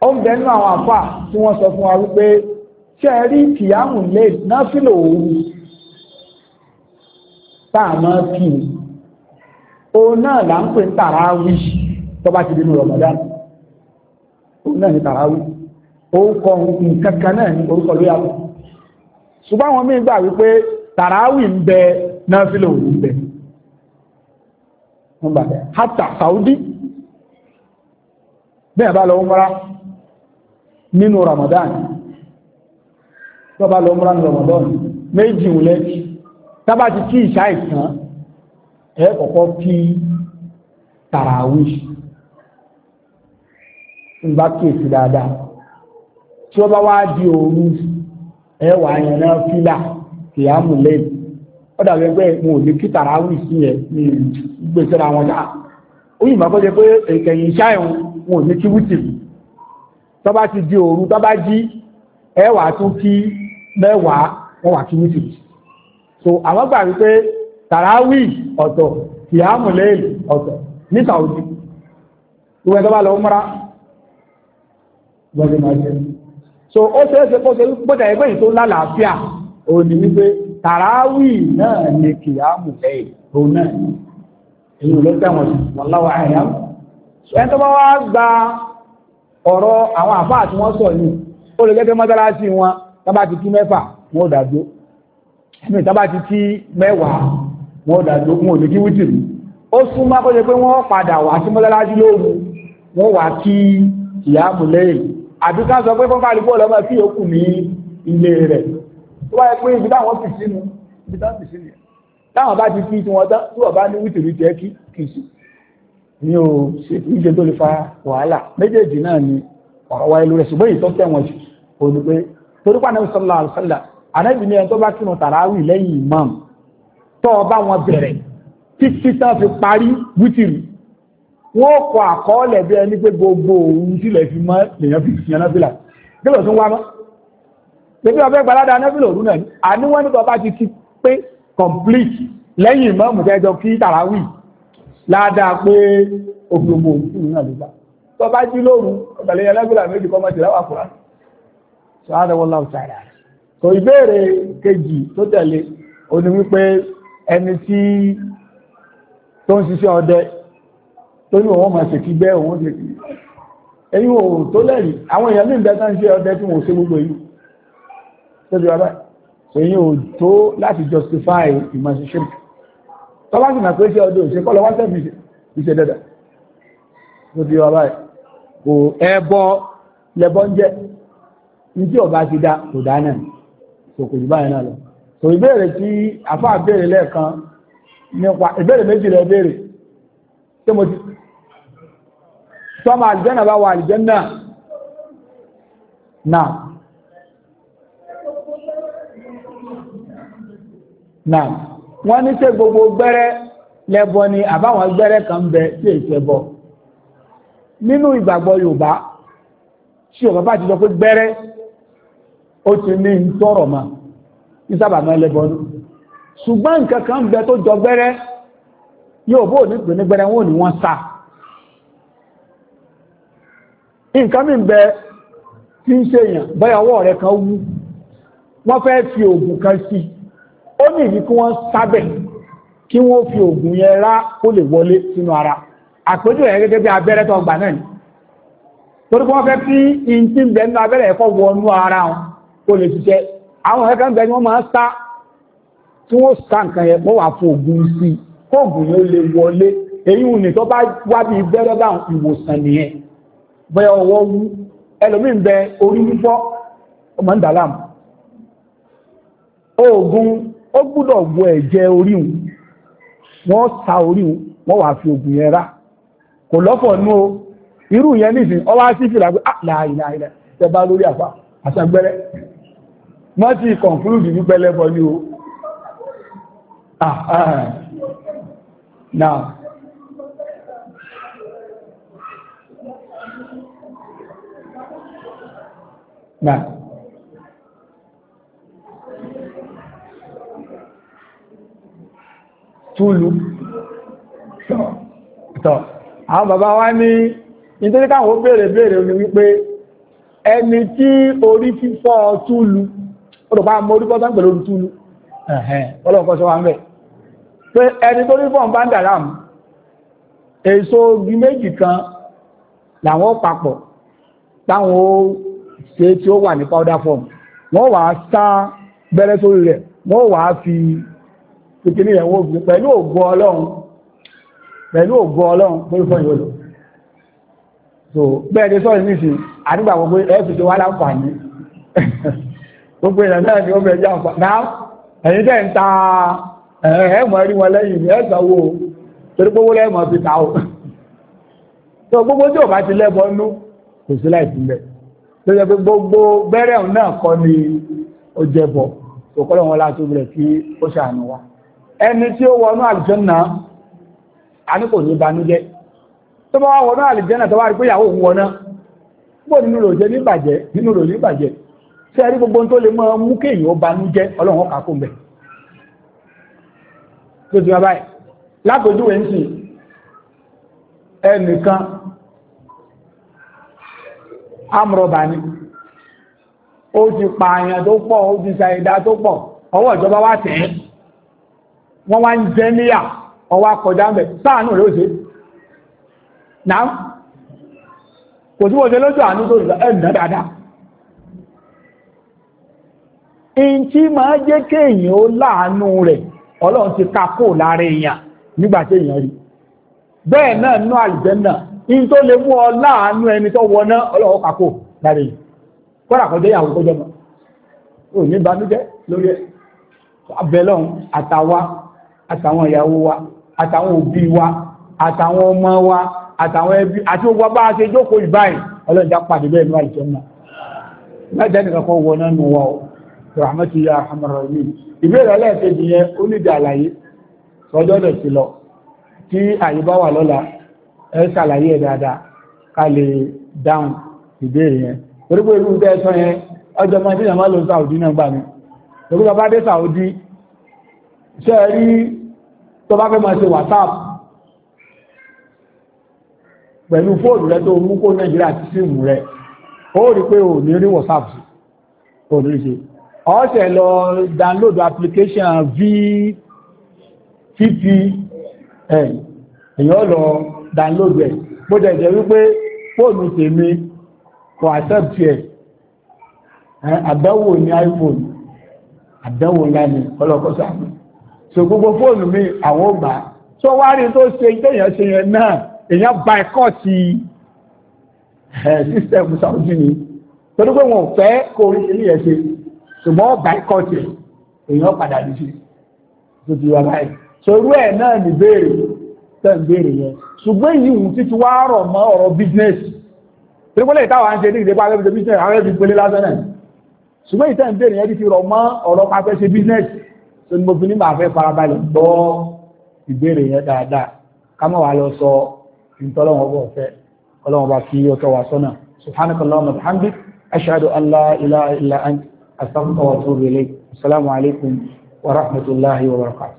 ó ń bẹ nínú àwọn àfà tí wọ́n sọ fún wa wípé ṣé rí kìyàmù lè náfìlò òru náà là ń pè ní tàràwí tó bá ti dínú Ramadan òun náà ní tàràwí orúkọ nǹkan kan náà ní orúkọ ló ṣùgbọ́n àwọn míì wípé ń Saudi bẹ́ẹ̀ bá lọ nínú Ramadan tọ́bá lọ múra ní Ramadan méjì wùlẹ̀ tábà ti kí ìṣá ìtàn ẹ kọ́kọ́ kí tàràwì ń bá kíyèsí dáadáa tí ó bá wá di òru ẹ wà yẹn náà fílà kìyàmù lẹ́yìn ó dàbí ẹgbẹ́ mo lè kí tàràwì sí ẹ ní gbèsè àwọn dáa ó yìnbọn kó jẹ pé èkẹyìn iṣẹ́ ẹ̀hún mo ní kí wítìrì tó bá ti di òru tó bá jí ẹwà tún kí mẹ́wàá wọ́n wà kí wítìrì so àwọn gbà wípé tàràwì ọ̀tọ̀ kìámùlẹ́ẹ̀lì ọ̀tọ̀ ní Saudi ìwẹ̀ tó bá lọ múra gbọ́dọ̀ máa jẹ́ so ó ṣe é ṣe kó ṣe gbọ́dọ̀ ẹgbẹ́ yìí tó lálàáfíà òun ni wípé tàràwì náà ni kìámùlẹ́ẹ̀lì òun náà èyí ò lọ tẹ̀wọ̀n sí wọn láwọn àyà ẹni tó bá wá gba ọ̀rọ̀ àwọn àfáà tí wọ́n sọ yìí ó lè gẹ́gẹ́ mọ́sálásí wọn tábà ti kí mẹ́fà wọn ò dájú ẹ̀mí tábà ti kí mẹ́wàá wọn ò dájú wọn ò lè kí wítìrì ó súnmọ́ kó ṣe pé wọ́n padà wá sí mọ́sálásí lóru wọ́n wá kí ìyáàmù lẹ́yìn àbí ká sọ pé fún kálukú ọlọ́mọ sí yòókù ní ilé rẹ̀ táwọn fi sínú fi ti wọ́n tán tí wọ́n bá ní wítìrì tiẹ́ kí kì sí ní o ṣe tó lè fa wàhálà méjèèjì náà ni ọ̀rọ̀ wáyé lórí ṣùgbọ́n èyí tó tẹ̀wọ̀n jù kò ní pé torípa náà sọ́lá àlùsọ́lá ànábì ní ẹni tó bá kírun tàràwì lẹ́yìn imam tó ọba wọn bẹ̀rẹ̀ títí tán fi parí wítìrì wọ́n kọ àkọọ́lẹ̀ bí ẹni pé gbogbo ohun sílẹ̀ fi mọ́ lèyàn fi ìsìn anáfìlà kí lọ tún tẹ́jọ kí tàràwì ládàá pé òfurufú òfurufú náà ló bá tó bá jí lóru ọ̀tàlẹ̀ ẹlẹ́gbẹ̀rẹ̀ méjì kọ́ máa tìláwà kúrá sọ àdáwọlá ọ̀tàrà tó ìbéèrè kejì tó tẹ̀lé ó ní wípé ẹni tí tó ń ṣiṣẹ́ ọdẹ tó ní òun máa ṣèkí bẹ́ òun ṣe kí ẹ̀yìn ò tó lẹ́rìí àwọn èèyàn mí bẹ́ẹ̀ tán ṣe ọdẹ tí wọ́n ṣe gbogbo yìí tó ti wá báyìí ṣèyí ò tó láti justify ìmọ̀ ṣiṣẹ́ tọ́lá sì máa pé ṣe ọdún òṣè kọ́ lọ wá sẹ́fì ìṣe dẹ́dà tó ti wá báyìí kò ẹbọ lẹbọ ń jẹ ní tí ọba ti dá kò dá náà kò kò jù báyìí náà lọ tò ìbéèrè tí àfáà béèrè lẹ́ẹ̀kan nípa ìbéèrè méjì lọ béèrè tí mo ti tọ́mọ àlìjẹ́nà bá wà àlìjẹ́nà náà náà wọ́n ní ṣe gbogbo gbẹ́rẹ́ lẹ́bọ ni àbáwọn gbẹ́rẹ́ kan bẹ sí ìṣẹ́bọ nínú ìgbàgbọ́ Yorùbá tí Yorùbá bá ti sọ pé gbẹ́rẹ́ ó ti ní ń tọrọ mà ní sábà máa lẹ́bọ ní ṣùgbọ́n nǹkan kan bẹ tó jọ gbẹ́rẹ́ Yorùbá ò ní pè ní gbẹ́rẹ́ wọn ò ní wọ́n sá nǹkan mi bẹ tí ń ṣèyàn báyàwó rẹ kan wú wọ́n fẹ́ fi oògùn kan sí i ó ní ìdí kí wọ́n sábẹ̀ kí wọ́n fi oògùn yẹn rá kó lè wọlé sínú ara àpéjọ ẹ̀ gẹ́gẹ́ bí abẹ́rẹ́ tó gbà náà ni torí wọ́n fẹ́ kí in tí ń bẹ nínú abẹ́rẹ́ ẹ̀kọ́ wọnú ara wọn kó lè ṣiṣẹ́ àwọn ẹ̀kọ́ ń bẹ ni wọ́n máa ń sá tí wọ́n sá nǹkan yẹn wọ́n wà fún oògùn sí i kóògùn yẹn lè wọlé èyí ò ní tó bá wá bí bẹ́rẹ́ bá ìwòsàn nìyẹn bẹ́ẹ̀ ọwọ́ wú ẹlòmíì bẹ orí fífọ́ ọmọ ń dà láàmú ó gbúdọ̀ wọ ẹ̀jẹ̀ oríhun wọn wọ́n sa orí wọn wọ́n wà fi ògùn yẹn rá kò lọ́fọ̀ ní o irú yẹn nìsín ọwá sí fìlà pé ah, láàrínláàrínlẹ̀ tẹ bá lórí àfà àṣàgbẹ́rẹ́ wọ́n ti conclude ní pẹ́lẹ́bọ ní o ah, ah. now now túlù tọ́ àwọn bàbá wa ní nítorí káwọn béèrè béèrè ní wípé ẹni tí orí fífọ́ túlù olùpá mọ orí fọ́sán pẹ̀lú orí túlù ọlọ́pọ̀ sọ wa ń bẹ̀ pé ẹni tó rí fọ́ ń bá ń dàrá mú èso ogi méjì kan làwọn papọ̀ táwọn ṣe tí ó wà ní powder form wọ́n wàá sá bẹ́rẹ́ sórí rẹ̀ wọ́n wàá fi ìkíní ẹ̀wọ́ ògùn pẹ̀lú ògùn ọlọ́run pẹ̀lú ògùn ọlọ́run pẹ̀lú fún ìwòlò so bẹ́ẹ̀ ni sọ́rọ̀ ní ìsìn àdúgbà gbogbo ẹ̀fì tó wá láǹfààní gbogbo ìrìn náà ni ó bẹ̀rẹ̀ jẹ́ àǹfààní ẹ̀yìn tẹ́ ń ta ẹ̀ẹ́mọ̀ rí wọn lẹ́yìn ẹ̀ẹ́sàwó torí gbogbo lẹ́mọ̀ fi ta ó so gbogbo tí ò bá ti lẹ́bọ̀ nú kò sí láì sílẹ̀ tó yẹ pé gbogbo bẹ́rẹ̀ náà kọ́ ni ó jẹ́bọ̀ òkọ́lọ́wọ́n látó bẹ̀rẹ̀ kí ó ṣàánú ẹni tí ó wọnú àlìjẹ́nà a ní kò ní banújẹ́ tó bá wọnú àlìjẹ́nà tó wá rí pé yàwó òun wọná gbò nínú rò níbàjẹ́ nínú rò níbàjẹ́ tí a gbogbo tó lè mọ́ ó ti pààyàn tó pọ̀ ó ti tó pọ̀ ọwọ́ ìjọba wọ́n wá ń jẹ níyà ọwá kọjá ń bẹ̀ sáànù rẹ̀ ó ṣe náà kò tí wọ́n ṣe lóṣù àánú tó ṣe ẹ̀nà dáadáa in tí máa jẹ́ kéèyàn ó láàánú rẹ̀ ọlọ́run ti ká kó lára èèyàn nígbà tí èèyàn rí bẹ́ẹ̀ náà nú àlùjẹ́nà in tó lè mú ọ láàánú ẹni tó wọná ọlọ́run ká kó lára èèyàn kọ́ra kọjá ìyàwó kọjá mọ́ ò ní banújẹ́ lórí ẹ̀ abẹ́lọ́run àtàwa àtàwọn ìyàwó wa àtàwọn òbí wa àtàwọn ọmọ wa àtàwọn ẹbí àti gbogbo bá a ṣe jókòó ìbáyìí ọlọ́jà pàdé bẹ́ẹ̀ ní mẹ́jẹ́ nìkan wọ náà wa o rahmatu ya hamara yìí ìbéèrè ẹlẹ́ẹ̀kejì yẹn ó ní ìdí àlàyé sọjọ́ dẹ̀ sí lọ tí àyè bá wà lọ́la ẹ ṣàlàyé ẹ̀ dáadáa ká lè dáhùn ìbéèrè yẹn torí irú bẹ́ẹ̀ sọ yẹn ọjọ́ máa ń dín lọ Saudi náà gbà mí torí bá dé Saudi ṣe rí tó bá fẹ́ máa ṣe whatsapp pẹ̀lú fóònù rẹ tó mú kó nàìjíríà ti símù rẹ ó rí pé ò ní rí whatsapp sí ò ní ṣe ọ̀ṣẹ̀ lọ download application vpn èyàn lọ download ẹ̀ bó jẹ́ jẹ́ wípé fóònù tèmi kò accept ẹ̀ àdánwò ní iphone àdánwò ńlá ni ọlọ́kọ́sọ́ àmì so gbogbo fóònù mi àwọn ò gbà so wá rí tó ṣe téèyàn ṣe yẹn náà èèyàn ba ẹ̀kọ́ ti system saudi ni torí pé wọn ò fẹ́ kó orí ilé yẹn ṣe ṣùgbọ́n ọba ẹ̀kọ́ tiẹ̀ èèyàn padà lè ṣe tó ti wá báyìí so irú ẹ̀ náà ní béèrè tẹ̀ ń béèrè yẹn ṣùgbọ́n èyí wù títí wá rọ̀ mọ́ ọ̀rọ̀ bísínẹ́sì tìrìpọ́lẹ̀ ìtawà ń ṣe ní ìdẹ́gbà abẹ́bẹ̀ṣẹ́ business àwọn ẹbí pẹ̀lẹ̀ lásán náà ṣùgbọ́n ìtẹ́ ń bèèrè ẹbí ti rọ̀ mọ́ ọ̀rọ̀ pàfẹ́ ṣe business tó ní mo fi ní fẹ́ farabalẹ̀ gbọ́ ìbéèrè yẹn dáadáa ká má lọ sọ ìtọ́lọ́wọ́n bọ̀ fẹ́ ọlọ́wọ́n bá fi ọtọ́